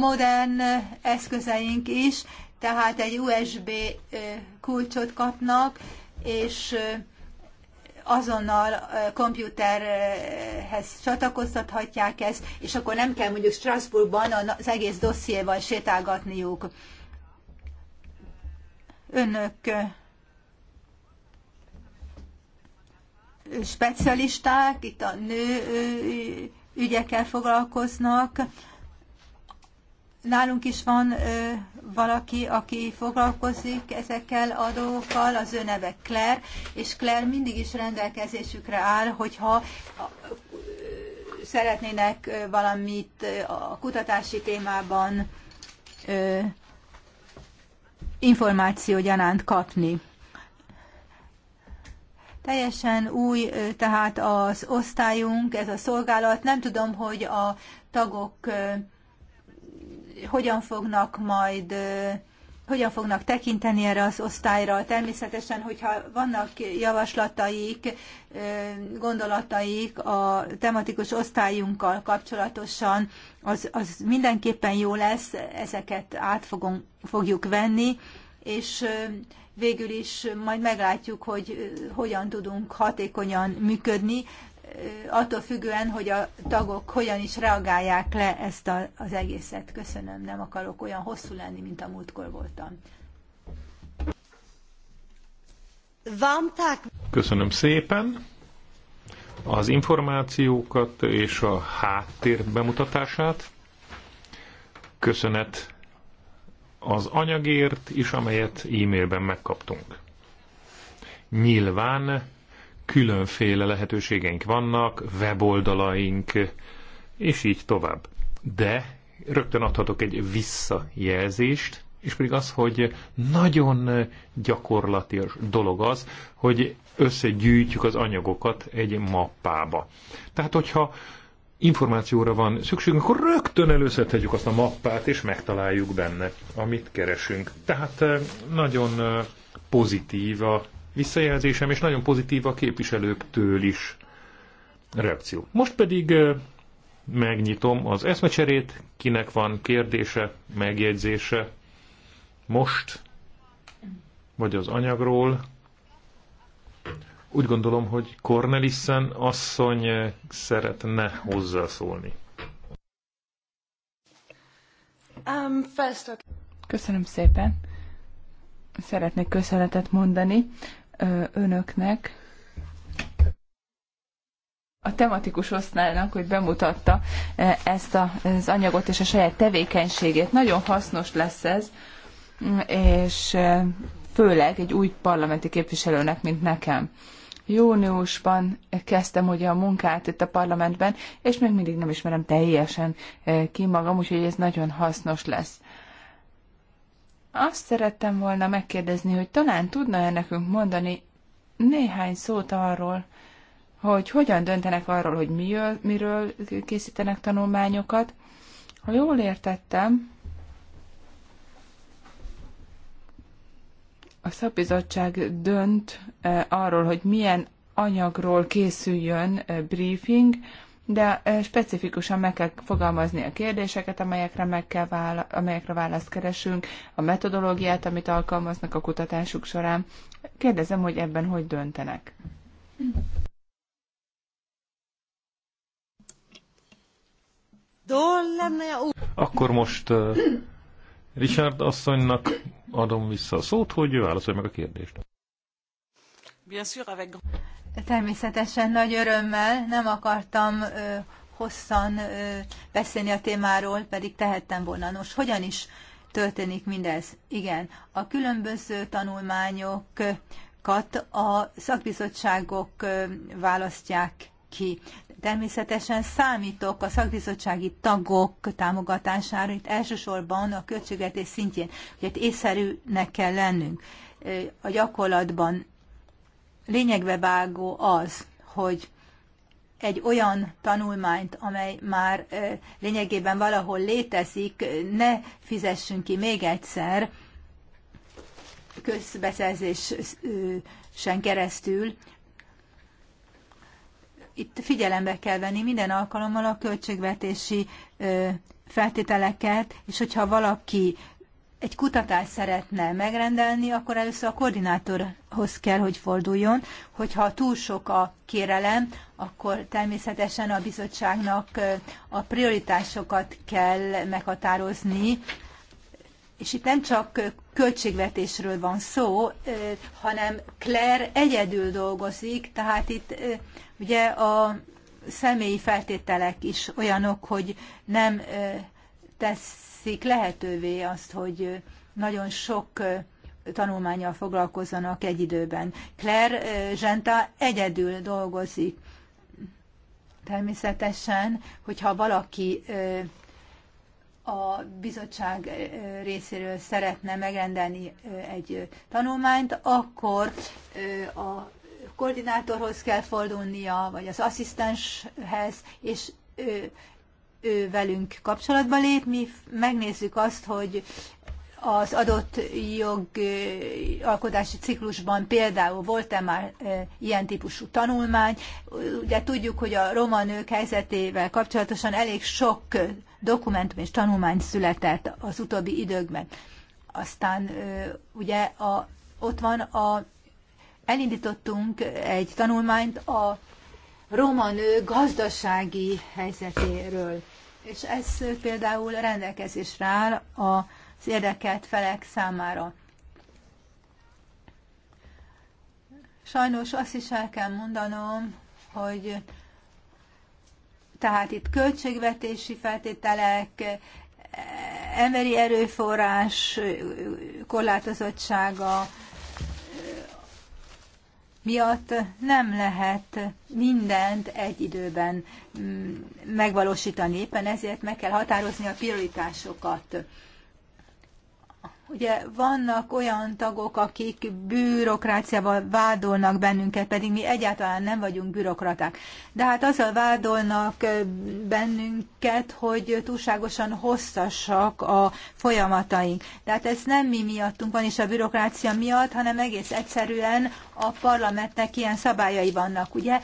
modern eszközeink is, tehát egy USB kulcsot kapnak, és azonnal komputerhez csatlakoztathatják ezt, és akkor nem kell mondjuk Strasbourgban az egész dossziéval sétálgatniuk. Önök specialisták, itt a nő ügyekkel foglalkoznak, Nálunk is van ö, valaki, aki foglalkozik ezekkel a dolgokkal, az ő neve Claire, és Claire mindig is rendelkezésükre áll, hogyha szeretnének valamit a kutatási témában ö, információ gyanánt kapni. Teljesen új tehát az osztályunk, ez a szolgálat. Nem tudom, hogy a tagok hogyan fognak majd hogyan fognak tekinteni erre az osztályra. Természetesen, hogyha vannak javaslataik, gondolataik a tematikus osztályunkkal kapcsolatosan, az, az mindenképpen jó lesz, ezeket át fogom, fogjuk venni, és végül is majd meglátjuk, hogy hogyan tudunk hatékonyan működni attól függően, hogy a tagok hogyan is reagálják le ezt a, az egészet. Köszönöm, nem akarok olyan hosszú lenni, mint a múltkor voltam. Köszönöm szépen az információkat és a háttér bemutatását. Köszönet az anyagért is, amelyet e-mailben megkaptunk. Nyilván különféle lehetőségeink vannak, weboldalaink, és így tovább. De rögtön adhatok egy visszajelzést, és pedig az, hogy nagyon gyakorlatilag dolog az, hogy összegyűjtjük az anyagokat egy mappába. Tehát, hogyha információra van szükségünk, akkor rögtön előszedhetjük azt a mappát, és megtaláljuk benne, amit keresünk. Tehát eh, nagyon eh, pozitív a visszajelzésem, és nagyon pozitív a képviselőktől is reakció. Most pedig megnyitom az eszmecserét, kinek van kérdése, megjegyzése most, vagy az anyagról. Úgy gondolom, hogy Cornelissen asszony szeretne hozzászólni. Um, Köszönöm szépen. Szeretnék köszönetet mondani önöknek, a tematikus osztálynak, hogy bemutatta ezt az anyagot és a saját tevékenységét. Nagyon hasznos lesz ez, mm, és főleg egy új parlamenti képviselőnek, mint nekem. Júniusban kezdtem ugye a munkát itt a parlamentben, és még mindig nem ismerem teljesen ki magam, úgyhogy ez nagyon hasznos lesz. Azt szerettem volna megkérdezni, hogy talán tudna-e nekünk mondani néhány szót arról, hogy hogyan döntenek arról, hogy miről, miről készítenek tanulmányokat. Ha jól értettem, a szabizottság dönt eh, arról, hogy milyen anyagról készüljön eh, briefing, de specifikusan meg kell fogalmazni a kérdéseket, amelyekre, meg kell vála- amelyekre választ keresünk, a metodológiát, amit alkalmaznak a kutatásuk során. Kérdezem, hogy ebben hogy döntenek. Akkor most Richard asszonynak adom vissza a szót, hogy ő válaszolja meg a kérdést. Természetesen nagy örömmel nem akartam ö, hosszan ö, beszélni a témáról, pedig tehettem volna. Nos, hogyan is történik mindez? Igen, a különböző tanulmányokat a szakbizottságok ö, választják ki. Természetesen számítok a szakbizottsági tagok támogatására, itt elsősorban a költségvetés szintjén, ugye észszerűnek kell lennünk a gyakorlatban lényegbe vágó az, hogy egy olyan tanulmányt, amely már lényegében valahol létezik, ne fizessünk ki még egyszer közbeszerzésen keresztül. Itt figyelembe kell venni minden alkalommal a költségvetési feltételeket, és hogyha valaki egy kutatást szeretne megrendelni, akkor először a koordinátorhoz kell, hogy forduljon. Hogyha túl sok a kérelem, akkor természetesen a bizottságnak a prioritásokat kell meghatározni, és itt nem csak költségvetésről van szó, hanem Claire egyedül dolgozik, tehát itt ugye a személyi feltételek is olyanok, hogy nem tesz teszik lehetővé azt, hogy nagyon sok tanulmányjal foglalkozzanak egy időben. Claire Zsenta egyedül dolgozik. Természetesen, hogyha valaki a bizottság részéről szeretne megrendelni egy tanulmányt, akkor a koordinátorhoz kell fordulnia, vagy az asszisztenshez, és ő velünk kapcsolatba lép, mi megnézzük azt, hogy az adott jogalkotási ciklusban például volt-e már ilyen típusú tanulmány. Ugye tudjuk, hogy a roma nők helyzetével kapcsolatosan elég sok dokumentum és tanulmány született az utóbbi időkben. Aztán ugye a, ott van a, elindítottunk egy tanulmányt a roma nő gazdasági helyzetéről. És ez például rendelkezésre áll az érdekelt felek számára. Sajnos azt is el kell mondanom, hogy tehát itt költségvetési feltételek, emberi erőforrás korlátozottsága, miatt nem lehet mindent egy időben mm, megvalósítani. Éppen ezért meg kell határozni a prioritásokat. Ugye vannak olyan tagok, akik bürokráciával vádolnak bennünket, pedig mi egyáltalán nem vagyunk bürokraták. De hát azzal vádolnak bennünket, hogy túlságosan hosszasak a folyamataink. Tehát ez nem mi miattunk van, és a bürokrácia miatt, hanem egész egyszerűen a parlamentnek ilyen szabályai vannak. Ugye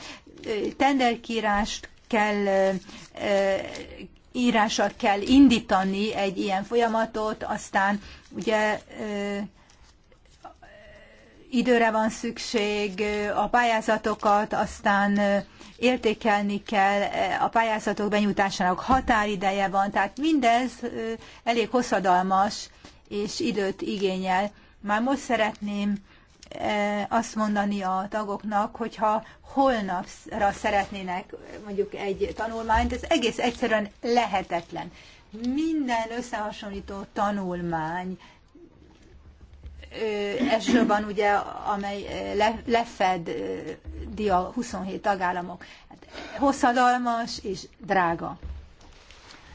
tenderkírást kell írással kell indítani egy ilyen folyamatot, aztán ugye időre van szükség, a pályázatokat, aztán értékelni kell, a pályázatok benyújtásának határideje van, tehát mindez elég hosszadalmas és időt igényel. Már most szeretném E, azt mondani a tagoknak, hogyha holnapra szeretnének mondjuk egy tanulmányt, ez egész egyszerűen lehetetlen. Minden összehasonlító tanulmány, elsősorban ugye, amely le, lefedi a 27 tagállamok, hát hosszadalmas és drága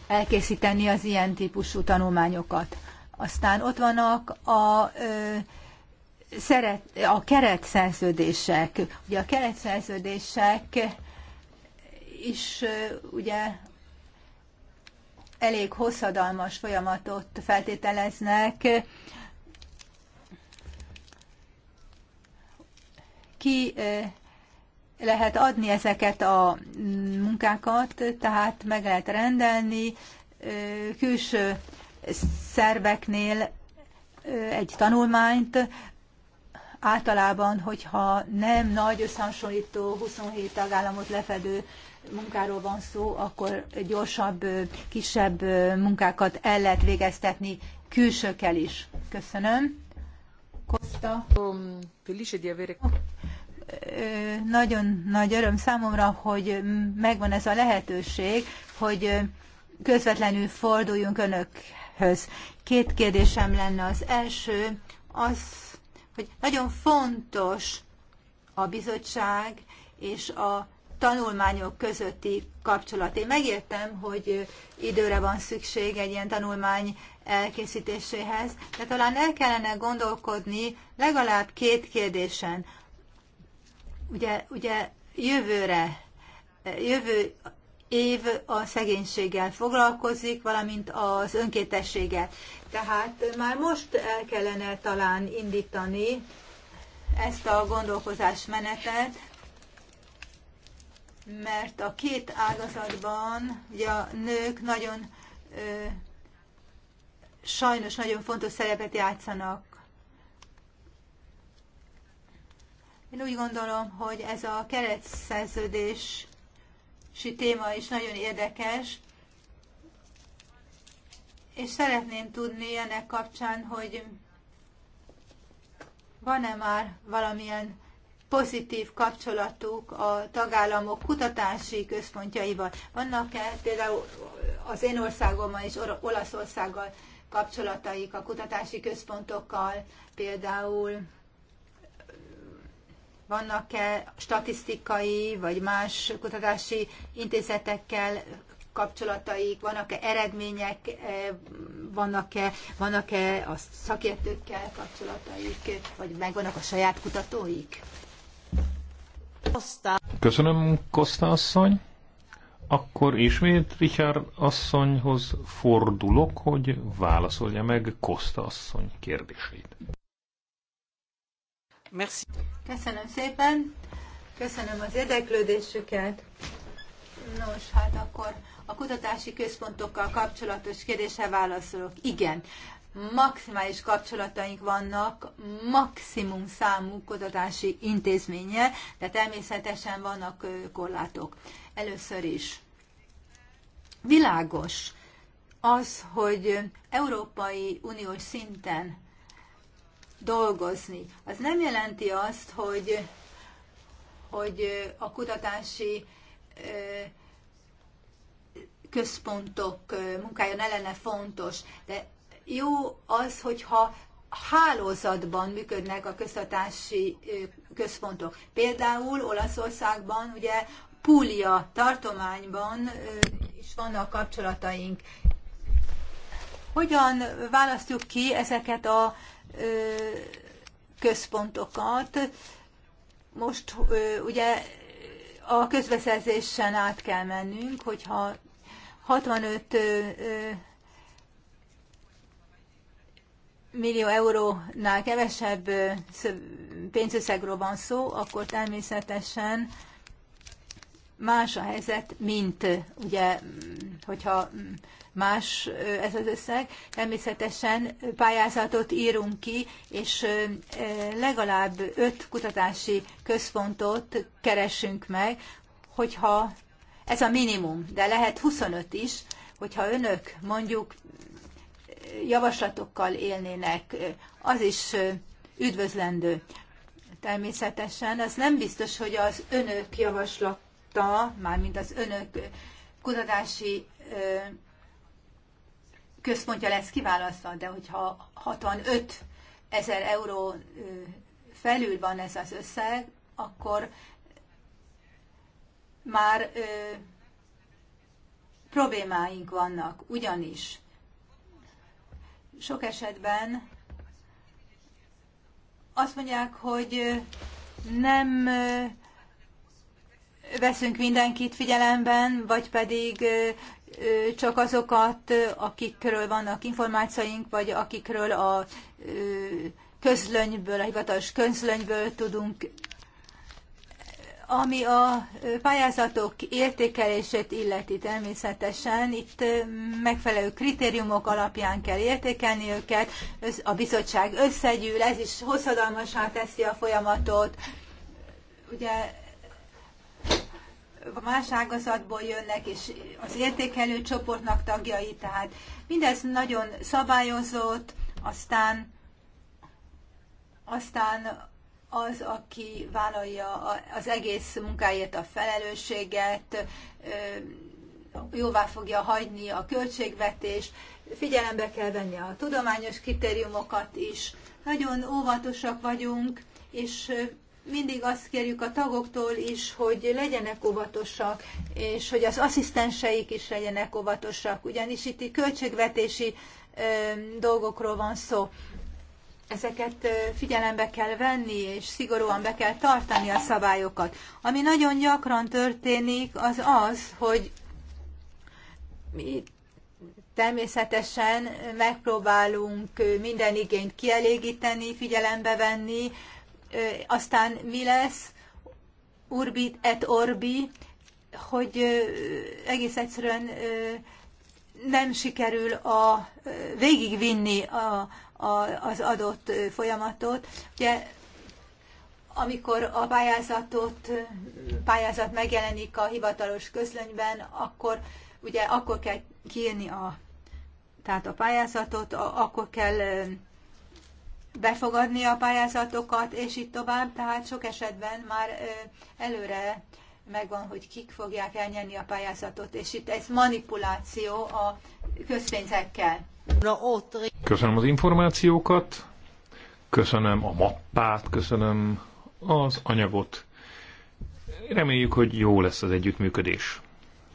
elkészíteni az ilyen típusú tanulmányokat. Aztán ott vannak a szeret, a keretszerződések. Ugye a keretszerződések is ugye elég hosszadalmas folyamatot feltételeznek. Ki lehet adni ezeket a munkákat, tehát meg lehet rendelni külső szerveknél egy tanulmányt Általában, hogyha nem nagy összehasonlító 27 tagállamot lefedő munkáról van szó, akkor gyorsabb, kisebb munkákat el lehet végeztetni külsőkkel is. Köszönöm. Costa. Nagyon nagy öröm számomra, hogy megvan ez a lehetőség, hogy közvetlenül forduljunk önökhöz. Két kérdésem lenne. Az első az hogy nagyon fontos a bizottság és a tanulmányok közötti kapcsolat. Én megértem, hogy időre van szükség egy ilyen tanulmány elkészítéséhez, de talán el kellene gondolkodni legalább két kérdésen. Ugye, ugye jövőre, jövő év a szegénységgel foglalkozik, valamint az önkétességgel. Tehát már most el kellene talán indítani ezt a menetet, mert a két ágazatban ugye a nők nagyon ö, sajnos nagyon fontos szerepet játszanak. Én úgy gondolom, hogy ez a keretszerződés Sí téma is nagyon érdekes, és szeretném tudni ennek kapcsán, hogy van-e már valamilyen pozitív kapcsolatuk a tagállamok kutatási központjaival? Vannak-e például az én országommal és Olaszországgal kapcsolataik a kutatási központokkal, például vannak-e statisztikai vagy más kutatási intézetekkel kapcsolataik, vannak-e eredmények, eh, vannak-e, vannak-e a szakértőkkel kapcsolataik, vagy megvannak a saját kutatóik? Köszönöm, Kosta asszony. Akkor ismét Richard asszonyhoz fordulok, hogy válaszolja meg Kosta asszony kérdését. Merci. Köszönöm szépen, köszönöm az érdeklődésüket. Nos, hát akkor a kutatási központokkal kapcsolatos kérdése válaszolok. Igen, maximális kapcsolataink vannak, maximum számú kutatási intézménye, de természetesen vannak korlátok. Először is világos az, hogy Európai Uniós szinten dolgozni. Az nem jelenti azt, hogy, hogy a kutatási központok munkája ne lenne fontos, de jó az, hogyha hálózatban működnek a köztatási központok. Például Olaszországban, ugye Púlia tartományban is vannak kapcsolataink. Hogyan választjuk ki ezeket a központokat. Most ugye a közbeszerzésen át kell mennünk, hogyha 65 millió eurónál kevesebb pénzösszegről van szó, akkor természetesen más a helyzet, mint ugye, hogyha más ez az összeg. Természetesen pályázatot írunk ki, és legalább öt kutatási központot keresünk meg, hogyha ez a minimum, de lehet 25 is, hogyha önök mondjuk javaslatokkal élnének, az is üdvözlendő. Természetesen az nem biztos, hogy az önök javaslata, mármint az önök kutatási központja lesz kiválasztva, de hogyha 65 ezer euró felül van ez az összeg, akkor már ö, problémáink vannak, ugyanis sok esetben azt mondják, hogy nem veszünk mindenkit figyelemben, vagy pedig csak azokat, akikről vannak információink, vagy akikről a közlönyből, a hivatalos közlönyből tudunk. Ami a pályázatok értékelését illeti természetesen, itt megfelelő kritériumok alapján kell értékelni őket, a bizottság összegyűl, ez is hosszadalmasan teszi a folyamatot. Ugye más ágazatból jönnek, és az értékelő csoportnak tagjai, tehát mindez nagyon szabályozott, aztán, aztán az, aki vállalja az egész munkáért a felelősséget, jóvá fogja hagyni a költségvetés, figyelembe kell venni a tudományos kritériumokat is. Nagyon óvatosak vagyunk, és mindig azt kérjük a tagoktól is, hogy legyenek óvatosak, és hogy az asszisztenseik is legyenek óvatosak, ugyanis itt költségvetési dolgokról van szó. Ezeket figyelembe kell venni, és szigorúan be kell tartani a szabályokat. Ami nagyon gyakran történik, az az, hogy mi természetesen megpróbálunk minden igényt kielégíteni, figyelembe venni, aztán mi lesz, urbit et orbi, hogy egész egyszerűen nem sikerül a, végigvinni a, a, az adott folyamatot. Ugye, amikor a pályázatot, pályázat megjelenik a hivatalos közlönyben, akkor ugye akkor kell kiírni a, tehát a pályázatot, a, akkor kell befogadni a pályázatokat, és így tovább, tehát sok esetben már előre megvan, hogy kik fogják elnyerni a pályázatot, és itt ez manipuláció a közpénzekkel. Köszönöm az információkat, köszönöm a mappát, köszönöm az anyagot. Reméljük, hogy jó lesz az együttműködés.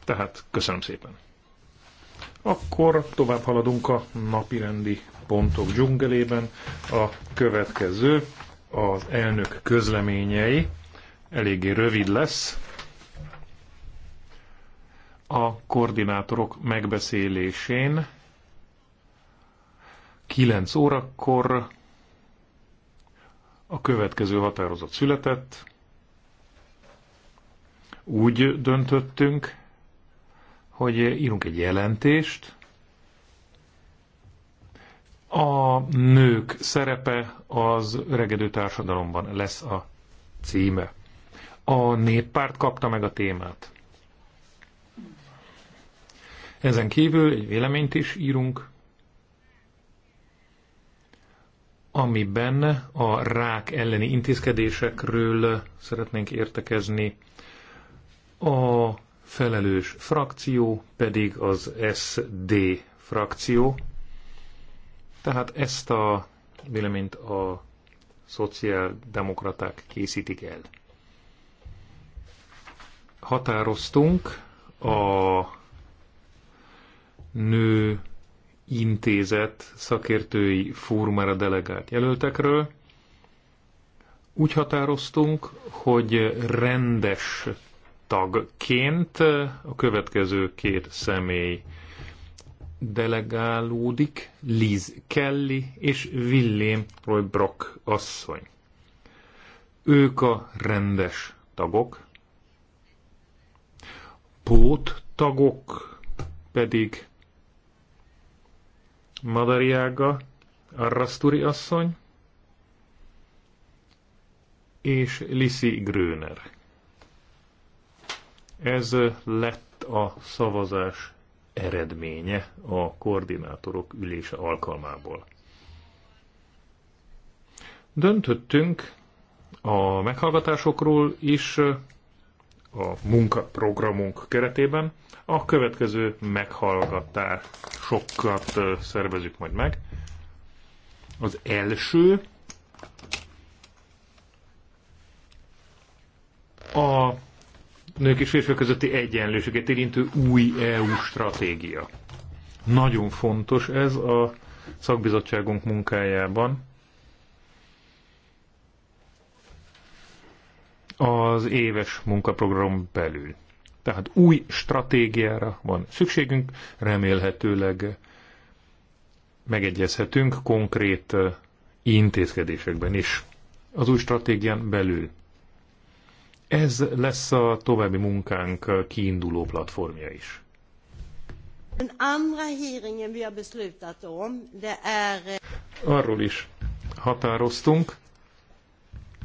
Tehát köszönöm szépen. Akkor tovább haladunk a napirendi pontok dzsungelében. A következő az elnök közleményei. Eléggé rövid lesz. A koordinátorok megbeszélésén 9 órakor a következő határozat született. Úgy döntöttünk, hogy írunk egy jelentést, a nők szerepe az öregedő társadalomban lesz a címe. A néppárt kapta meg a témát. Ezen kívül egy véleményt is írunk, amiben a rák elleni intézkedésekről szeretnénk értekezni, a felelős frakció pedig az SD frakció. Tehát ezt a véleményt a szociáldemokraták készítik el. Határoztunk a nő intézet szakértői fórumára delegált jelöltekről. Úgy határoztunk, hogy rendes tagként a következő két személy delegálódik, Liz Kelly és Willem Roy Brock asszony. Ők a rendes tagok, pót tagok pedig Madariága, Arrasturi asszony és Lisi Gröner. Ez lett a szavazás eredménye a koordinátorok ülése alkalmából. Döntöttünk a meghallgatásokról is a munkaprogramunk keretében. A következő meghallgatásokat szervezük majd meg. Az első a nők és férfiak közötti egyenlőséget érintő új EU stratégia. Nagyon fontos ez a szakbizottságunk munkájában. Az éves munkaprogram belül. Tehát új stratégiára van szükségünk, remélhetőleg megegyezhetünk konkrét intézkedésekben is az új stratégián belül. Ez lesz a további munkánk kiinduló platformja is. Eh, Arról is határoztunk,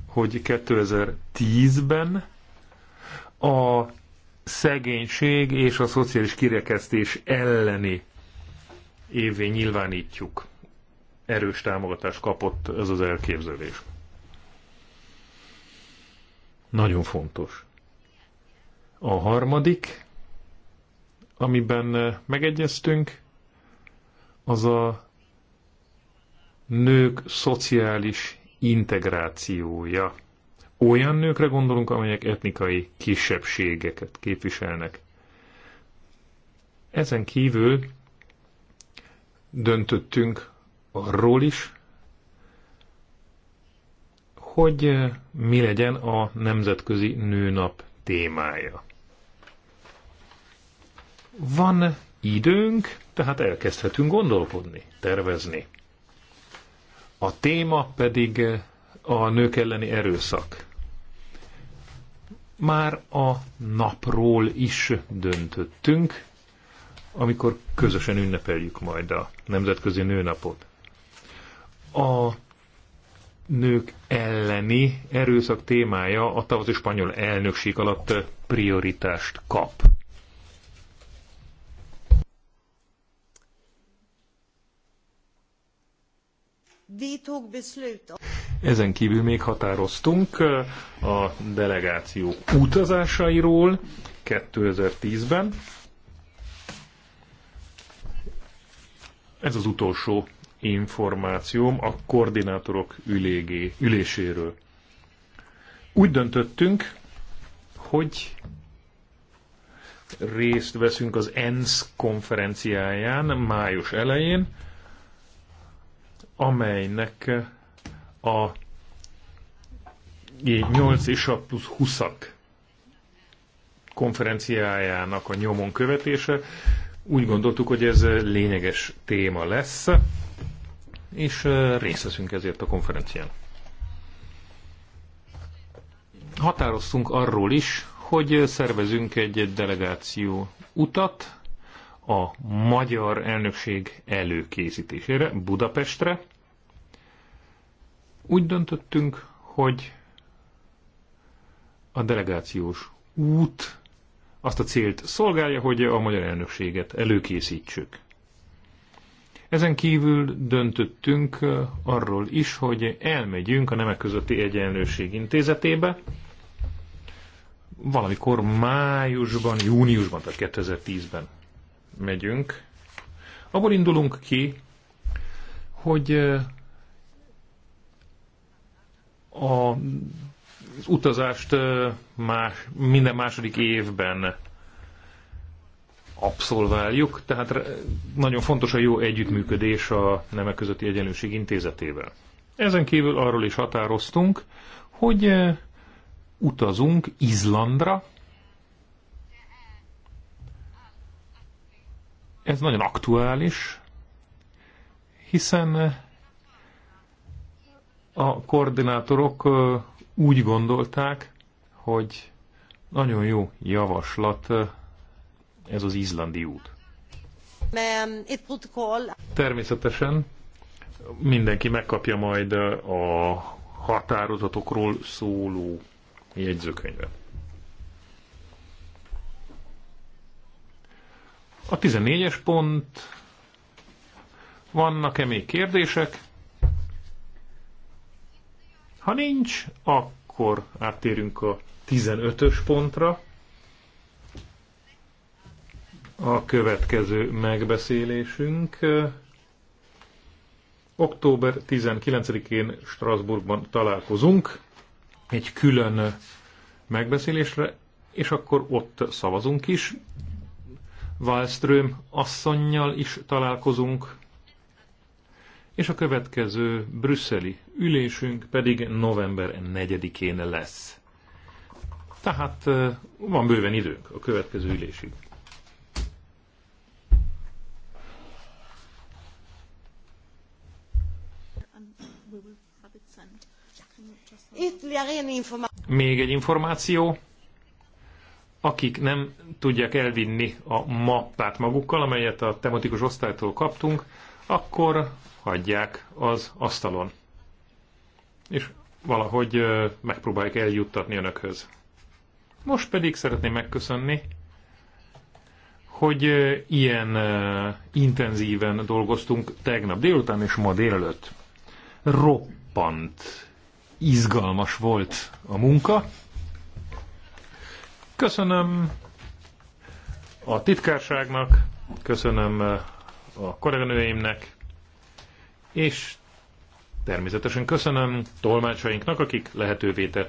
hogy 2010-ben a szegénység és a szociális kirekesztés elleni évén nyilvánítjuk. Erős támogatást kapott ez az elképzelés nagyon fontos. A harmadik, amiben eh, megegyeztünk, az a nők szociális integrációja. Olyan nőkre gondolunk, amelyek etnikai kisebbségeket képviselnek. Ezen kívül döntöttünk arról is, hogy mi legyen a Nemzetközi Nőnap témája. Van időnk, tehát elkezdhetünk gondolkodni, tervezni. A téma pedig a nők elleni erőszak. Már a napról is döntöttünk, amikor közösen ünnepeljük majd a Nemzetközi Nőnapot. A nők elleni erőszak témája a tavaszi spanyol elnökség alatt prioritást kap. Ezen kívül még határoztunk uh, a delegáció utazásairól 2010-ben. Ez az utolsó információm a koordinátorok ülégé, üléséről. Úgy döntöttünk, hogy részt veszünk az ENSZ konferenciáján május elején, amelynek a 8 és a plusz 20 konferenciájának a nyomon követése. Úgy gondoltuk, hogy ez lényeges téma lesz, és részt veszünk ezért a konferencián. Határoztunk arról is, hogy szervezünk egy delegáció utat a magyar elnökség előkészítésére Budapestre. Úgy döntöttünk, hogy a delegációs út azt a célt szolgálja, hogy a magyar elnökséget előkészítsük. Ezen kívül döntöttünk arról is, hogy elmegyünk a Nemek Közötti Egyenlőség Intézetébe, valamikor májusban, júniusban, tehát 2010-ben megyünk. Abból indulunk ki, hogy a, az utazást más, minden második évben abszolváljuk, tehát nagyon fontos a jó együttműködés a Nemek Közötti Egyenlőség Intézetével. Ezen kívül arról is határoztunk, hogy eh, utazunk Izlandra. Ez nagyon aktuális, hiszen eh, a koordinátorok eh, úgy gondolták, hogy nagyon jó javaslat ez az izlandi út. Természetesen mindenki megkapja majd a határozatokról szóló jegyzőkönyvet. A 14-es pont. Vannak-e még kérdések? Ha nincs, akkor áttérünk a 15-ös pontra. A következő megbeszélésünk október 19-én Strasbourgban találkozunk egy külön megbeszélésre, és akkor ott szavazunk is. Wallström asszonynal is találkozunk, és a következő brüsszeli ülésünk pedig november 4-én lesz. Tehát van bőven időnk a következő ülésig. Még egy információ. Akik nem tudják elvinni a mappát magukkal, amelyet a tematikus osztálytól kaptunk, akkor hagyják az asztalon. És valahogy megpróbálják eljuttatni önökhöz. Most pedig szeretném megköszönni, hogy ilyen intenzíven dolgoztunk tegnap délután és ma délelőtt. Roppant izgalmas volt a munka. Köszönöm a titkárságnak, köszönöm a kolléganőimnek, és természetesen köszönöm tolmácsainknak, akik lehetővé tették.